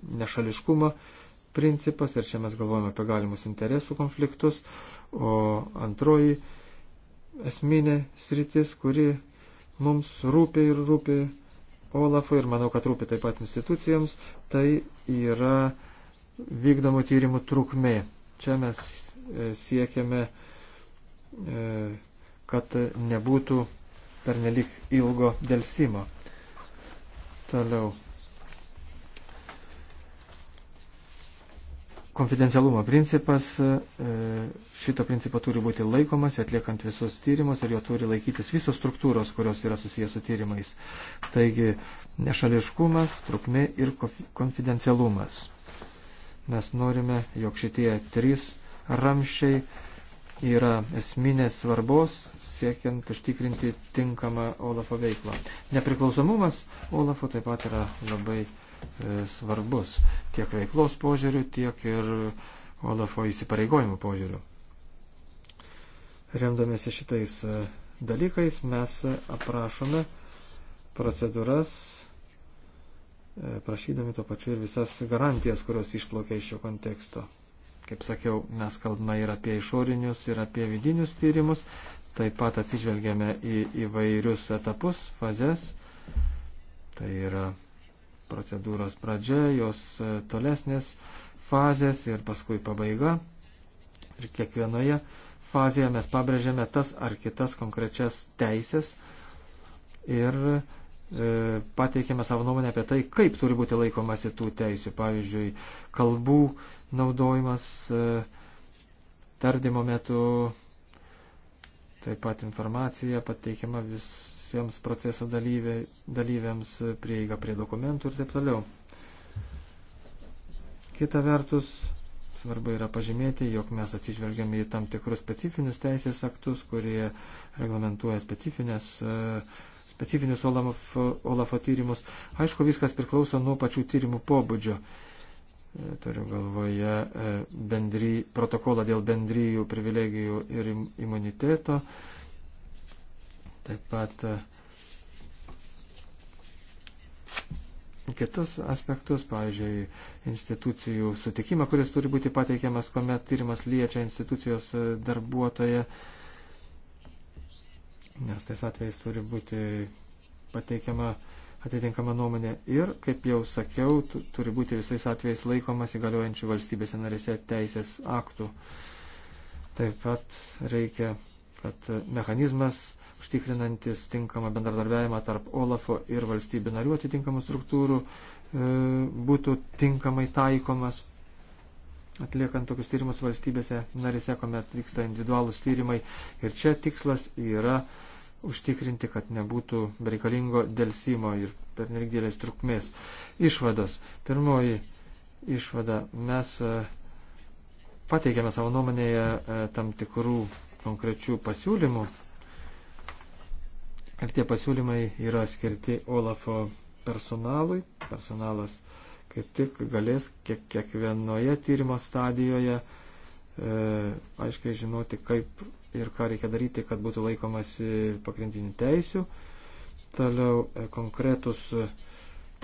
nešališkumo principas ir čia mes galvojame apie galimus interesų konfliktus, o antroji esminė sritis, kuri mums rūpi ir rūpi Olafui ir manau, kad rūpi taip pat institucijoms, tai yra vykdomų tyrimų trukmė. Čia mes e, siekiame e, kad nebūtų pernelik ilgo dėlsimo. Toliau. Konfidencialumo principas, e, šito principo turi būti laikomas, atliekant visus tyrimus ir jo turi laikytis visos struktūros, kurios yra susijęs su tyrimais. Taigi, nešališkumas, trukmė ir konfidencialumas. Mes norime, jog šitie trys ramščiai yra esminės svarbos siekiant užtikrinti tinkamą Olafo veiklą. Nepriklausomumas Olafo taip pat yra labai e, svarbus tiek veiklos požiūrių, tiek ir Olafo įsipareigojimų požiūrių. Remdamėsi šitais e, dalykais mes aprašome procedūras, e, prašydami to pačiu ir visas garantijas, kurios išplaukia iš šio konteksto. Kaip sakiau, mes kalbame ir apie išorinius, ir apie vidinius tyrimus, taip pat atsižvelgiame į įvairius etapus, fazes. Tai yra procedūros pradžia, jos e, tolesnės fazės ir paskui pabaiga. Ir kiekvienoje fazėje mes pabrėžėme tas ar kitas konkrečias teisės ir E, pateikėme savo nuomonę apie tai, kaip turi būti laikomasi tų teisių. Pavyzdžiui, kalbų naudojimas e, tardymo metu, taip pat informacija pateikiama visiems proceso dalyvė, dalyviams, prieiga prie dokumentų ir taip toliau. Kita vertus, svarbu yra pažymėti, jog mes atsižvelgiame į tam tikrus specifinius teisės aktus, kurie reglamentuoja specifines uh, specifinius Olaf, Olafo tyrimus. Aišku, viskas priklauso nuo pačių tyrimų pobūdžio. E, turiu galvoje e, bendry, protokolą dėl bendryjų privilegijų ir imuniteto. Taip pat e, kitus aspektus, pavyzdžiui, institucijų sutikimą, kuris turi būti pateikiamas, kuomet tyrimas liečia institucijos darbuotoje. E, nes tais atvejais turi būti pateikiama atitinkama nuomonė ir, kaip jau sakiau, turi būti visais atvejais laikomas įgaliojančių valstybėse narėse teisės aktų. Taip pat reikia, kad mechanizmas užtikrinantis tinkamą bendradarbiavimą tarp OLAFO ir valstybių narių atitinkamų struktūrų e, būtų tinkamai taikomas atliekant tokius tyrimus valstybėse narise, kuomet vyksta individualūs tyrimai. Ir čia tikslas yra uh, užtikrinti, kad nebūtų reikalingo dėlsimo ir per nelgdėlės trukmės. Išvados. Pirmoji išvada. Mes e, pateikėme savo nuomonėje e, tam tikrų konkrečių pasiūlymų. Ir tie pasiūlymai yra skirti Olafo personalui. Personalas kaip tik galės kiek, kiekvienoje tyrimo stadijoje e, aiškiai žinoti, kaip ir ką reikia daryti, kad būtų laikomasi pagrindinių teisių. Toliau e, konkretus e,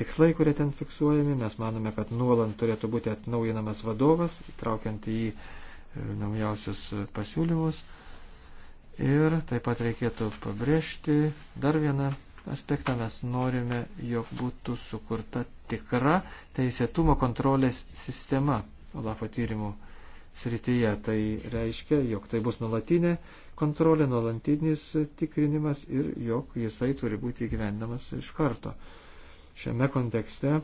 tikslai, kurie ten fiksuojami. Mes manome, kad nuolant turėtų būti atnaujinamas vadovas, įtraukiant į e, naujausius pasiūlymus. Ir taip pat reikėtų pabrėžti dar vieną aspektą. Mes norime, jog būtų sukurta tikra teisėtumo kontrolės sistema Olafo tyrimų srityje. Tai reiškia, jog tai bus nuolatinė kontrolė, nuolatinis tikrinimas ir jog jisai turi būti įgyvendamas iš karto. Šiame kontekste,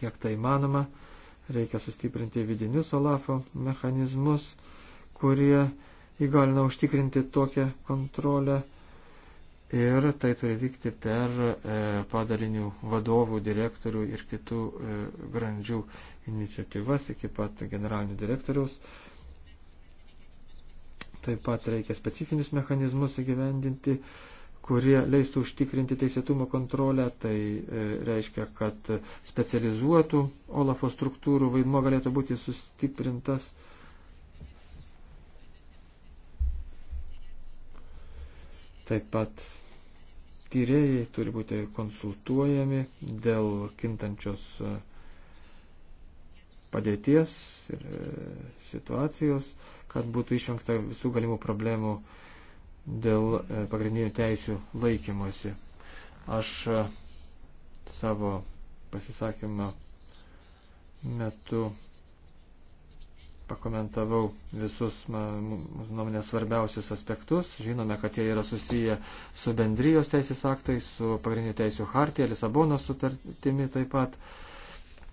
kiek tai manoma, reikia sustiprinti vidinius Olafo mechanizmus, kurie įgalina užtikrinti tokią kontrolę ir tai turi vykti per e, padalinių vadovų, direktorių ir kitų e, grandžių iniciatyvas iki pat generalinių direktoriaus. Taip pat reikia specifinius mechanizmus įgyvendinti, kurie leistų užtikrinti teisėtumo kontrolę. Tai e, reiškia, kad specializuotų Olafo struktūrų vaidmo galėtų būti sustiprintas. Taip pat tyrėjai turi būti konsultuojami dėl kintančios e, padėties ir e, situacijos, kad būtų išvengta visų galimų problemų dėl e, pagrindinių teisių laikymosi. Aš savo pasisakymą metu pakomentavau visus mūsų nuomonės svarbiausius aspektus. Žinome, kad jie yra susiję su bendrijos teisės aktais, su pagrindinių teisų hartija, Lisabonos sutartimi taip pat,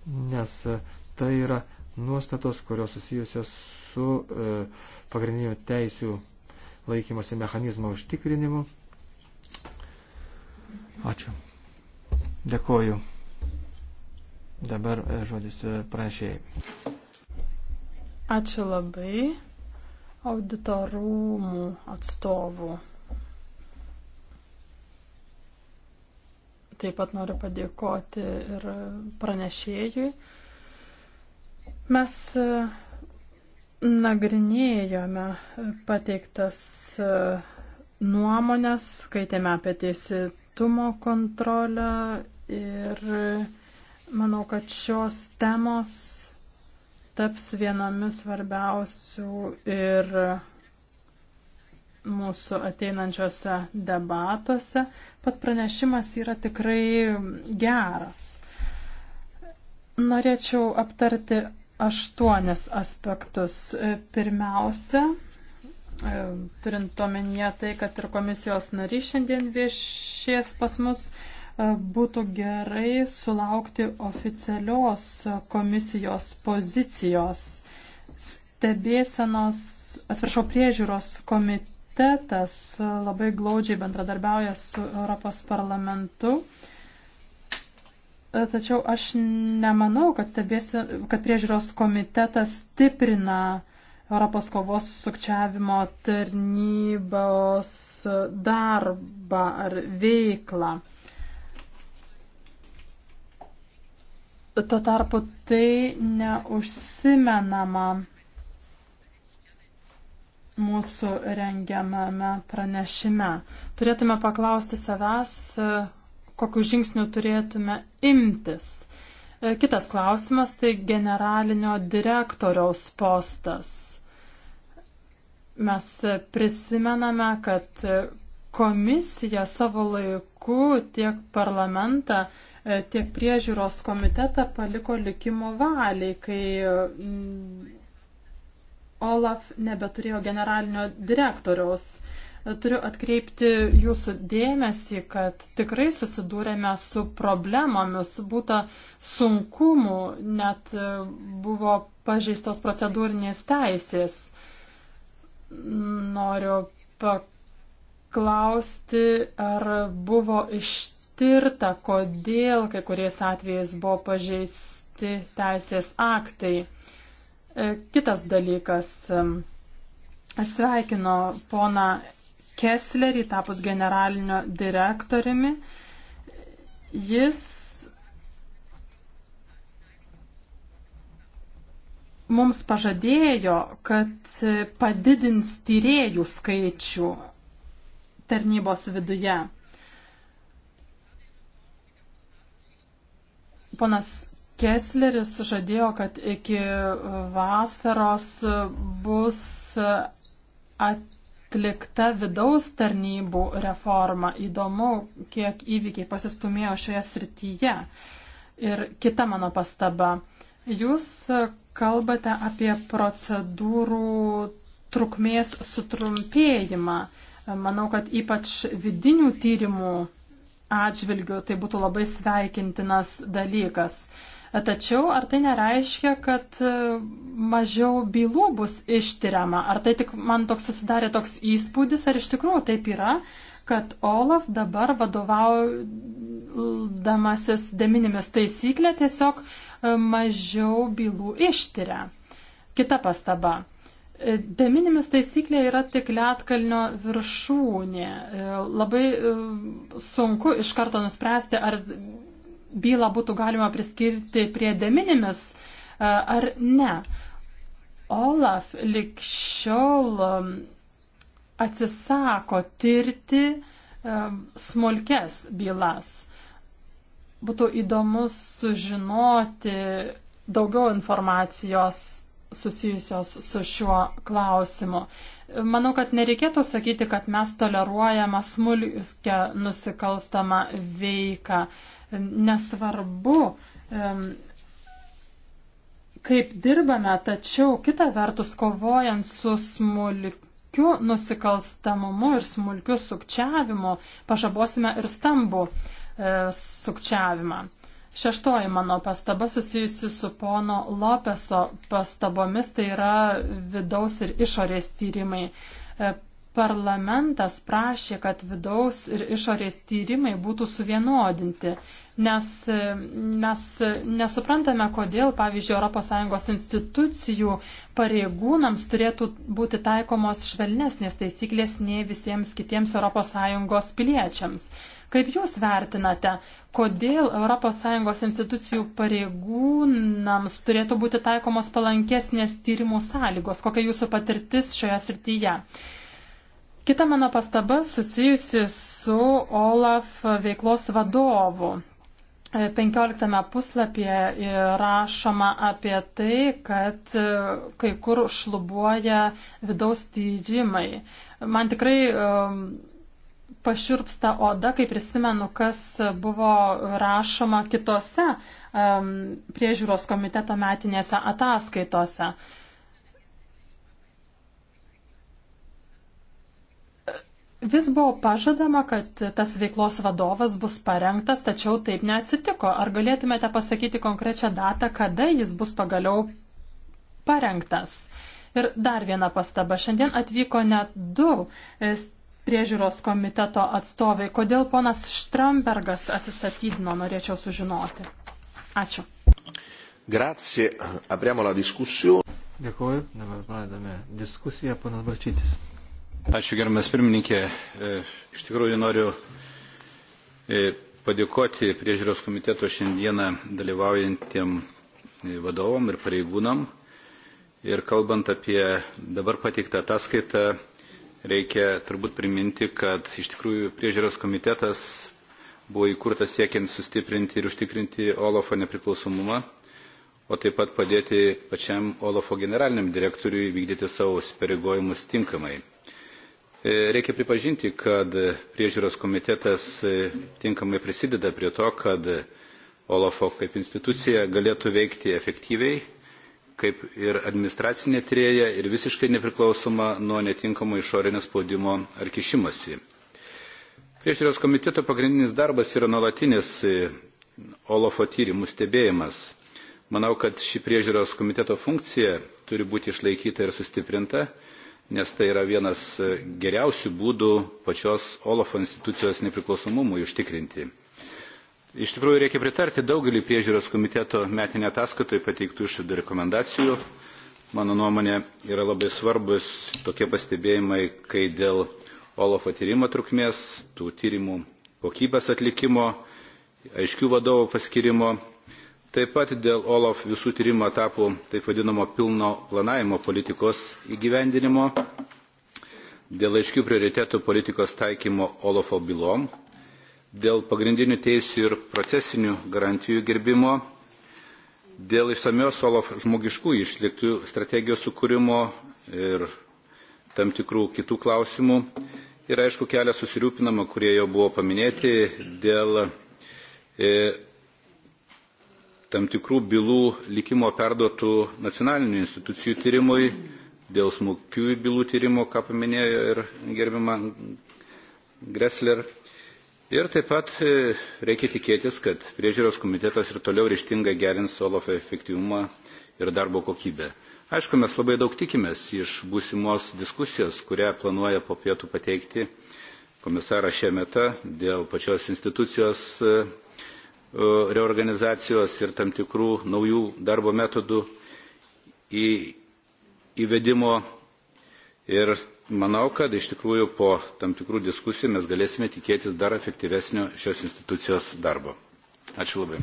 nes e, tai yra nuostatos, kurios susijusios su e, pagrindinių teisų laikymosi mechanizmo užtikrinimu. Ačiū. Dėkoju. Dabar e, žodis e, pranešėjai. Ačiū labai auditorumų atstovų. Taip pat noriu padėkoti ir pranešėjui. Mes e, nagrinėjome pateiktas e, nuomonės, skaitėme apie teisėtumo kontrolę ir e, manau, kad šios temos taps vienomis svarbiausių ir mūsų ateinančiose debatuose. Pats pranešimas yra tikrai geras. Norėčiau aptarti aštuonis aspektus. Pirmiausia, e, turint omenyje tai, kad ir komisijos narys šiandien viešės pas mus, būtų gerai sulaukti oficialios komisijos pozicijos. Stebėsenos, atsiprašau, priežiūros komitetas labai glaudžiai bendradarbiauja su Europos parlamentu. Tačiau aš nemanau, kad, stebėsi, kad priežiūros komitetas stiprina Europos kovos sukčiavimo tarnybos darbą ar veiklą. Tuo tarpu tai neužsimenama mūsų rengiamame pranešime. Turėtume paklausti savęs, kokiu žingsniu turėtume imtis. Kitas klausimas tai generalinio direktoriaus postas. Mes prisimename, kad komisija savo laiku tiek parlamentą E, tiek priežiūros komitetą paliko likimo valiai, kai mm, Olaf nebeturėjo generalinio direktoriaus. E, turiu atkreipti jūsų dėmesį, kad tikrai susidūrėme su problemomis, būta sunkumų, net e, buvo pažeistos procedūrinės teisės. Noriu paklausti, ar buvo iš tirta, kodėl kai kuriais atvejais buvo pažeisti teisės aktai. E, kitas dalykas. Sveikino pona Kesslerį tapus generalinio direktoriumi. Jis mums pažadėjo, kad padidins tyriejų skaičių tarnybos viduje. Ponas Kessleris žadėjo, kad iki vasaros bus atlikta vidaus tarnybų reforma. Įdomu, kiek įvykiai pasistumėjo šioje srityje. Ir kita mano pastaba. Jūs kalbate apie procedūrų trukmės sutrumpėjimą. Manau, kad ypač vidinių tyrimų atžvilgių tai būtų labai sveikintinas dalykas. Tačiau ar tai nereiškia, kad e, mažiau bylų bus ištiriama? Ar tai tik man toks susidarė toks įspūdis, ar iš tikrųjų taip yra, kad Olaf dabar vadovaudamasis deminimis taisyklė tiesiog e, mažiau bylų ištiria? Kita pastaba. Deminimis taisyklė yra tik lietkalnio viršūnė. E, labai e, sunku iš karto nuspręsti, ar bylą būtų galima priskirti prie deminimis e, ar ne. Olaf likščiol atsisako tirti smulkes bylas. Būtų įdomu sužinoti daugiau informacijos susijusios su šiuo klausimu. Manau, kad nereikėtų sakyti, kad mes toleruojame smulkę nusikalstamą veiką. Nesvarbu, kaip dirbame, tačiau kita vertus, kovojant su smulkiu nusikalstamumu ir smulkiu sukčiavimu, pažabosime ir stambų e, sukčiavimą. Šeštoji mano pastaba susijusi su pono Lopeso pastabomis, tai yra vidaus ir išorės tyrimai. E, parlamentas prašė, kad vidaus ir išorės tyrimai būtų suvienodinti, nes e, mes nesuprantame, kodėl, pavyzdžiui, ES institucijų pareigūnams turėtų būti taikomos švelnesnės taisyklės nei visiems kitiems ES piliečiams. Kaip Jūs vertinate, kodėl ES institucijų pareigūnams turėtų būti taikomos palankesnės tyrimų sąlygos? Kokia Jūsų patirtis šioje srityje? Kita mano pastaba susijusi su OLAF veiklos vadovu. 15 e, puslapyje rašoma apie tai, kad e, kai kur šlubuoja vidaus tyrimai. Man tikrai um, paširpsta oda, kai prisimenu, kas buvo rašoma kitose um, priežiūros komiteto metinėse ataskaitose. Vis buvo pažadama, kad tas veiklos vadovas bus parengtas, tačiau taip neatsitiko. Ar galėtumėte pasakyti konkrečią datą, kada jis bus pagaliau parengtas? Ir dar viena pastaba. Šiandien atvyko net du priežiūros komiteto atstovai. Kodėl ponas Štrambergas atsistatydino, norėčiau sužinoti. Ačiū. Grazie. Apriamo la diskusiją. Dėkuoju. Dabar pradedame diskusiją, ponas Balčytis. Ačiū, gerbiamas pirmininkė. E, iš tikrųjų noriu e, padėkoti priežiūros komiteto šiandieną dalyvaujantiem e, vadovom ir pareigūnam. Ir kalbant apie dabar pateiktą ataskaitą, reikia turbūt priminti, kad iš tikrųjų priežiūros komitetas buvo įkurtas siekiant sustiprinti ir užtikrinti Olofo nepriklausomumą, o taip pat padėti pačiam Olofo generaliniam direktoriui vykdyti savo įsipareigojimus tinkamai. E, reikia pripažinti, kad priežiūros komitetas e, tinkamai prisideda prie to, kad Olofo kaip institucija galėtų veikti efektyviai kaip ir administracinė trėja ir visiškai nepriklausoma nuo netinkamo išorinio spaudimo ar kišimasi. Priežiūros komiteto pagrindinis darbas yra nuolatinis e, Olofo tyrimų stebėjimas. Manau, kad ši priežiūros komiteto funkcija turi būti išlaikyta ir sustiprinta, nes tai yra vienas e, geriausių būdų pačios Olofo institucijos nepriklausomumui užtikrinti. Iš tikrųjų, reikia pritarti daugelį priežiūros komiteto metinę ataskaitą pateiktų išvadų rekomendacijų. Mano nuomonė yra labai svarbus tokie pastebėjimai, kai dėl Olofo tyrimo trukmės, tų tyrimų kokybės atlikimo, aiškių vadovų paskirimo, taip pat dėl Olaf visų tyrimo etapų taip vadinamo pilno planavimo politikos įgyvendinimo, dėl aiškių prioritėtų politikos taikymo Olofo bylom dėl pagrindinių teisų ir procesinių garantijų gerbimo, dėl išsamios OLAF žmogiškų išliktų strategijos sukūrimo ir tam tikrų kitų klausimų. Ir aišku, kelia susirūpinama, kurie jau buvo paminėti, dėl e, tam tikrų bylų likimo perduotų nacionalinių institucijų tyrimui, dėl smulkių bylų tyrimo, ką paminėjo ir gerbima Gressler. E, Ir taip pat e, reikia tikėtis, kad priežiūros komitetas ir toliau ryštingai gerins OLAF efektyvumą ir darbo kokybę. Aišku, mes labai daug tikimės iš būsimos diskusijos, kurią planuoja po pietų pateikti komisaras Šemeta dėl pačios institucijos e, reorganizacijos ir tam tikrų naujų darbo metodų įvedimo ir manau, kad iš tikrųjų po tam tikrų diskusijų mes galėsime tikėtis dar efektyvesnio šios institucijos darbo. Ačiū labai.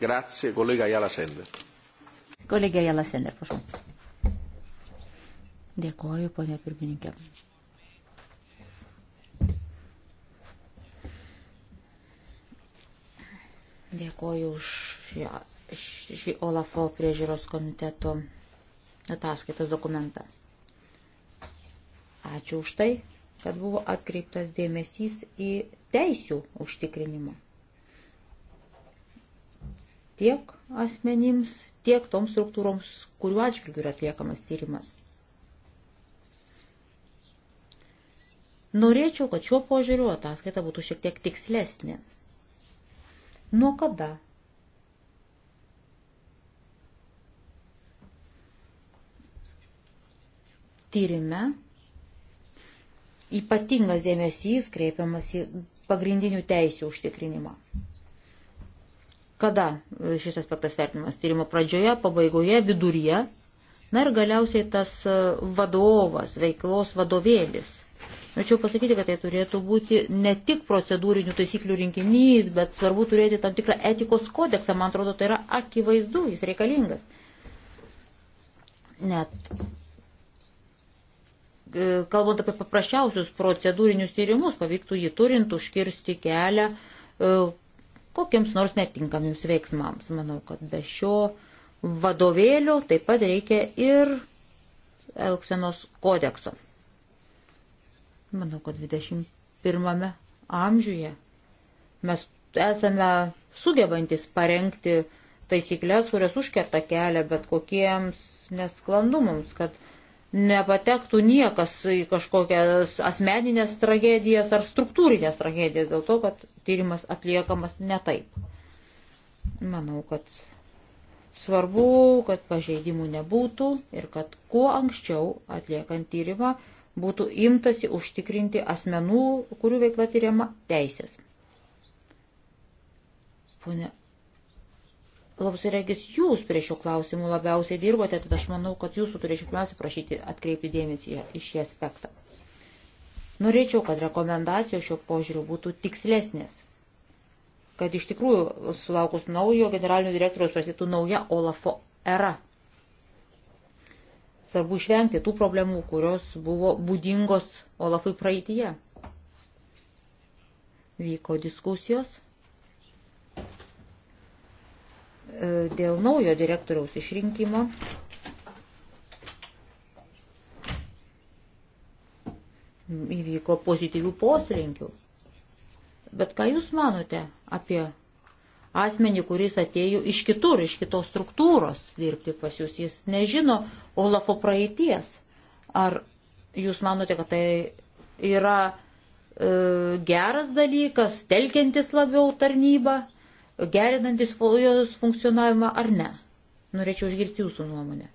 Grazie, kolega Jala Sender. Kolegė Jala Sender, prašau. Dėkuoju, ponia pirmininkė. Dėkuoju už šią šį Olafo priežiūros komiteto ataskaitos dokumentą. Ačiū už tai, kad buvo atkreiptas dėmesys į teisių užtikrinimą. Tiek asmenims, tiek toms struktūroms, kuriuo atžvilgiu yra atliekamas tyrimas. Norėčiau, kad šiuo požiūriu ataskaita būtų šiek tiek tikslesnė. Nuo kada tyrime ypatingas dėmesys kreipiamas į pagrindinių teisių užtikrinimą. Kada šis aspektas vertinamas? Tyrimo pradžioje, pabaigoje, viduryje. Na ir galiausiai tas e, vadovas, veiklos vadovėlis. Norėčiau pasakyti, kad tai turėtų būti ne tik procedūrinių taisyklių rinkinys, bet svarbu turėti tam tikrą etikos kodeksą. Man atrodo, tai yra akivaizdu, jis reikalingas. Net E, kalbant apie paprasčiausius procedūrinius tyrimus, pavyktų jį turint užkirsti kelią e, kokiems nors netinkamiems veiksmams. Manau, kad be šio vadovėlio taip pat reikia ir Elksenos kodekso. Manau, kad 21 amžiuje mes esame sugebantis parengti taisyklės, kurios užkerta kelią bet kokiems nesklandumams, kad nepatektų niekas į kažkokias asmeninės tragedijas ar struktūrinės tragedijas dėl to, kad tyrimas atliekamas ne taip. Manau, kad svarbu, kad pažeidimų nebūtų ir kad kuo anksčiau atliekant tyrimą būtų imtasi užtikrinti asmenų, kurių veikla tyriama, teisės. Pone Labas regis, jūs prie šių klausimų labiausiai dirbote, tad aš manau, kad jūsų turėčiau pirmiausia prašyti atkreipti dėmesį į šį aspektą. Norėčiau, kad rekomendacijos šio požiūriu būtų tikslesnės, kad iš tikrųjų sulaukus naujo generalinio direktoriaus prasidėtų nauja Olafo era. Svarbu išvengti tų problemų, kurios buvo būdingos Olafui praeitie. Vyko diskusijos dėl naujo direktoriaus išrinkimo. Įvyko pozityvių poslinkių. Bet ką Jūs manote apie asmenį, kuris atėjo iš kitur, iš kitos struktūros dirbti pas Jūs? Jis nežino Olafo praeities. Ar Jūs manote, kad tai yra e, geras dalykas, telkiantis labiau tarnybą? gerinantis jos funkcionavimą ar ne. Norėčiau išgirti jūsų nuomonę.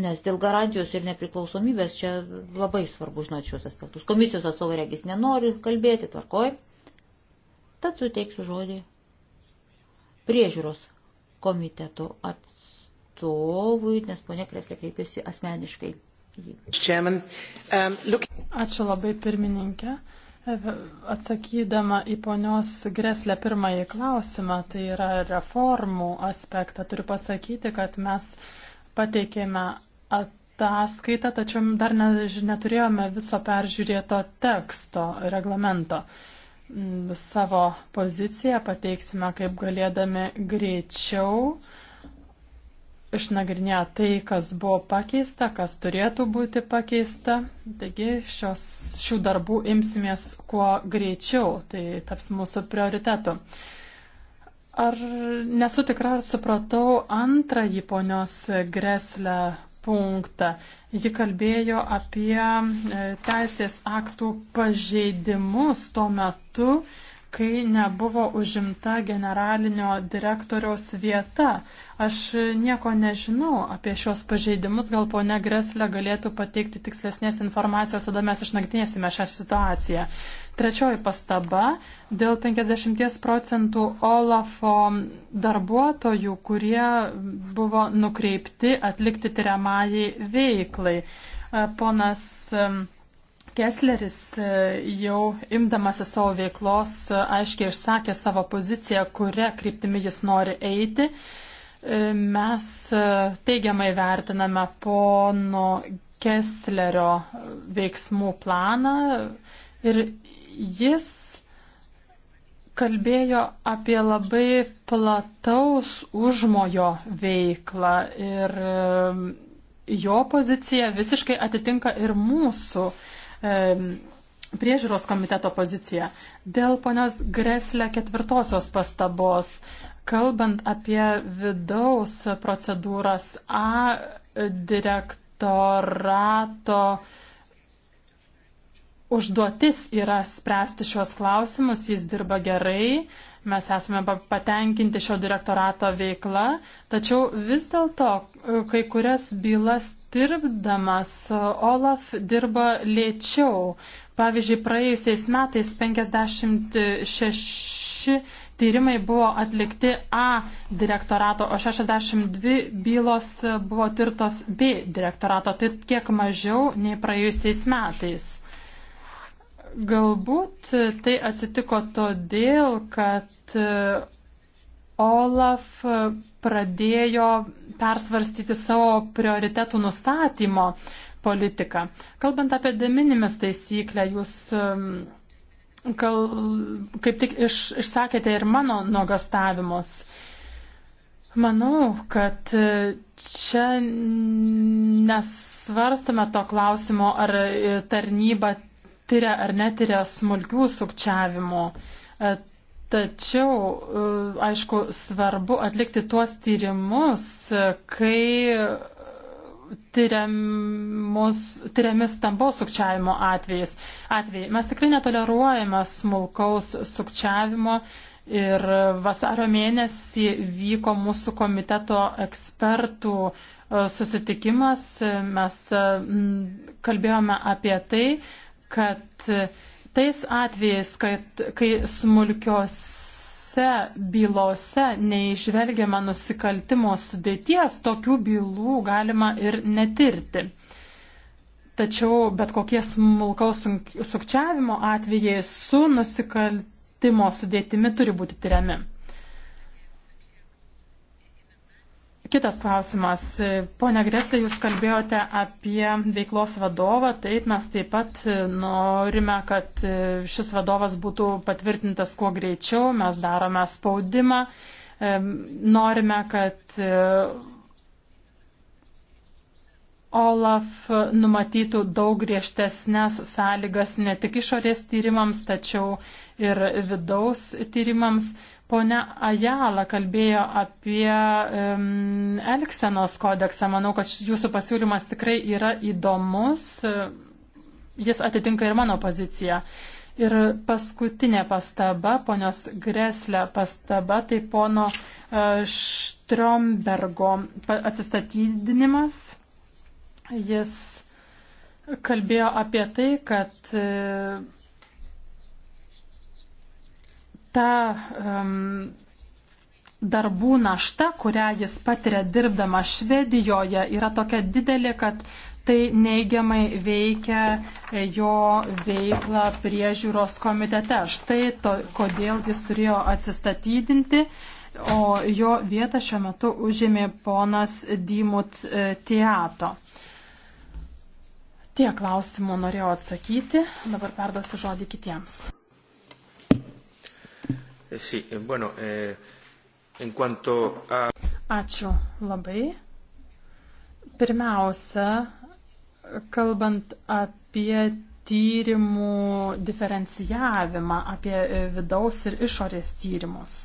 Nes dėl garantijos ir nepriklausomybės čia labai svarbu žinoti šios aspektus. Komisijos atstovai regis nenori kalbėti, tvarkoj. Tad suteiksiu žodį priežiūros komiteto atstovui, nes ponė Kreslė kreipėsi asmeniškai. Um, Ačiū labai pirmininkė. Uh, Atsakydama į ponios Greslę pirmąjį klausimą, tai yra reformų aspektą, turiu pasakyti, kad mes pateikėme ataskaitą, tačiau dar neturėjome viso peržiūrėto teksto reglamento. Mm, savo poziciją pateiksime kaip galėdami greičiau išnagrinėję tai, kas buvo pakeista, kas turėtų būti pakeista. Taigi šios, šių darbų imsimės kuo greičiau, tai taps mūsų prioritetu. Ar nesu tikra, ar supratau antrąjį ponios Greslę punktą. Ji kalbėjo apie e, teisės aktų pažeidimus tuo metu, kai nebuvo užimta generalinio direktoriaus vieta. Aš nieko nežinau apie šios pažeidimus, gal ponia Greslė galėtų pateikti tikslesnės informacijos, tada mes išnagrinėsime šią situaciją. Trečioji pastaba dėl 50 procentų Olafo darbuotojų, kurie buvo nukreipti atlikti tyriamąjį veiklai. E, ponas e, Kessleris e, jau imdamasi savo veiklos aiškiai išsakė savo poziciją, kuria kryptimi jis nori eiti. Mes e, teigiamai vertiname pono Kesslerio e, veiksmų planą ir jis kalbėjo apie labai plataus užmojo veiklą ir e, jo pozicija visiškai atitinka ir mūsų priežiūros komiteto poziciją. Dėl ponios Greslė ketvirtosios pastabos, kalbant apie vidaus procedūras A direktorato užduotis yra spręsti šios klausimus, jis dirba gerai, mes esame patenkinti šio direktorato veikla, Tačiau vis dėlto e, kai kurias bylas dirbdamas e, Olaf dirba lėčiau. Pavyzdžiui, praėjusiais metais 56 tyrimai buvo atlikti A direktorato, o 62 bylos buvo tirtos B direktorato, tai kiek mažiau nei praėjusiais metais. Galbūt e, tai atsitiko todėl, kad Olaf pradėjo persvarstyti savo prioritetų nustatymo politiką. Kalbant apie deminimis taisyklę, jūs um, kal, kaip tik iš, išsakėte ir mano nuogastavimus. Manau, kad uh, čia nesvarstame to klausimo, ar uh, tarnyba tyria ar netiria smulkių sukčiavimų. Uh, Tačiau, e, aišku, svarbu atlikti tuos tyrimus, kai tyriamus, tyriami stambaus sukčiavimo atvejais. atvejai. Mes tikrai netoleruojame smulkaus sukčiavimo ir vasario mėnesį vyko mūsų komiteto ekspertų e, susitikimas. Mes kalbėjome apie tai, kad Tais atvejais, kad kai smulkiose bylose neižvelgiama nusikaltimo sudėties, tokių bylų galima ir netirti. Tačiau bet kokie smulkaus sukčiavimo atvejai su nusikaltimo sudėtimi turi būti tyriami. Kitas klausimas. Pone Greslė, jūs kalbėjote apie veiklos vadovą. Taip, mes taip pat norime, kad šis vadovas būtų patvirtintas kuo greičiau. Mes darome spaudimą. Norime, kad e, Olaf numatytų daug griežtesnės sąlygas ne tik išorės tyrimams, tačiau ir vidaus tyrimams. Pone Ajala kalbėjo apie um, Elksenos kodeksą. Manau, kad jūsų pasiūlymas tikrai yra įdomus. Jis atitinka ir mano poziciją. Ir paskutinė pastaba, ponios Greslė pastaba, tai pono uh, Štrombergo atsistatydinimas. Jis kalbėjo apie tai, kad uh, ta um, darbų našta, kurią jis patiria dirbdama Švedijoje, yra tokia didelė, kad tai neigiamai veikia e, jo veiklą priežiūros komitete. Štai to, kodėl jis turėjo atsistatydinti, o jo vietą šiuo metu užėmė ponas Dymut e, Teato. Tie klausimų norėjau atsakyti, dabar perduosiu žodį kitiems. Eh, sí, eh, bueno, eh, en cuanto a... Ačiū labai. Pirmiausia, kalbant apie tyrimų diferencijavimą, apie e, vidaus ir išorės tyrimus.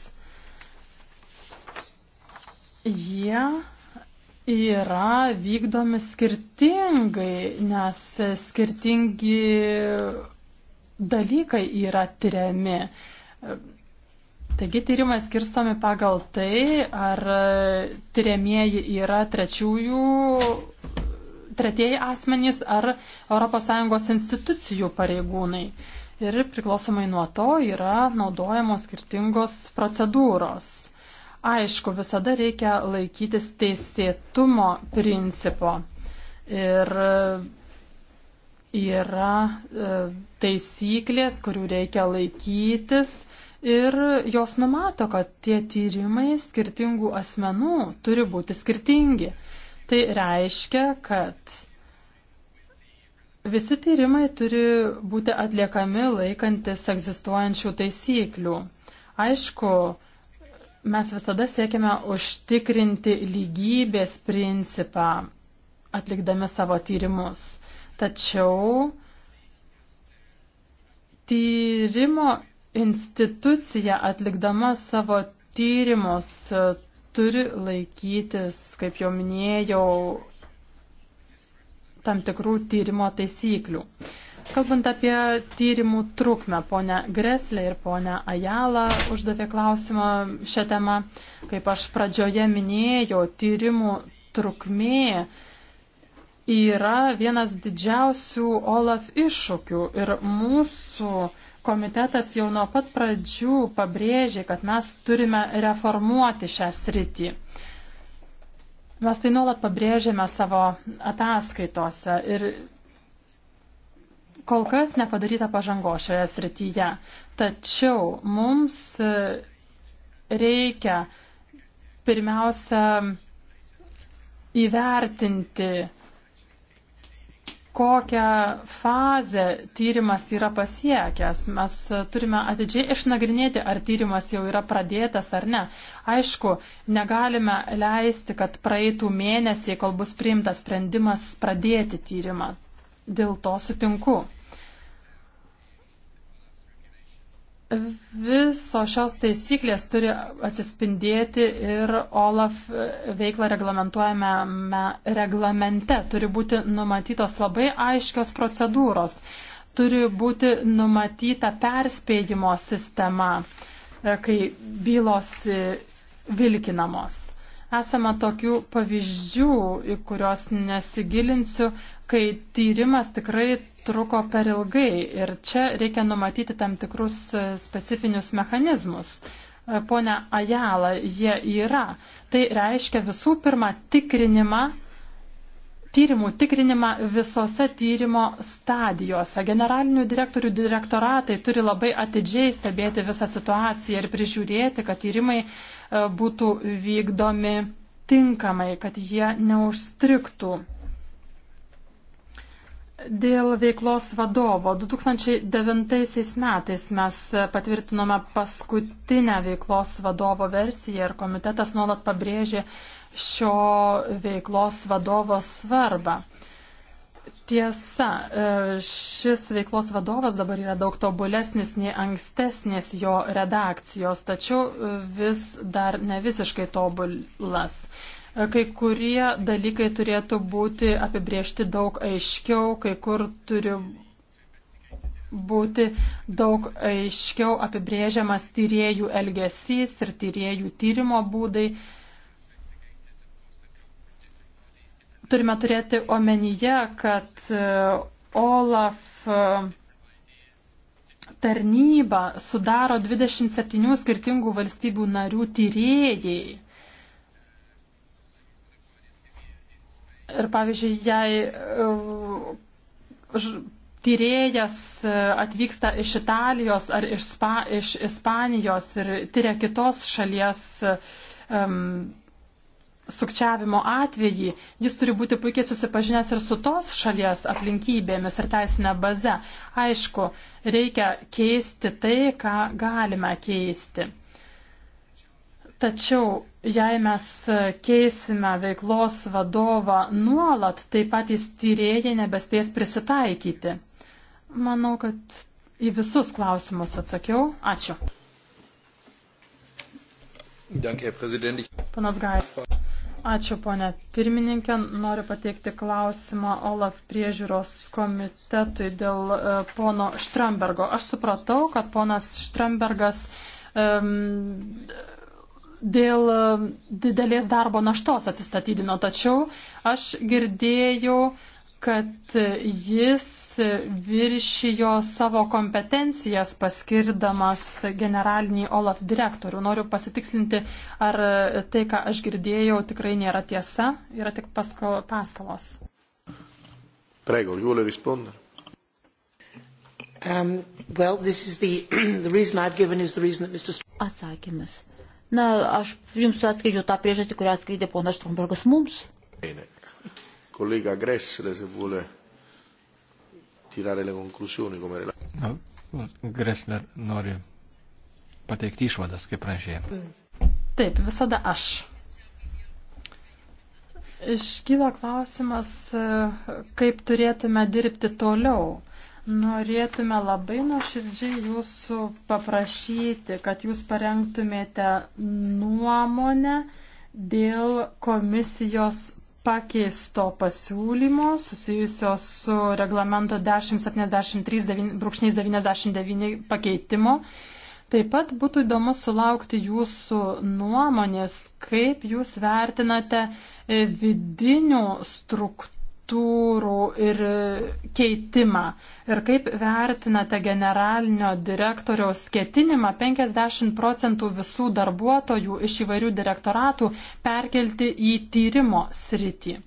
Jie yra vykdomi skirtingai, nes skirtingi dalykai yra tyriami. Taigi tyrimai skirstomi pagal tai, ar e, tyriamieji yra trečiųjų, tretieji asmenys ar ES institucijų pareigūnai. Ir priklausomai nuo to yra naudojamos skirtingos procedūros. Aišku, visada reikia laikytis teisėtumo principo. Ir e, yra e, taisyklės, kurių reikia laikytis Ir jos numato, kad tie tyrimai skirtingų asmenų turi būti skirtingi. Tai reiškia, kad visi tyrimai turi būti atliekami laikantis egzistuojančių taisyklių. Aišku, mes visada siekiame užtikrinti lygybės principą atlikdami savo tyrimus. Tačiau tyrimo institucija atlikdama savo tyrimus e, turi laikytis, kaip jau minėjau, tam tikrų tyrimo taisyklių. Kalbant apie tyrimų trukmę, ponia Greslė ir ponia Ajala uždavė klausimą šią temą. Kaip aš pradžioje minėjau, tyrimų trukmė yra vienas didžiausių OLAF iššūkių ir mūsų uh, komitetas jau nuo pat pradžių pabrėžė, kad mes turime reformuoti šią sritį. Mes tai nuolat pabrėžėme savo ataskaitose ir kol kas nepadaryta pažango šioje srityje. Tačiau mums reikia pirmiausia įvertinti kokią fazę tyrimas yra pasiekęs. Mes turime atidžiai išnagrinėti, ar tyrimas jau yra pradėtas ar ne. Aišku, negalime leisti, kad praeitų mėnesiai, kol bus priimtas sprendimas pradėti tyrimą. Dėl to sutinku. Visos šios taisyklės turi atsispindėti ir OLAF veiklą reglamentuojame reglamente. Turi būti numatytos labai aiškios procedūros. Turi būti numatyta perspėjimo sistema, e, kai bylos e, vilkinamos. Esama tokių pavyzdžių, į kuriuos nesigilinsiu, kai tyrimas tikrai truko per ilgai ir čia reikia numatyti tam tikrus e, specifinius mechanizmus. E, pone Ajala, jie yra. Tai reiškia visų pirma tikrinimą, tyrimų tikrinimą visose tyrimo stadijose. Generalinių direktorių direktoratai turi labai atidžiai stebėti visą situaciją ir prižiūrėti, kad tyrimai uh, E, būtų vykdomi tinkamai, kad jie neužstriktų. Dėl veiklos vadovo 2009 metais mes patvirtinome paskutinę veiklos vadovo versiją ir komitetas nuolat pabrėžė šio veiklos vadovo svarbą. Tiesa, e, šis veiklos vadovas dabar yra daug tobulesnis nei ankstesnės jo redakcijos, tačiau e, vis dar ne visiškai tobulas. E, kai kurie dalykai turėtų būti apibriežti daug aiškiau, kai kur turi būti daug aiškiau apibrėžiamas tyriejų elgesys ir tyriejų tyrimo būdai. turime turėti omenyje, kad e, Olaf e, tarnybą sudaro 27 skirtingų valstybių narių tyrėjai. Ir pavyzdžiui, jei e, tyrėjas atvyksta iš Italijos ar iš, spa, iš Ispanijos ir tyria kitos šalies um, sukčiavimo atvejį, jis turi būti puikiai susipažinęs ir su tos šalies aplinkybėmis ir teisinę bazę. Aišku, reikia keisti tai, ką galime keisti. Tačiau, jei mes keisime veiklos vadovą nuolat, taip pat jis tyrėjai nebespės prisitaikyti. Manau, kad į visus klausimus atsakiau. Ačiū. Dank, Panas Gairis. Ačiū, ponė pirmininkė. Noriu pateikti klausimą OLAF priežiūros komitetui dėl e, pono Štrambergo. Aš supratau, kad ponas Štrambergas um, dėl e, didelės darbo naštos atsistatydino, tačiau aš girdėjau uh, kad jis viršijo savo kompetencijas paskirdamas generalinį OLAF direktorių. Noriu pasitikslinti, ar tai, ką aš girdėjau, tikrai nėra tiesa, yra tik pasko, paskalos. Prego, Jūlė responder. Um, well, the, [CLEARS THROAT] the Atsakymas. Na, aš jums atskaičiau tą priežastį, kurią atskaitė ponas Strombergas mums. Bene collega Gressle se vuole tirare le conclusioni come relatore. Nu, Gressler nori pateikti išvadas kaip pranešėja. Taip, visada aš. Iškyla klausimas, kaip turėtume dirbti toliau. Norėtume labai nuoširdžiai jūsų paprašyti, kad jūs parengtumėte nuomonę dėl komisijos pakeisto pasiūlymo susijusio su reglamento 1073-99 pakeitimo. Taip pat būtų įdomu sulaukti jūsų nuomonės, kaip jūs vertinate e, vidinių struktūrų struktūrų ir keitimą. Ir kaip vertinate generalinio direktoriaus ketinimą 50 procentų visų darbuotojų iš įvairių direktoratų perkelti į tyrimo sritį?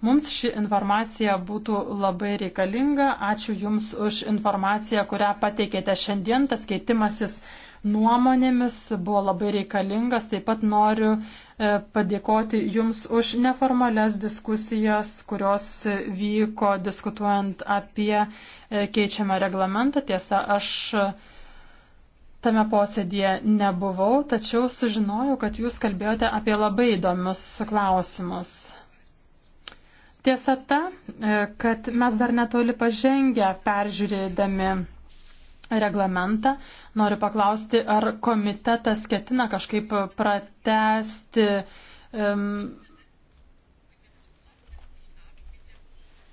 Mums ši informacija būtų labai reikalinga. Ačiū Jums už informaciją, kurią pateikėte šiandien. Tas keitimasis nuomonėmis, buvo labai reikalingas. Taip pat noriu e, padėkoti Jums už neformales diskusijas, kurios vyko diskutuojant apie e, keičiamą reglamentą. Tiesa, aš e, tame posėdėje nebuvau, tačiau sužinojau, kad Jūs kalbėjote apie labai įdomius klausimus. Tiesa ta, kad mes dar netoli pažengę peržiūrėdami reglamentą. Noriu paklausti, ar komitetas ketina kažkaip pratesti um,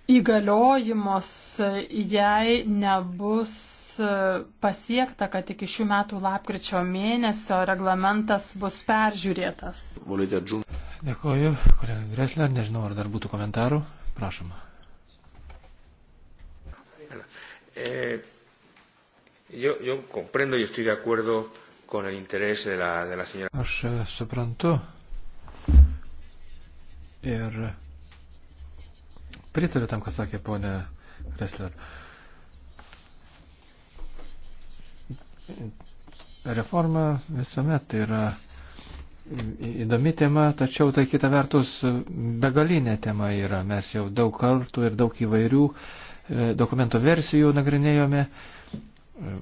įgaliojimus, jei nebus e, pasiekta, kad iki šių metų lapkričio mėnesio reglamentas bus peržiūrėtas. Dėkoju, kolega Gresler, nežinau, ar dar būtų komentarų. Prašoma. E Yo, yo comprendo y estoy de acuerdo con el interés de la, de la señora. Aš eh, suprantu ir pritariu tam, ką sakė ponė Resler. Reforma visuomet tai yra įdomi tema, tačiau tai kita vertus begalinė tema yra. Mes jau daug kartų ir daug įvairių eh, dokumento versijų nagrinėjome. E,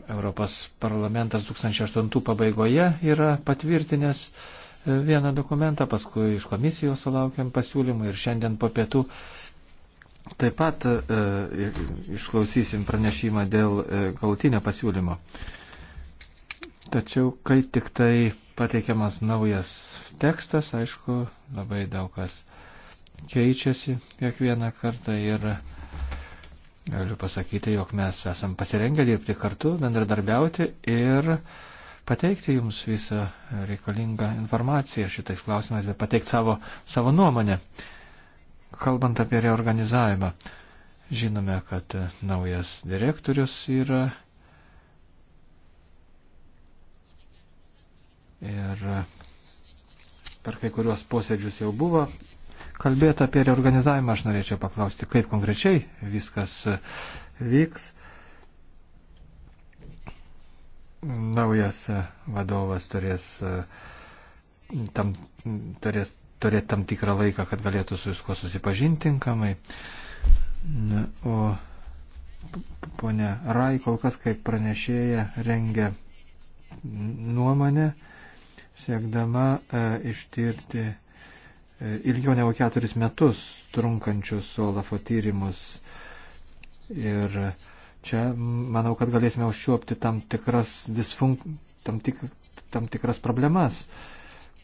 Europos parlamentas 2008 pabaigoje yra patvirtinęs e, vieną dokumentą, paskui iš komisijos sulaukėm pasiūlymų ir šiandien po pietų taip pat e, išklausysim pranešimą dėl e, galutinio pasiūlymo. Tačiau, kai tik tai pateikiamas naujas tekstas, aišku, labai daug kas keičiasi kiekvieną kartą ir e, Galiu pasakyti, jog mes esam pasirengę dirbti kartu, bendradarbiauti ir pateikti jums visą reikalingą informaciją šitais klausimais, bet pateikti savo, savo nuomonę. Kalbant apie reorganizavimą, žinome, kad naujas direktorius yra ir per kai kuriuos posėdžius jau buvo kalbėta apie reorganizavimą, aš norėčiau paklausti, kaip konkrečiai viskas vyks. Naujas vadovas turės, tam, turės turėti tam tikrą laiką, kad galėtų su visko susipažinti tinkamai. Na, o ponė Rai kol kas kaip pranešėja rengia nuomonę, siekdama e, ištirti ilgiau negu keturis metus trunkančius Olafo tyrimus. Ir čia manau, kad galėsime užčiuopti tam tikras, disfunk... tam tik... tam tikras problemas.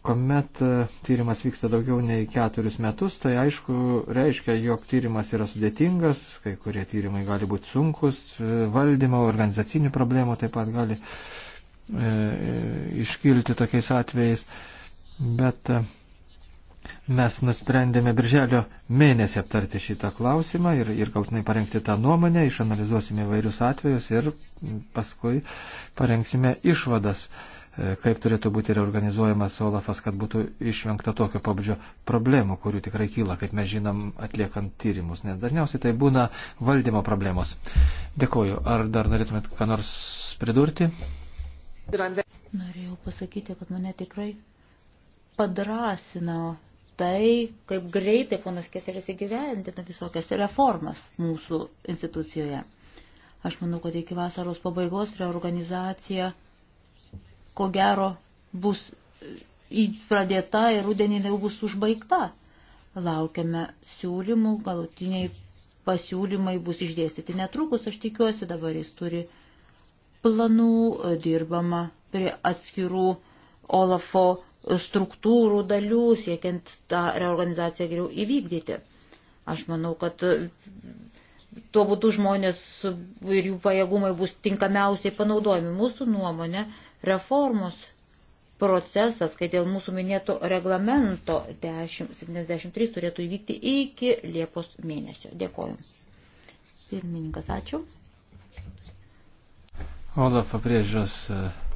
Komet e, tyrimas vyksta daugiau nei keturis metus, tai aišku reiškia, jog tyrimas yra sudėtingas, kai kurie tyrimai gali būti sunkus, e, valdymo, organizacinių problemų taip pat gali e, e iškilti tokiais atvejais. Bet e, Mes nusprendėme birželio mėnesį aptarti šitą klausimą ir, ir galtinai parengti tą nuomonę, išanalizuosime vairius atvejus ir paskui parengsime išvadas, e, kaip turėtų būti reorganizuojamas Olafas, kad būtų išvengta tokio pabudžio problemų, kurių tikrai kyla, kaip mes žinom, atliekant tyrimus, nes dažniausiai tai būna valdymo problemos. Dėkoju. Ar dar norėtumėt ką nors pridurti? Norėjau pasakyti, kad mane tikrai padrasino tai, kaip greitai ponas Keseris įgyvendina visokias reformas mūsų institucijoje. Aš manau, kad iki vasaros pabaigos reorganizacija, ko gero, bus e, pradėta ir rudenį jau bus užbaigta. Laukiame siūlymų, galutiniai pasiūlymai bus išdėstyti netrukus, aš tikiuosi, dabar jis turi planų, e, dirbama prie atskirų Olafo struktūrų dalių, siekiant tą reorganizaciją geriau įvykdyti. Aš manau, kad tuo būdu žmonės ir jų pajėgumai bus tinkamiausiai panaudojami. Mūsų nuomonė, reformos procesas, kai dėl mūsų minėto reglamento 1073 turėtų įvykti iki Liepos mėnesio. Dėkoju. Pirmininkas, ačiū. Olaf, apriežios. Uh e,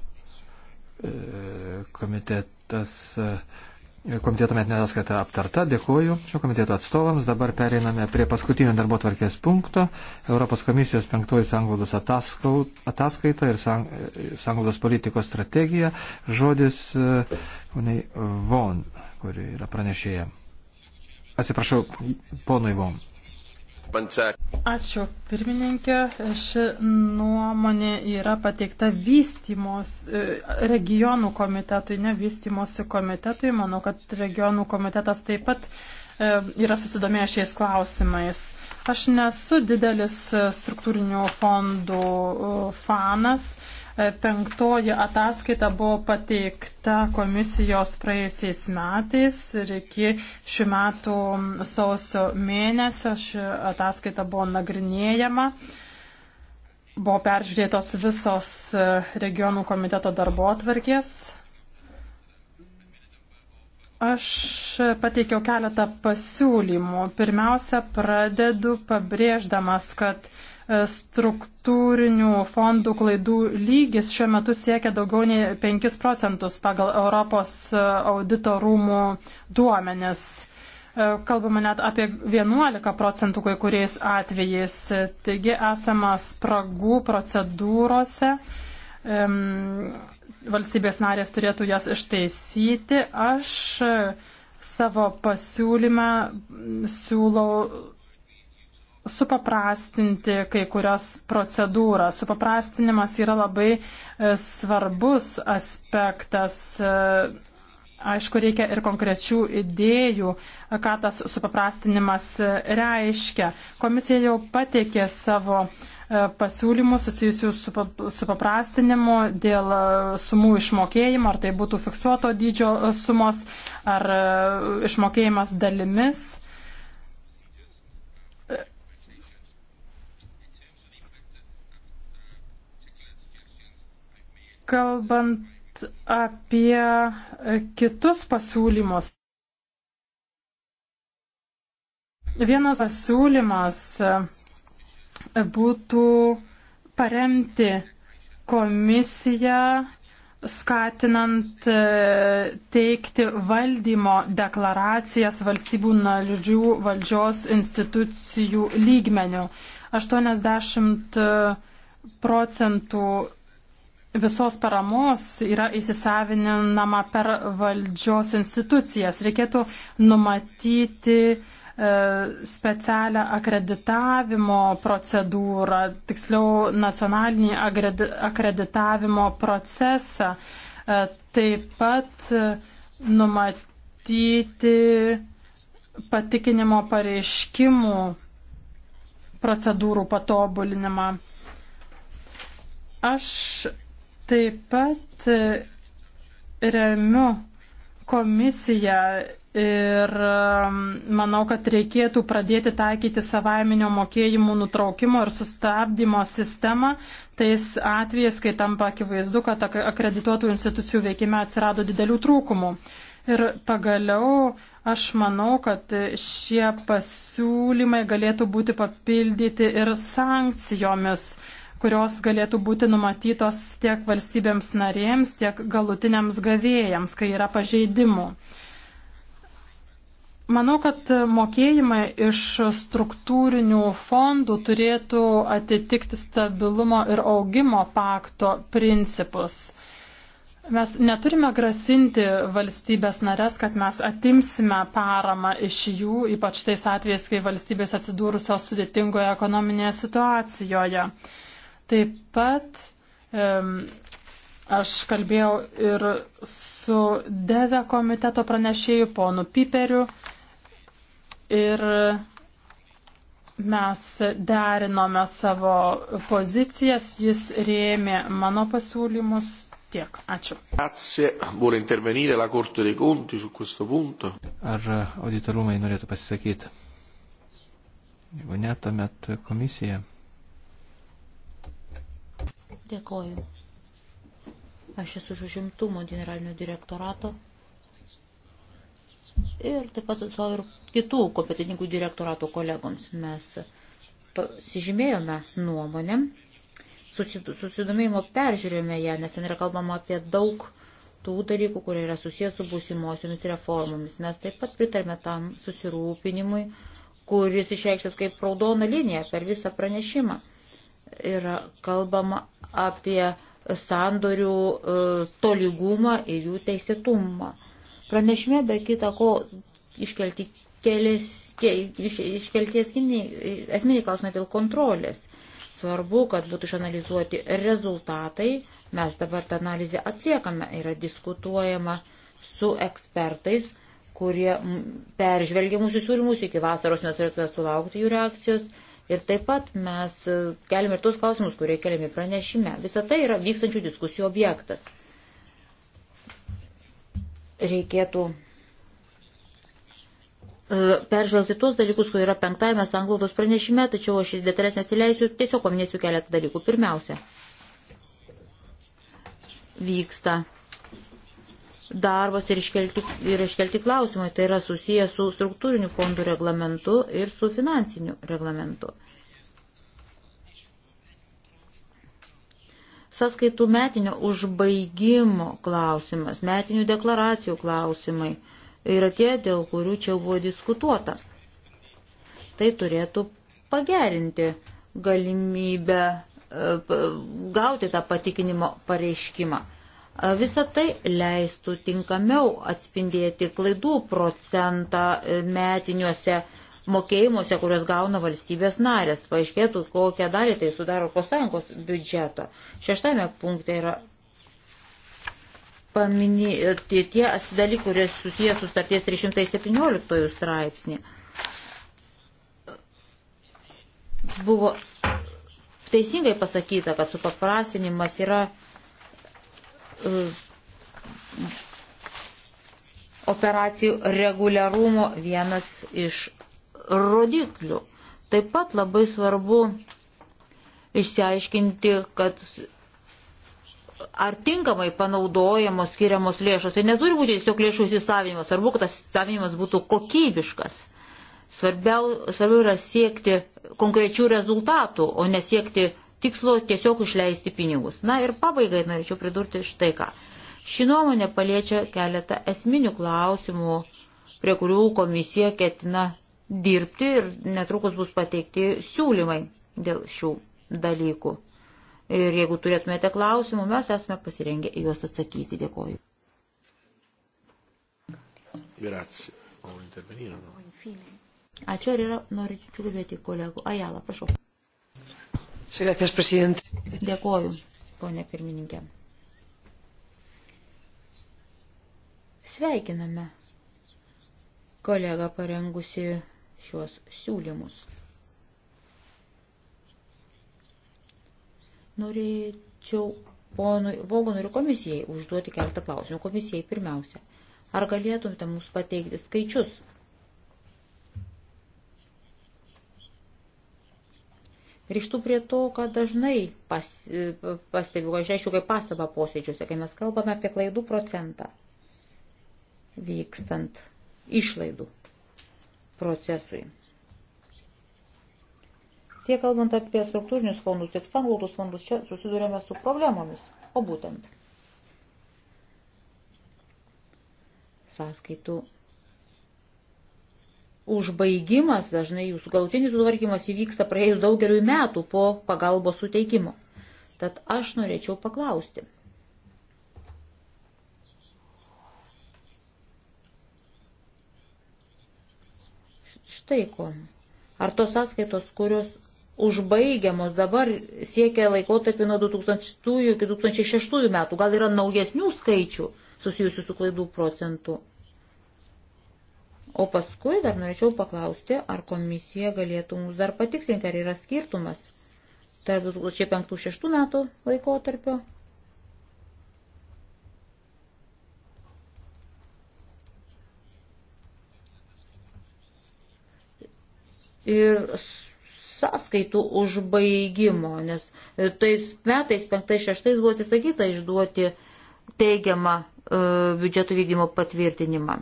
komitetas, e, komiteto metinė ataskaita aptarta. Dėkuoju šio komiteto atstovams. Dabar pereiname prie paskutinio darbo tvarkės punkto. Europos komisijos penktoji sanglaudos ataskaita ir e, sanglaudos politikos strategija. Žodis e, poniai Von, kuri yra pranešėja. Atsiprašau, ponui Von. Ačiū, pirmininkė. Ši nuomonė yra pateikta vystymos e, regionų komitetui, ne vystymosi komitetui. Manau, kad regionų komitetas taip pat e, yra susidomėję šiais klausimais. Aš nesu didelis e, struktūrinių fondų fanas. Uh, E, penktoji ataskaita buvo pateikta komisijos praėjusiais metais ir iki šių metų sausio mėnesio ši ataskaita buvo nagrinėjama. Buvo peržiūrėtos visos e, regionų komiteto darbo atvarkės. Aš pateikiau keletą pasiūlymų. Pirmiausia, pradedu pabrėždamas, kad uh, E, struktūrinių fondų klaidų lygis šiuo metu siekia daugiau nei 5 procentus pagal Europos e, audito rūmų duomenis. E, kalbame net apie 11 procentų kai kuriais atvejais. Taigi esama spragų procedūrose. Valstybės narės turėtų jas ištaisyti. Aš savo pasiūlymą siūlau supaprastinti kai kurias procedūras. Supaprastinimas yra labai e, svarbus aspektas. E, aišku, reikia ir konkrečių idėjų, e, ką tas supaprastinimas reiškia. Komisija jau pateikė savo pasiūlymų susijusių su paprastinimu dėl sumų išmokėjimo, ar tai būtų fiksuoto dydžio sumos, ar išmokėjimas dalimis. Kalbant apie kitus pasiūlymus. Vienas pasiūlymas būtų paremti komisiją skatinant e, teikti valdymo deklaracijas valstybių narių valdžios institucijų lygmenių. 80 procentų visos paramos yra įsisavinama per valdžios institucijas. Reikėtų numatyti e, specialią akreditavimo procedūrą, tiksliau nacionalinį akreditavimo procesą, e, taip pat e, numatyti patikinimo pareiškimų procedūrų patobulinimą. Aš Taip pat e, remiu komisiją ir manau, kad reikėtų pradėti taikyti savaiminio mokėjimų nutraukimo ir sustabdymo sistemą tais atvejais, kai tampa akivaizdu, kad akredituotų institucijų veikime atsirado didelių trūkumų. Ir pagaliau aš manau, kad šie pasiūlymai galėtų būti papildyti ir sankcijomis kurios galėtų būti numatytos tiek valstybėms narėms, tiek galutiniams gavėjams, kai yra pažeidimų. Manau, kad mokėjimai iš struktūrinių fondų turėtų atitikti stabilumo ir augimo pakto principus. Mes neturime grasinti valstybės narės, kad mes atimsime paramą iš jų, ypač tais atvejais, kai valstybės atsidūrusios sudėtingoje ekonominėje situacijoje. Taip pat um, aš kalbėjau ir su DEVE komiteto pranešėju, ponu Piperiu, ir mes derinome savo pozicijas, jis rėmė mano pasiūlymus. Tiek, ačiū. Grazie, vuole intervenire la Corte dei Conti su questo punto. Ar auditorumai norėtų pasisakyti? Jeigu ne, tuomet komisija. Dėkoju. Aš esu už užimtumo generalinio direktorato ir taip pat atstovauju ir kitų kompetitinkų direktorato kolegoms. Mes pasižymėjome nuomonę, susidomėjimo peržiūrėjome ją, nes ten yra kalbama apie daug tų dalykų, kurie yra susijęs su būsimosiomis reformomis. Mes taip pat pritarme tam susirūpinimui, kuris išreikštas kaip raudona linija per visą pranešimą. Yra kalbama apie sandorių e, tolygumą ir jų teisėtumą. Pranešime be kita ko iškelti kelias, ke, iš, iškelti esminį klausimą dėl kontrolės. Svarbu, kad būtų išanalizuoti rezultatai. Mes dabar tą analizę atliekame, yra diskutuojama su ekspertais, kurie peržvelgia mūsų siūlymus. Iki vasaros mes turėtume sulaukti jų reakcijos. Ir taip pat mes e, keliam ir tuos klausimus, kurie keliami pranešime. Visa tai yra vykstančių diskusijų objektas. Reikėtų e, peržvelgti tuos dalykus, kurie yra penktajame sanglaudos pranešime, tačiau aš į detalės nesileisiu, tiesiog paminėsiu keletą dalykų. Pirmiausia, vyksta darbas ir iškelti, ir iškelti klausimai. Tai yra susiję su struktūriniu fondų reglamentu ir su finansiniu reglamentu. Saskaitų metinio užbaigimo klausimas, metinių deklaracijų klausimai yra tie, dėl kurių čia buvo diskutuota. Tai turėtų pagerinti galimybę e, gauti tą patikinimo pareiškimą. Visą tai leistų tinkamiau atspindėti klaidų procentą e, metiniuose mokėjimuose, kurios gauna valstybės narės. Paaiškėtų, kokią dalį tai sudaro posąjungos biudžeto. Šeštame punkte yra paminėti tie dalykai, kurie susijęs su starties 317 straipsnį. Buvo teisingai pasakyta, kad supaprastinimas yra E, operacijų reguliarumo vienas iš rodiklių. Taip pat labai svarbu išsiaiškinti, kad ar tinkamai panaudojamos skiriamos lėšos. Tai neturi būti tiesiog lėšų įsisavinimas, svarbu, kad tas įsisavinimas būtų kokybiškas. Svarbiau, svarbiau yra siekti konkrečių rezultatų, o nesiekti tikslo tiesiog išleisti pinigus. Na ir pabaigai norėčiau pridurti štai ką. Ši nuomonė paliečia keletą esminių klausimų, prie kurių komisija ketina dirbti ir netrukus bus pateikti siūlymai dėl šių dalykų. Ir jeigu turėtumėte klausimų, mes esame pasirengę į juos atsakyti. Dėkoju. Grazie. Ačiū, ar yra norinčių kalbėti kolegų? Ajala, prašau. Gracias, presidente. Dėkoju, ponė pirmininkė. Sveikiname kolegą parengusi šiuos siūlymus. Norėčiau ponui Vogonui ir komisijai užduoti keletą klausimų. Komisijai pirmiausia, ar galėtumėte mums pateikti skaičius grįžtų prie to, ką dažnai pas, e, pastebiu, aš reiškiu kaip pastabą posėdžiuose, kai mes kalbame apie klaidų procentą vykstant išlaidų procesui. Tiek kalbant apie struktūrinius fondus, tiek sanglautus fondus, čia susidurėme su problemomis, o būtent sąskaitų užbaigimas, dažnai jūsų galutinis sutvarkymas įvyksta praėjus daugeliu metų po pagalbos suteikimo. Tad aš norėčiau paklausti. Štai ko. Ar tos sąskaitos, kurios užbaigiamos dabar siekia laikotarpį nuo 2000 iki 2006 metų, gal yra naujesnių skaičių susijusių su klaidų procentu? O paskui dar norėčiau paklausti, ar komisija galėtų mums dar patikslinti, ar yra skirtumas tarp 2005-2006 metų laikotarpio. Ir sąskaitų užbaigimo, nes tais metais, 5-6, buvo atsisakyta išduoti teigiamą e, biudžeto vykdymo patvirtinimą.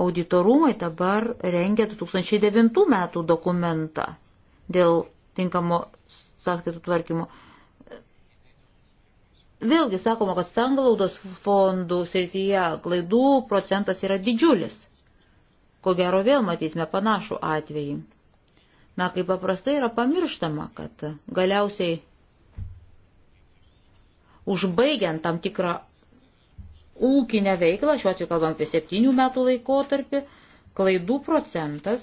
Auditorumai dabar rengia 2009 metų dokumentą dėl tinkamo sąskaitų tvarkymo. Vėlgi sakoma, kad sanglaudos fondų srityje klaidų procentas yra didžiulis. Ko gero vėl matysime panašų atvejį. Na, kaip paprastai yra pamirštama, kad galiausiai užbaigiant tam tikrą ūkinę veiklą, šiuo atveju kalbam apie septynių metų laikotarpį, klaidų procentas,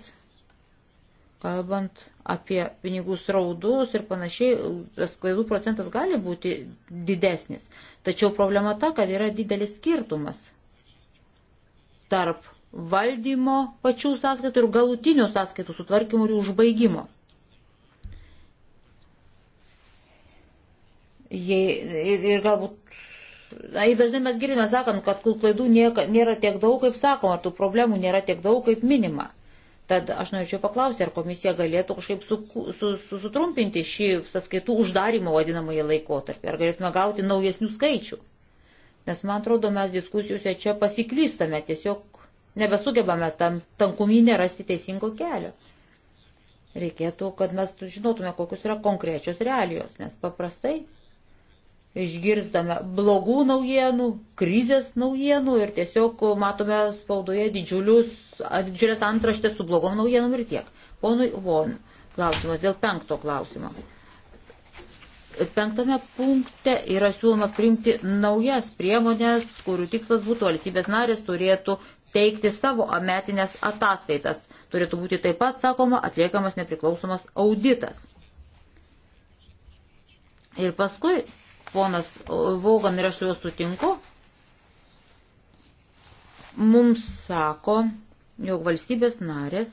kalbant apie pinigų sraudus ir panašiai, tas klaidų procentas gali būti didesnis. Tačiau problema ta, kad yra didelis skirtumas tarp valdymo pačių sąskaitų ir galutinių sąskaitų sutvarkymų ir užbaigimo. Jei, ir, ir galbūt ai, dažnai mes girdime sakant, kad tų klaidų nieka, nėra tiek daug, kaip sakoma, tų problemų nėra tiek daug, kaip minima. Tad aš norėčiau paklausti, ar komisija galėtų kažkaip su, su, su, sutrumpinti šį sąskaitų uždarimo vadinamąjį laikotarpį, ar galėtume gauti naujesnių skaičių. Nes man atrodo, mes diskusijose čia pasiklystame, tiesiog nebesugebame tam tankumynė rasti teisingo kelio. Reikėtų, kad mes žinotume, kokius yra konkrečios realijos, nes paprastai išgirstame blogų naujienų, krizės naujienų ir tiesiog matome spaudoje didžiulius, didžiulės antraštės su blogom naujienom ir tiek. Ponui Von, klausimas dėl penkto klausimo. Penktame punkte yra siūloma priimti naujas priemonės, kurių tikslas būtų valstybės narės turėtų teikti savo ametinės ataskaitas. Turėtų būti taip pat, sakoma, atliekamas nepriklausomas auditas. Ir paskui ponas Vogan ir aš su juo sutinku, mums sako, jog valstybės narės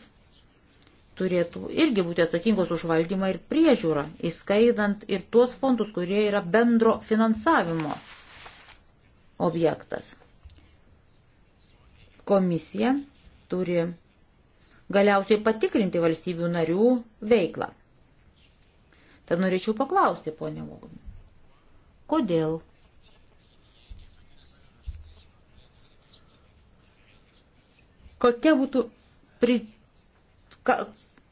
turėtų irgi būti atsakingos už valdymą ir priežiūrą, įskaidant ir tuos fondus, kurie yra bendro finansavimo objektas. Komisija turi galiausiai patikrinti valstybių narių veiklą. Tad norėčiau paklausti, ponė Vogan. Kodėl? Kokia būtų, pri, ka,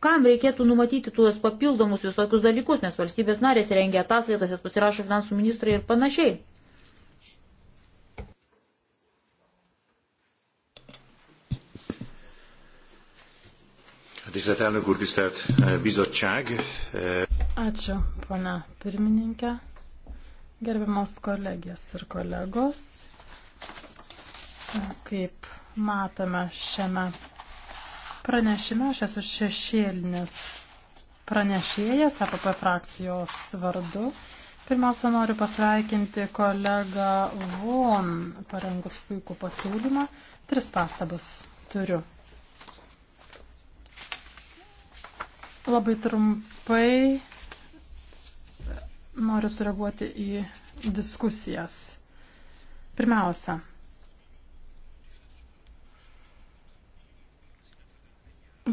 kam reikėtų numatyti tuos papildomus visokius dalykus, nes valstybės narės rengia ataskaitas, jas pasirašo finansų ministrai ir panašiai. Tisztelt elnök úr, tisztelt eh, bizottság! Eh, Ačiū, pana pirmininkė. Gerbiamas kolegės ir kolegos, kaip matome šiame pranešime, aš esu šešėlinis pranešėjas APP frakcijos vardu. Pirmiausia, noriu pasveikinti kolegą Von, parengus puikų pasiūlymą. Tris pastabas turiu. Labai trumpai noriu sureaguoti į diskusijas. Pirmiausia,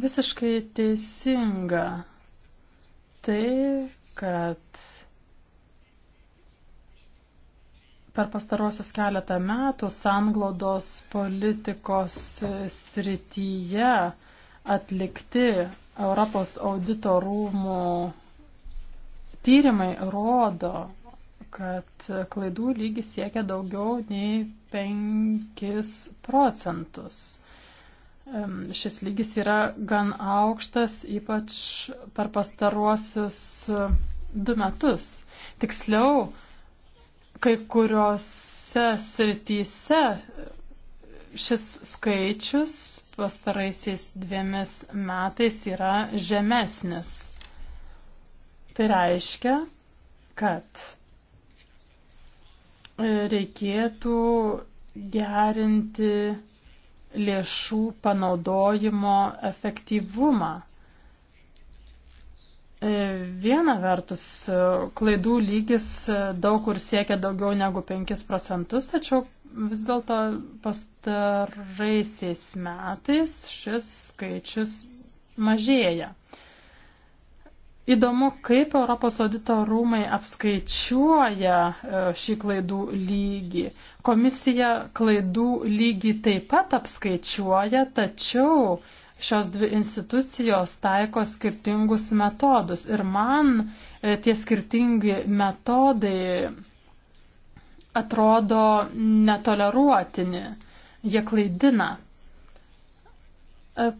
visiškai teisinga tai, kad per pastarosius keletą metų sanglaudos politikos srityje atlikti Europos audito rūmų Tyrimai rodo, kad klaidų lygis siekia daugiau nei 5 procentus. Šis lygis yra gan aukštas, ypač per pastaruosius du metus. Tiksliau, kai kuriuose srityse šis skaičius pastaraisiais dviemis metais yra žemesnis. Tai reiškia, kad e, reikėtų gerinti lėšų panaudojimo efektyvumą. E, viena vertus, e, klaidų lygis daug kur siekia daugiau negu 5 procentus, tačiau vis dėlto pastaraisiais metais šis skaičius mažėja. Įdomu, kaip Europos audito rūmai apskaičiuoja e, šį klaidų lygį. Komisija klaidų lygį taip pat apskaičiuoja, tačiau šios dvi institucijos taiko skirtingus metodus. Ir man e, tie skirtingi metodai atrodo netoleruotini. Jie klaidina e,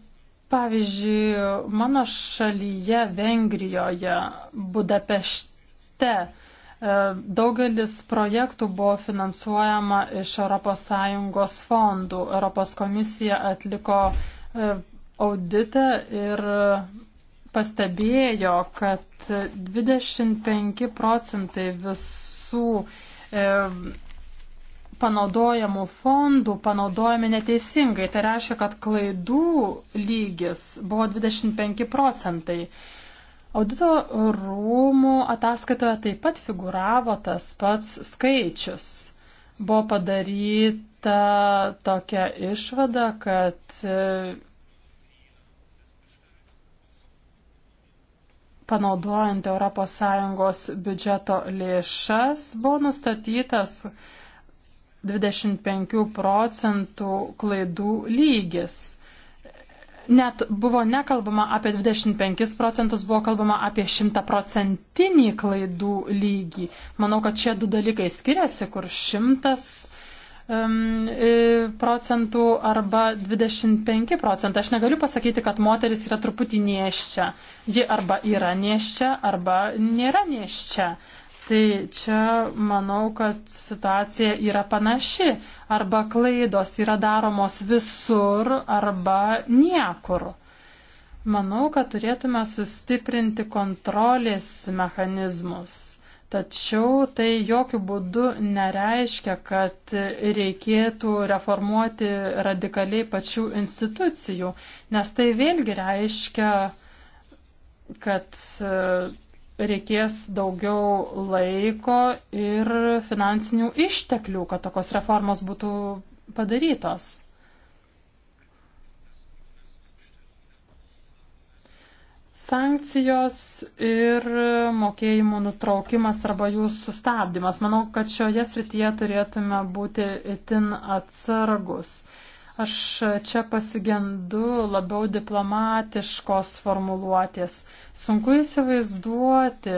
Pavyzdžiui, mano šalyje, Vengrijoje, Budapešte e, daugelis projektų buvo finansuojama iš ES fondų. Europos komisija atliko e, auditą ir pastebėjo, kad 25 procentai visų e, panaudojamų fondų panaudojami neteisingai. Tai reiškia, kad klaidų lygis buvo 25 procentai. Audito rūmų ataskaitoje taip pat figuravo tas pats skaičius. Buvo padaryta tokia išvada, kad e, panaudojant ES biudžeto lėšas buvo nustatytas, 25 procentų klaidų lygis. Net buvo nekalbama apie 25 procentus, buvo kalbama apie 100 procentinį klaidų lygį. Manau, kad šie du dalykai skiriasi, kur 100 e, procentų arba 25 procentų. Aš negaliu pasakyti, kad moteris yra truputį nieščia. Ji arba yra nieščia, arba nėra nieščia. Uh, Tai čia manau, kad situacija yra panaši. Arba klaidos yra daromos visur, arba niekur. Manau, kad turėtume sustiprinti kontrolės mechanizmus. Tačiau tai jokių būdų nereiškia, kad reikėtų reformuoti radikaliai pačių institucijų, nes tai vėlgi reiškia, kad reikės daugiau laiko ir finansinių išteklių, kad tokios reformos būtų padarytos. Sankcijos ir mokėjimų nutraukimas arba jų sustabdymas. Manau, kad šioje srityje turėtume būti itin atsargus. Uh, Aš čia pasigendu labiau diplomatiškos formuluotės. Sunku įsivaizduoti,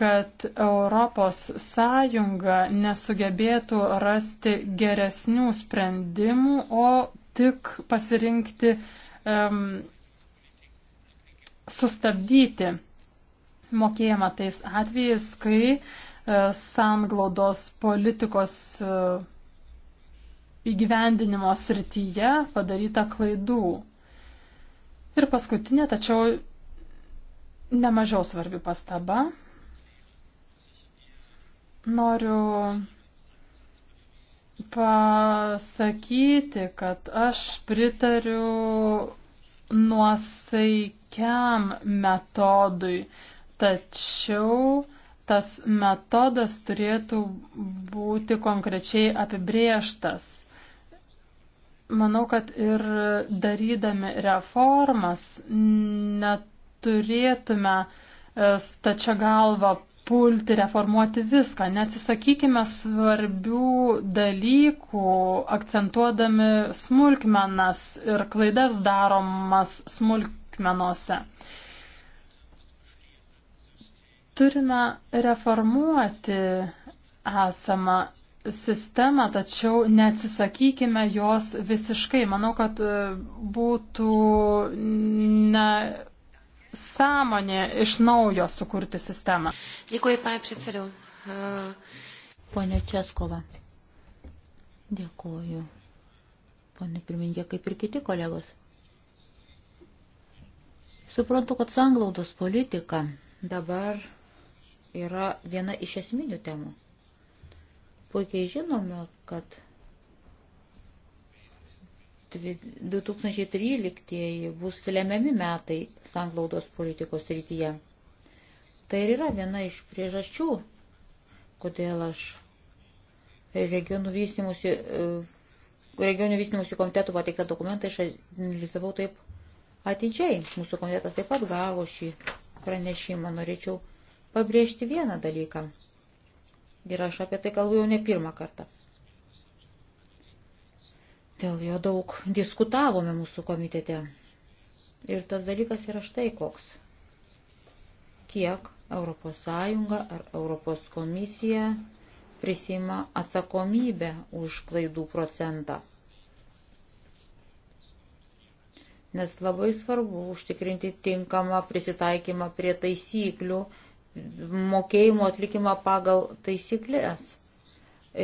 kad Europos Sąjunga nesugebėtų rasti geresnių sprendimų, o tik pasirinkti um, sustabdyti mokėjimą tais atvejais, kai uh, sanglaudos politikos uh, įgyvendinimo srityje padaryta klaidų. Ir paskutinė, tačiau nemažiau svarbi pastaba. Noriu pasakyti, kad aš pritariu nuosaikiam metodui, tačiau tas metodas turėtų būti konkrečiai apibrieštas. Manau, kad ir darydami reformas neturėtume e, stačia galva pulti reformuoti viską, neatsisakykime svarbių dalykų, akcentuodami smulkmenas ir klaidas daromas smulkmenose. Turime reformuoti esamą sistemą, tačiau neatsisakykime jos visiškai. Manau, kad e, būtų ne sąmonė iš naujo sukurti sistemą. Dėkuoju, pane Pricariu. E, Pone Českova. Dėkuoju. Pane pirmininkė, kaip ir kiti kolegos. Suprantu, kad sanglaudos politika dabar yra viena iš esminių temų puikiai žinome, kad 2013 bus lemiami metai sanglaudos politikos rytyje. Tai ir yra viena iš priežasčių, kodėl aš regionų vystimusi, e, regionų vystimusi komitetų pateiktą dokumentą išanalizavau taip atidžiai. Mūsų komitetas taip pat gavo šį pranešimą. Norėčiau pabrėžti vieną dalyką. Ir aš apie tai kalbu jau ne pirmą kartą. Dėl jo daug diskutavome mūsų komitete. Ir tas dalykas yra štai koks. Kiek ES ar Europos komisija prisima atsakomybę už klaidų procentą. Nes labai svarbu užtikrinti tinkamą prisitaikymą prie taisyklių, mokėjimų atlikimą pagal taisyklės.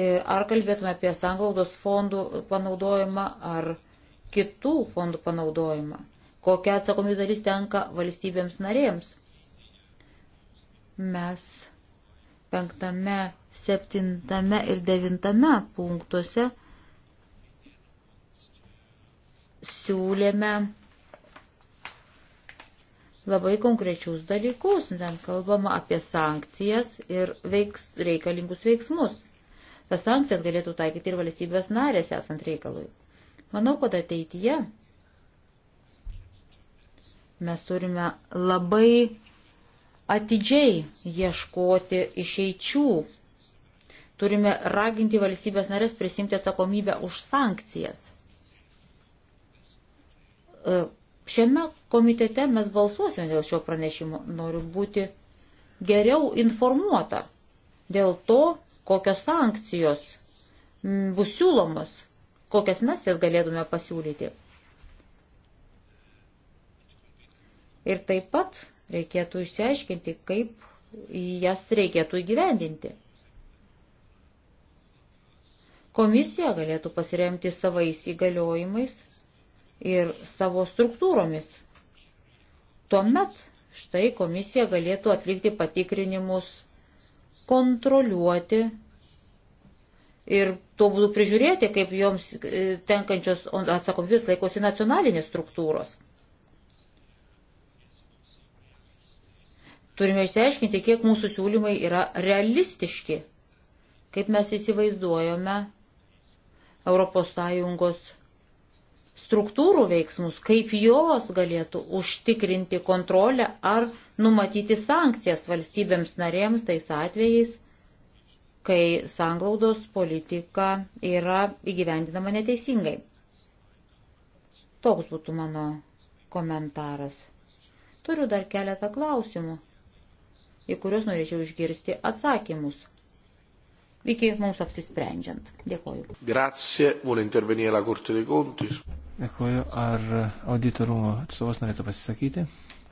E, ar kalbėtume apie sanglaudos fondų panaudojimą, ar kitų fondų panaudojimą. Kokia atsakomybė dalis tenka valstybėms narėms. Mes penktame, septintame ir devintame punktuose siūlėme labai konkrečius dalykus. Ten kalbama apie sankcijas ir veiks, reikalingus veiksmus. Tas sankcijas galėtų taikyti ir valstybės narės esant reikalui. Manau, kad ateityje mes turime labai atidžiai ieškoti išeičių. Turime raginti valstybės narės prisimti atsakomybę už sankcijas e, Šiame komitete mes balsuosime dėl šio pranešimo. Noriu būti geriau informuota dėl to, kokios sankcijos bus siūlomos, kokias mes jas galėtume pasiūlyti. Ir taip pat reikėtų išsiaiškinti, kaip jas reikėtų įgyvendinti. Komisija galėtų pasiremti savais įgaliojimais ir savo struktūromis. Tuomet štai komisija galėtų atlikti patikrinimus, kontroliuoti ir tuo būdu prižiūrėti, kaip joms e, tenkančios atsakomybės laikosi nacionalinės struktūros. Turime išsiaiškinti, kiek mūsų siūlymai yra realistiški, kaip mes įsivaizduojame ES struktūrų veiksmus, kaip jos galėtų užtikrinti kontrolę ar numatyti sankcijas valstybėms narėms tais atvejais, kai sanglaudos politika yra įgyvendinama neteisingai. Toks būtų mano komentaras. Turiu dar keletą klausimų, į kuriuos norėčiau išgirsti atsakymus iki mums apsisprendžiant. Dėkoju. Grazie, vuole intervenire la Corte dei Conti. Dėkuoju. Ar auditorumo atstovas norėtų pasisakyti?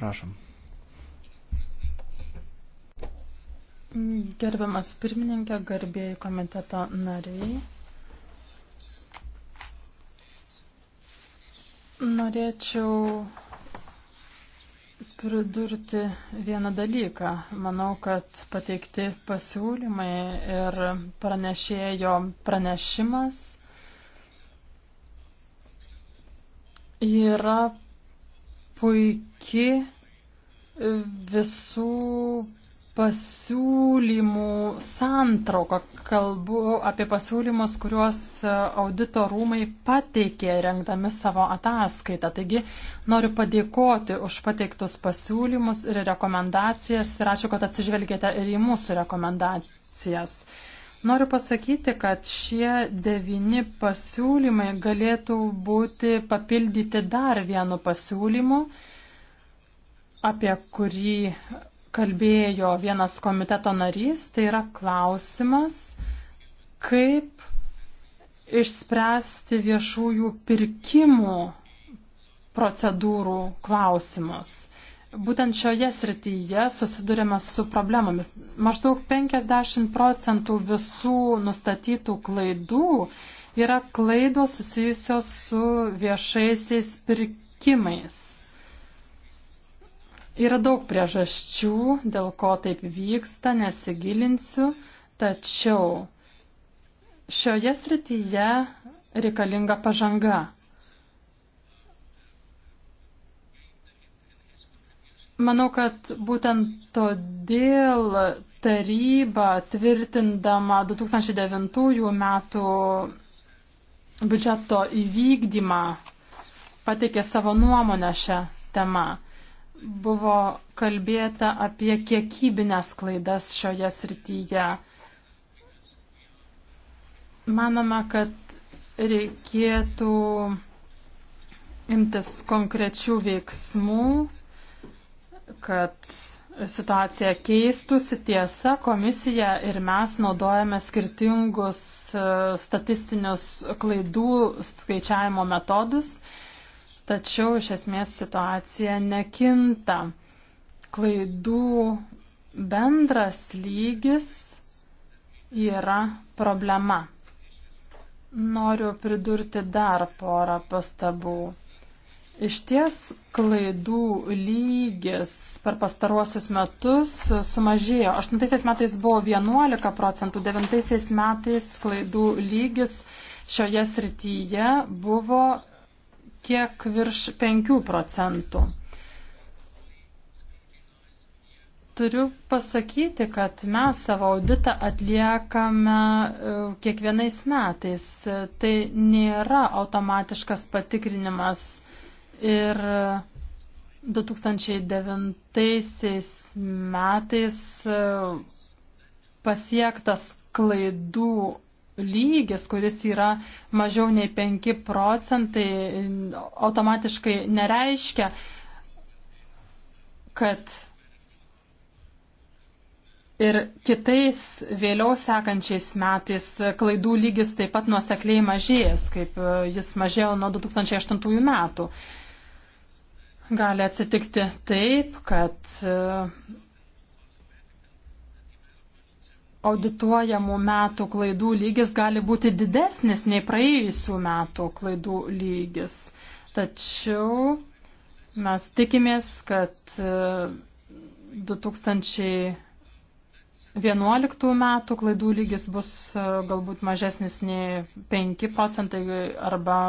Prašom. Gerbiamas pirmininkė, garbėjai komiteto nariai. Norėčiau pridurti vieną dalyką. Manau, kad pateikti pasiūlymai ir pranešėjo pranešimas yra puiki visų pasiūlymų santrauka. Kalbu apie pasiūlymus, kuriuos audito rūmai pateikė rengdami savo ataskaitą. Taigi noriu padėkoti už pateiktus pasiūlymus ir rekomendacijas ir ačiū, kad atsižvelgėte ir į mūsų rekomendacijas. Noriu pasakyti, kad šie devini pasiūlymai galėtų būti papildyti dar vienu pasiūlymu, apie kurį kalbėjo vienas komiteto narys. Tai yra klausimas, kaip išspręsti viešųjų pirkimų procedūrų klausimus. Būtent šioje srityje susidurime su problemomis. Maždaug 50 procentų visų nustatytų klaidų yra klaidos susijusios su viešaisiais pirkimais. Yra daug priežasčių, dėl ko taip vyksta, nesigilinsiu, tačiau šioje srityje reikalinga pažanga. Manau, kad būtent todėl taryba tvirtindama 2009 metų biudžeto įvykdymą pateikė savo nuomonę šią temą. Buvo kalbėta apie kiekybinės klaidas šioje srityje. Manoma, kad reikėtų imtis konkrečių veiksmų kad situacija keistusi. Tiesa, komisija ir mes naudojame skirtingus e, statistinius klaidų skaičiavimo metodus, tačiau iš esmės situacija nekinta. Klaidų bendras lygis yra problema. Noriu pridurti dar porą pastabų. Iš ties klaidų lygis per pastaruosius metus sumažėjo. 8 metais buvo 11 procentų, 9 metais klaidų lygis šioje srityje buvo kiek virš 5 procentų. turiu pasakyti, kad mes savo auditą atliekame e, kiekvienais metais. Tai nėra automatiškas patikrinimas. Ir 2009 metais e, pasiektas klaidų lygis, kuris yra mažiau nei 5 procentai, automatiškai nereiškia, kad ir kitais vėliau sekančiais metais klaidų lygis taip pat nuosekliai mažėjęs, kaip e, jis mažėjo nuo 2008 metų. Gali atsitikti taip, kad e, audituojamų metų klaidų lygis gali būti didesnis nei praėjusių metų klaidų lygis. Tačiau mes tikimės, kad 2011 e, metų klaidų lygis bus e, galbūt mažesnis nei 5 procentai arba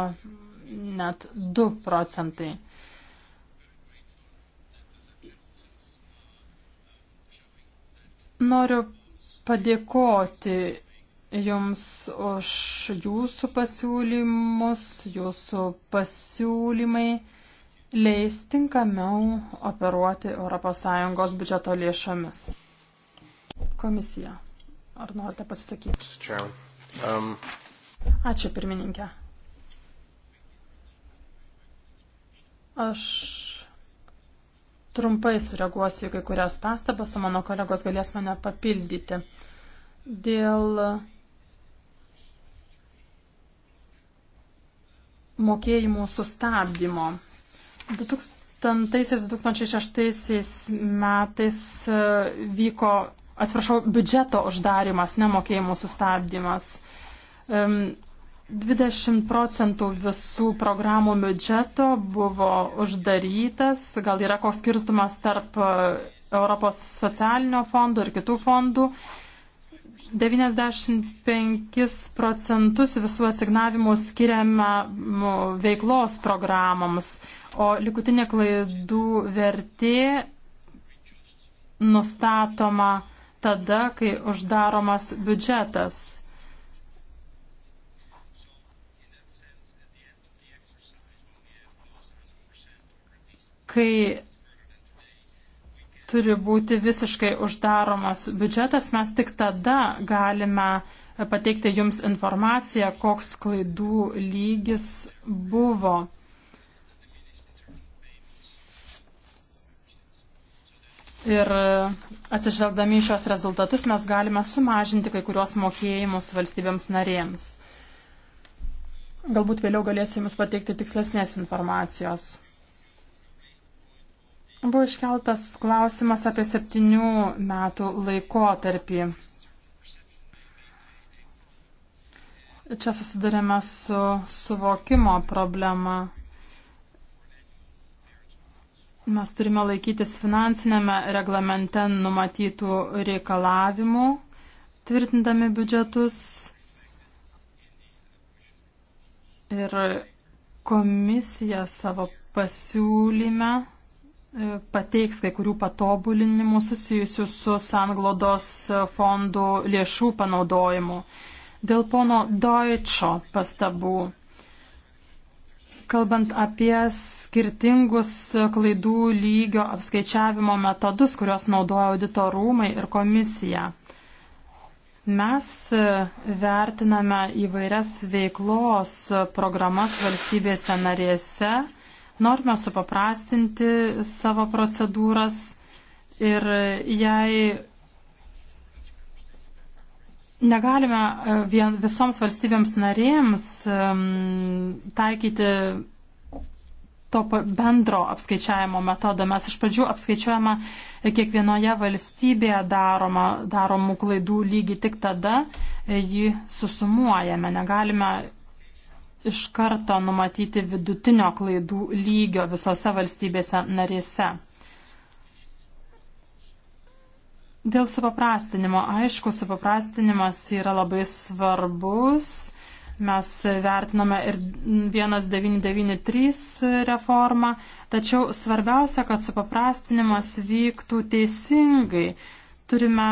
net 2 procentai. Noriu padėkoti Jums už Jūsų pasiūlymus, Jūsų pasiūlymai leis tinkamiau operuoti ES biudžeto lėšomis. Komisija, ar norite pasisakyti? Um... Ačiū pirmininkė. Aš Trumpai sureaguosiu į kai kurias pastabas, o mano kolegos galės mane papildyti. Dėl mokėjimų sustabdymo. 2000-2006 metais e, vyko, atsiprašau, biudžeto uždarimas, nemokėjimų sustabdymas. 20 procentų visų programų biudžeto buvo uždarytas. Gal yra koks skirtumas tarp e, Europos socialinio fondo ir kitų fondų. 95 procentus visų asignavimų skiriame veiklos programams, o likutinė klaidų vertė nustatoma tada, kai uždaromas biudžetas. kai turi būti visiškai uždaromas biudžetas, mes tik tada galime pateikti jums informaciją, koks klaidų lygis buvo. Ir atsižvelgdami šios rezultatus mes galime sumažinti kai kurios mokėjimus valstybėms narėms. Galbūt vėliau galėsiu Jums pateikti tikslesnės informacijos. Buvo iškeltas klausimas apie septynių metų laikotarpį. Čia susidurėme su suvokimo problema. Mes turime laikytis finansinėme reglamente numatytų reikalavimų, tvirtindami biudžetus. Ir komisija savo pasiūlyme pateiks kai kurių patobulinimų susijusių su sanglodos fondų lėšų panaudojimu. Dėl pono Deutscho pastabų, kalbant apie skirtingus klaidų lygio apskaičiavimo metodus, kuriuos naudoja auditorumai ir komisija. Mes e, vertiname įvairias veiklos programas valstybėse narėse Norime supaprastinti savo procedūras ir jei negalime e, vien, visoms valstybėms narėms taikyti to bendro apskaičiavimo metodo. Mes iš pradžių apskaičiuojame kiekvienoje valstybėje daroma, daromų klaidų lygį tik tada e, jį susumuojame. Negalime iš karto numatyti vidutinio klaidų lygio visose valstybėse narėse. Dėl supaprastinimo. Aišku, supaprastinimas yra labai svarbus. Mes vertiname ir 1993 reformą, tačiau svarbiausia, kad supaprastinimas vyktų teisingai. Turime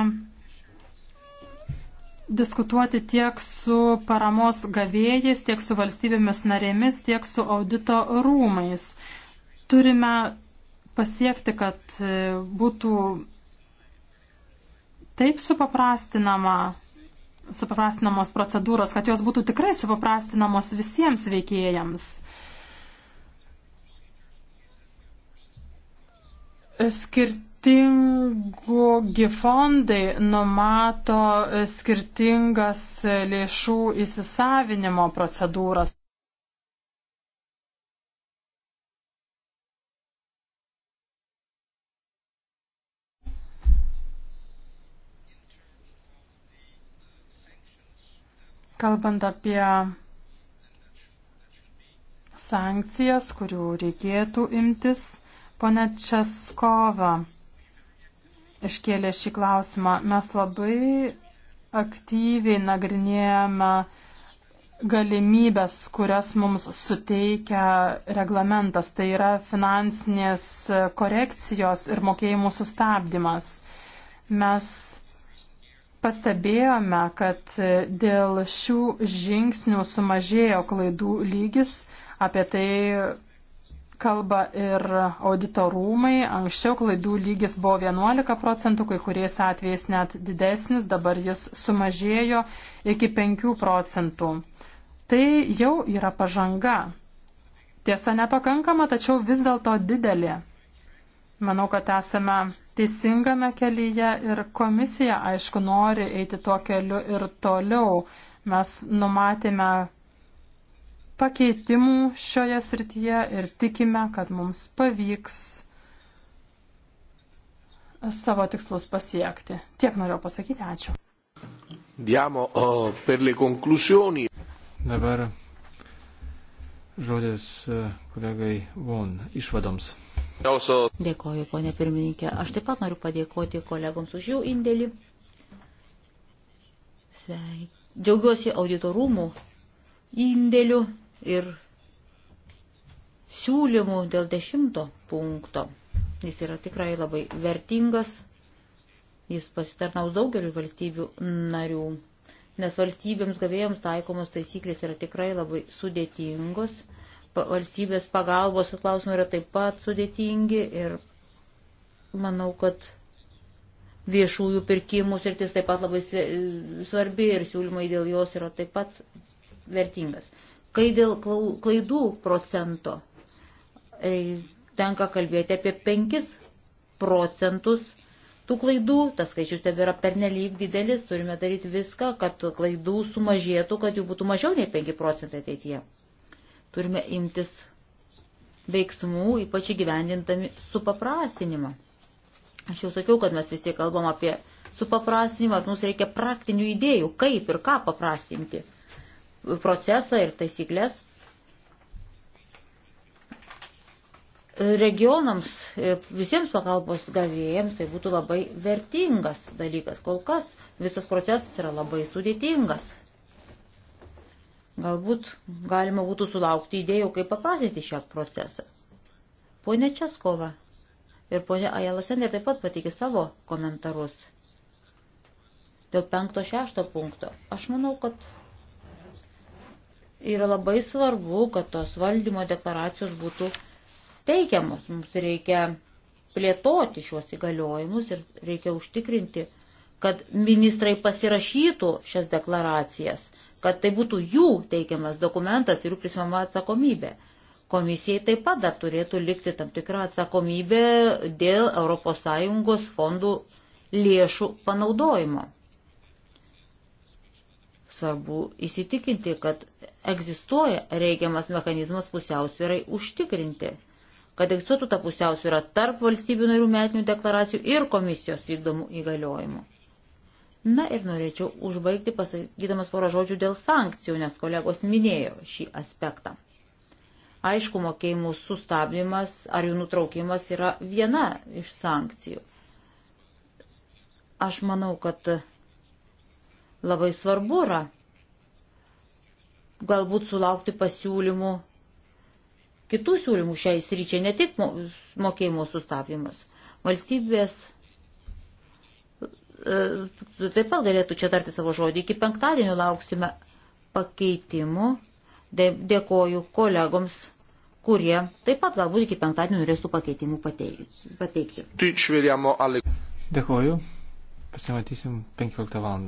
diskutuoti tiek su paramos gavėjais, tiek su valstybėmis narėmis, tiek su audito rūmais. Turime pasiekti, kad e, būtų taip supaprastinama supaprastinamos procedūros, kad jos būtų tikrai supaprastinamos visiems veikėjams. Skirti skirtingi fondai numato e, skirtingas e, lėšų įsisavinimo procedūras. Kalbant apie sankcijas, kurių reikėtų imtis, ponia Českova iškėlė šį klausimą. Mes labai aktyviai nagrinėjame galimybės, kurias mums suteikia reglamentas. Tai yra finansinės korekcijos ir mokėjimų sustabdymas. Mes pastebėjome, kad dėl šių žingsnių sumažėjo klaidų lygis. Apie tai kalba ir audito rūmai. Anksčiau klaidų lygis buvo 11 procentų, kai kuriais atvejais net didesnis, dabar jis sumažėjo iki 5 procentų. Tai jau yra pažanga. Tiesa nepakankama, tačiau vis dėlto didelė. Manau, kad esame teisingame kelyje ir komisija, aišku, nori eiti tuo keliu ir toliau. Mes numatėme pakeitimų šioje srityje ir tikime, kad mums pavyks savo tikslus pasiekti. Tiek noriu pasakyti, ačiū. Diamo oh, per le conclusioni. Dabar žodis e, kolegai Von išvadoms. Dėkoju, ponė pirmininkė. Aš taip pat noriu padėkoti kolegoms už jų indėlį. Džiaugiuosi auditorumų indėliu ir siūlymų dėl dešimto punkto. Jis yra tikrai labai vertingas, jis pasitarnaus daugeliu valstybių narių, nes valstybėms gavėjams taikomos taisyklės yra tikrai labai sudėtingos, valstybės pagalbos klausimai yra taip pat sudėtingi ir manau, kad viešųjų pirkimų sritis taip pat labai svarbi ir siūlymai dėl jos yra taip pat vertingas. Kai dėl klaidų procento e, tenka kalbėti apie 5 procentus tų klaidų, tas skaičius tebėra pernelyg didelis, turime daryti viską, kad klaidų sumažėtų, kad jų būtų mažiau nei 5 procentai ateityje. Turime imtis veiksmų, ypač įgyvendintami supaprastinimą. Aš jau sakiau, kad mes vis tiek kalbam apie supaprastinimą, ar mums reikia praktinių idėjų, kaip ir ką paprastinti procesą ir taisyklės. Regionams, e, visiems pagalbos gavėjams tai būtų labai vertingas dalykas. Kol kas visas procesas yra labai sudėtingas. Galbūt galima būtų sulaukti idėjų, kaip paprasinti šią procesą. Pone Českova ir ponė Ajala Sender taip pat patikė savo komentarus. Dėl penkto šešto punkto. Aš manau, kad yra labai svarbu, kad tos valdymo deklaracijos būtų teikiamos. Mums reikia plėtoti šiuos įgaliojimus ir reikia užtikrinti, kad ministrai pasirašytų šias deklaracijas, kad tai būtų jų teikiamas dokumentas ir jų prisimama atsakomybė. Komisijai taip pat dar turėtų likti tam tikrą atsakomybę dėl ES fondų lėšų panaudojimo svarbu įsitikinti, kad egzistuoja reikiamas mechanizmas pusiausvirai užtikrinti, kad egzistuotų ta pusiausvira tarp valstybių narių metinių deklaracijų ir komisijos vykdomų įgaliojimų. Na ir norėčiau užbaigti pasakydamas porą žodžių dėl sankcijų, nes kolegos minėjo šį aspektą. Aišku, mokėjimų sustabdymas ar jų nutraukimas yra viena iš sankcijų. Aš manau, kad labai svarbu yra galbūt sulaukti pasiūlymų, kitų siūlymų šiai sryčiai, ne tik mokėjimo sustabdymas. Valstybės e, taip pat galėtų čia tarti savo žodį. Iki penktadienio lauksime pakeitimų. Dėkoju kolegoms, kurie taip pat galbūt iki penktadienio norės tų pakeitimų pateikti. Dėkoju. Pasimatysim 15 val.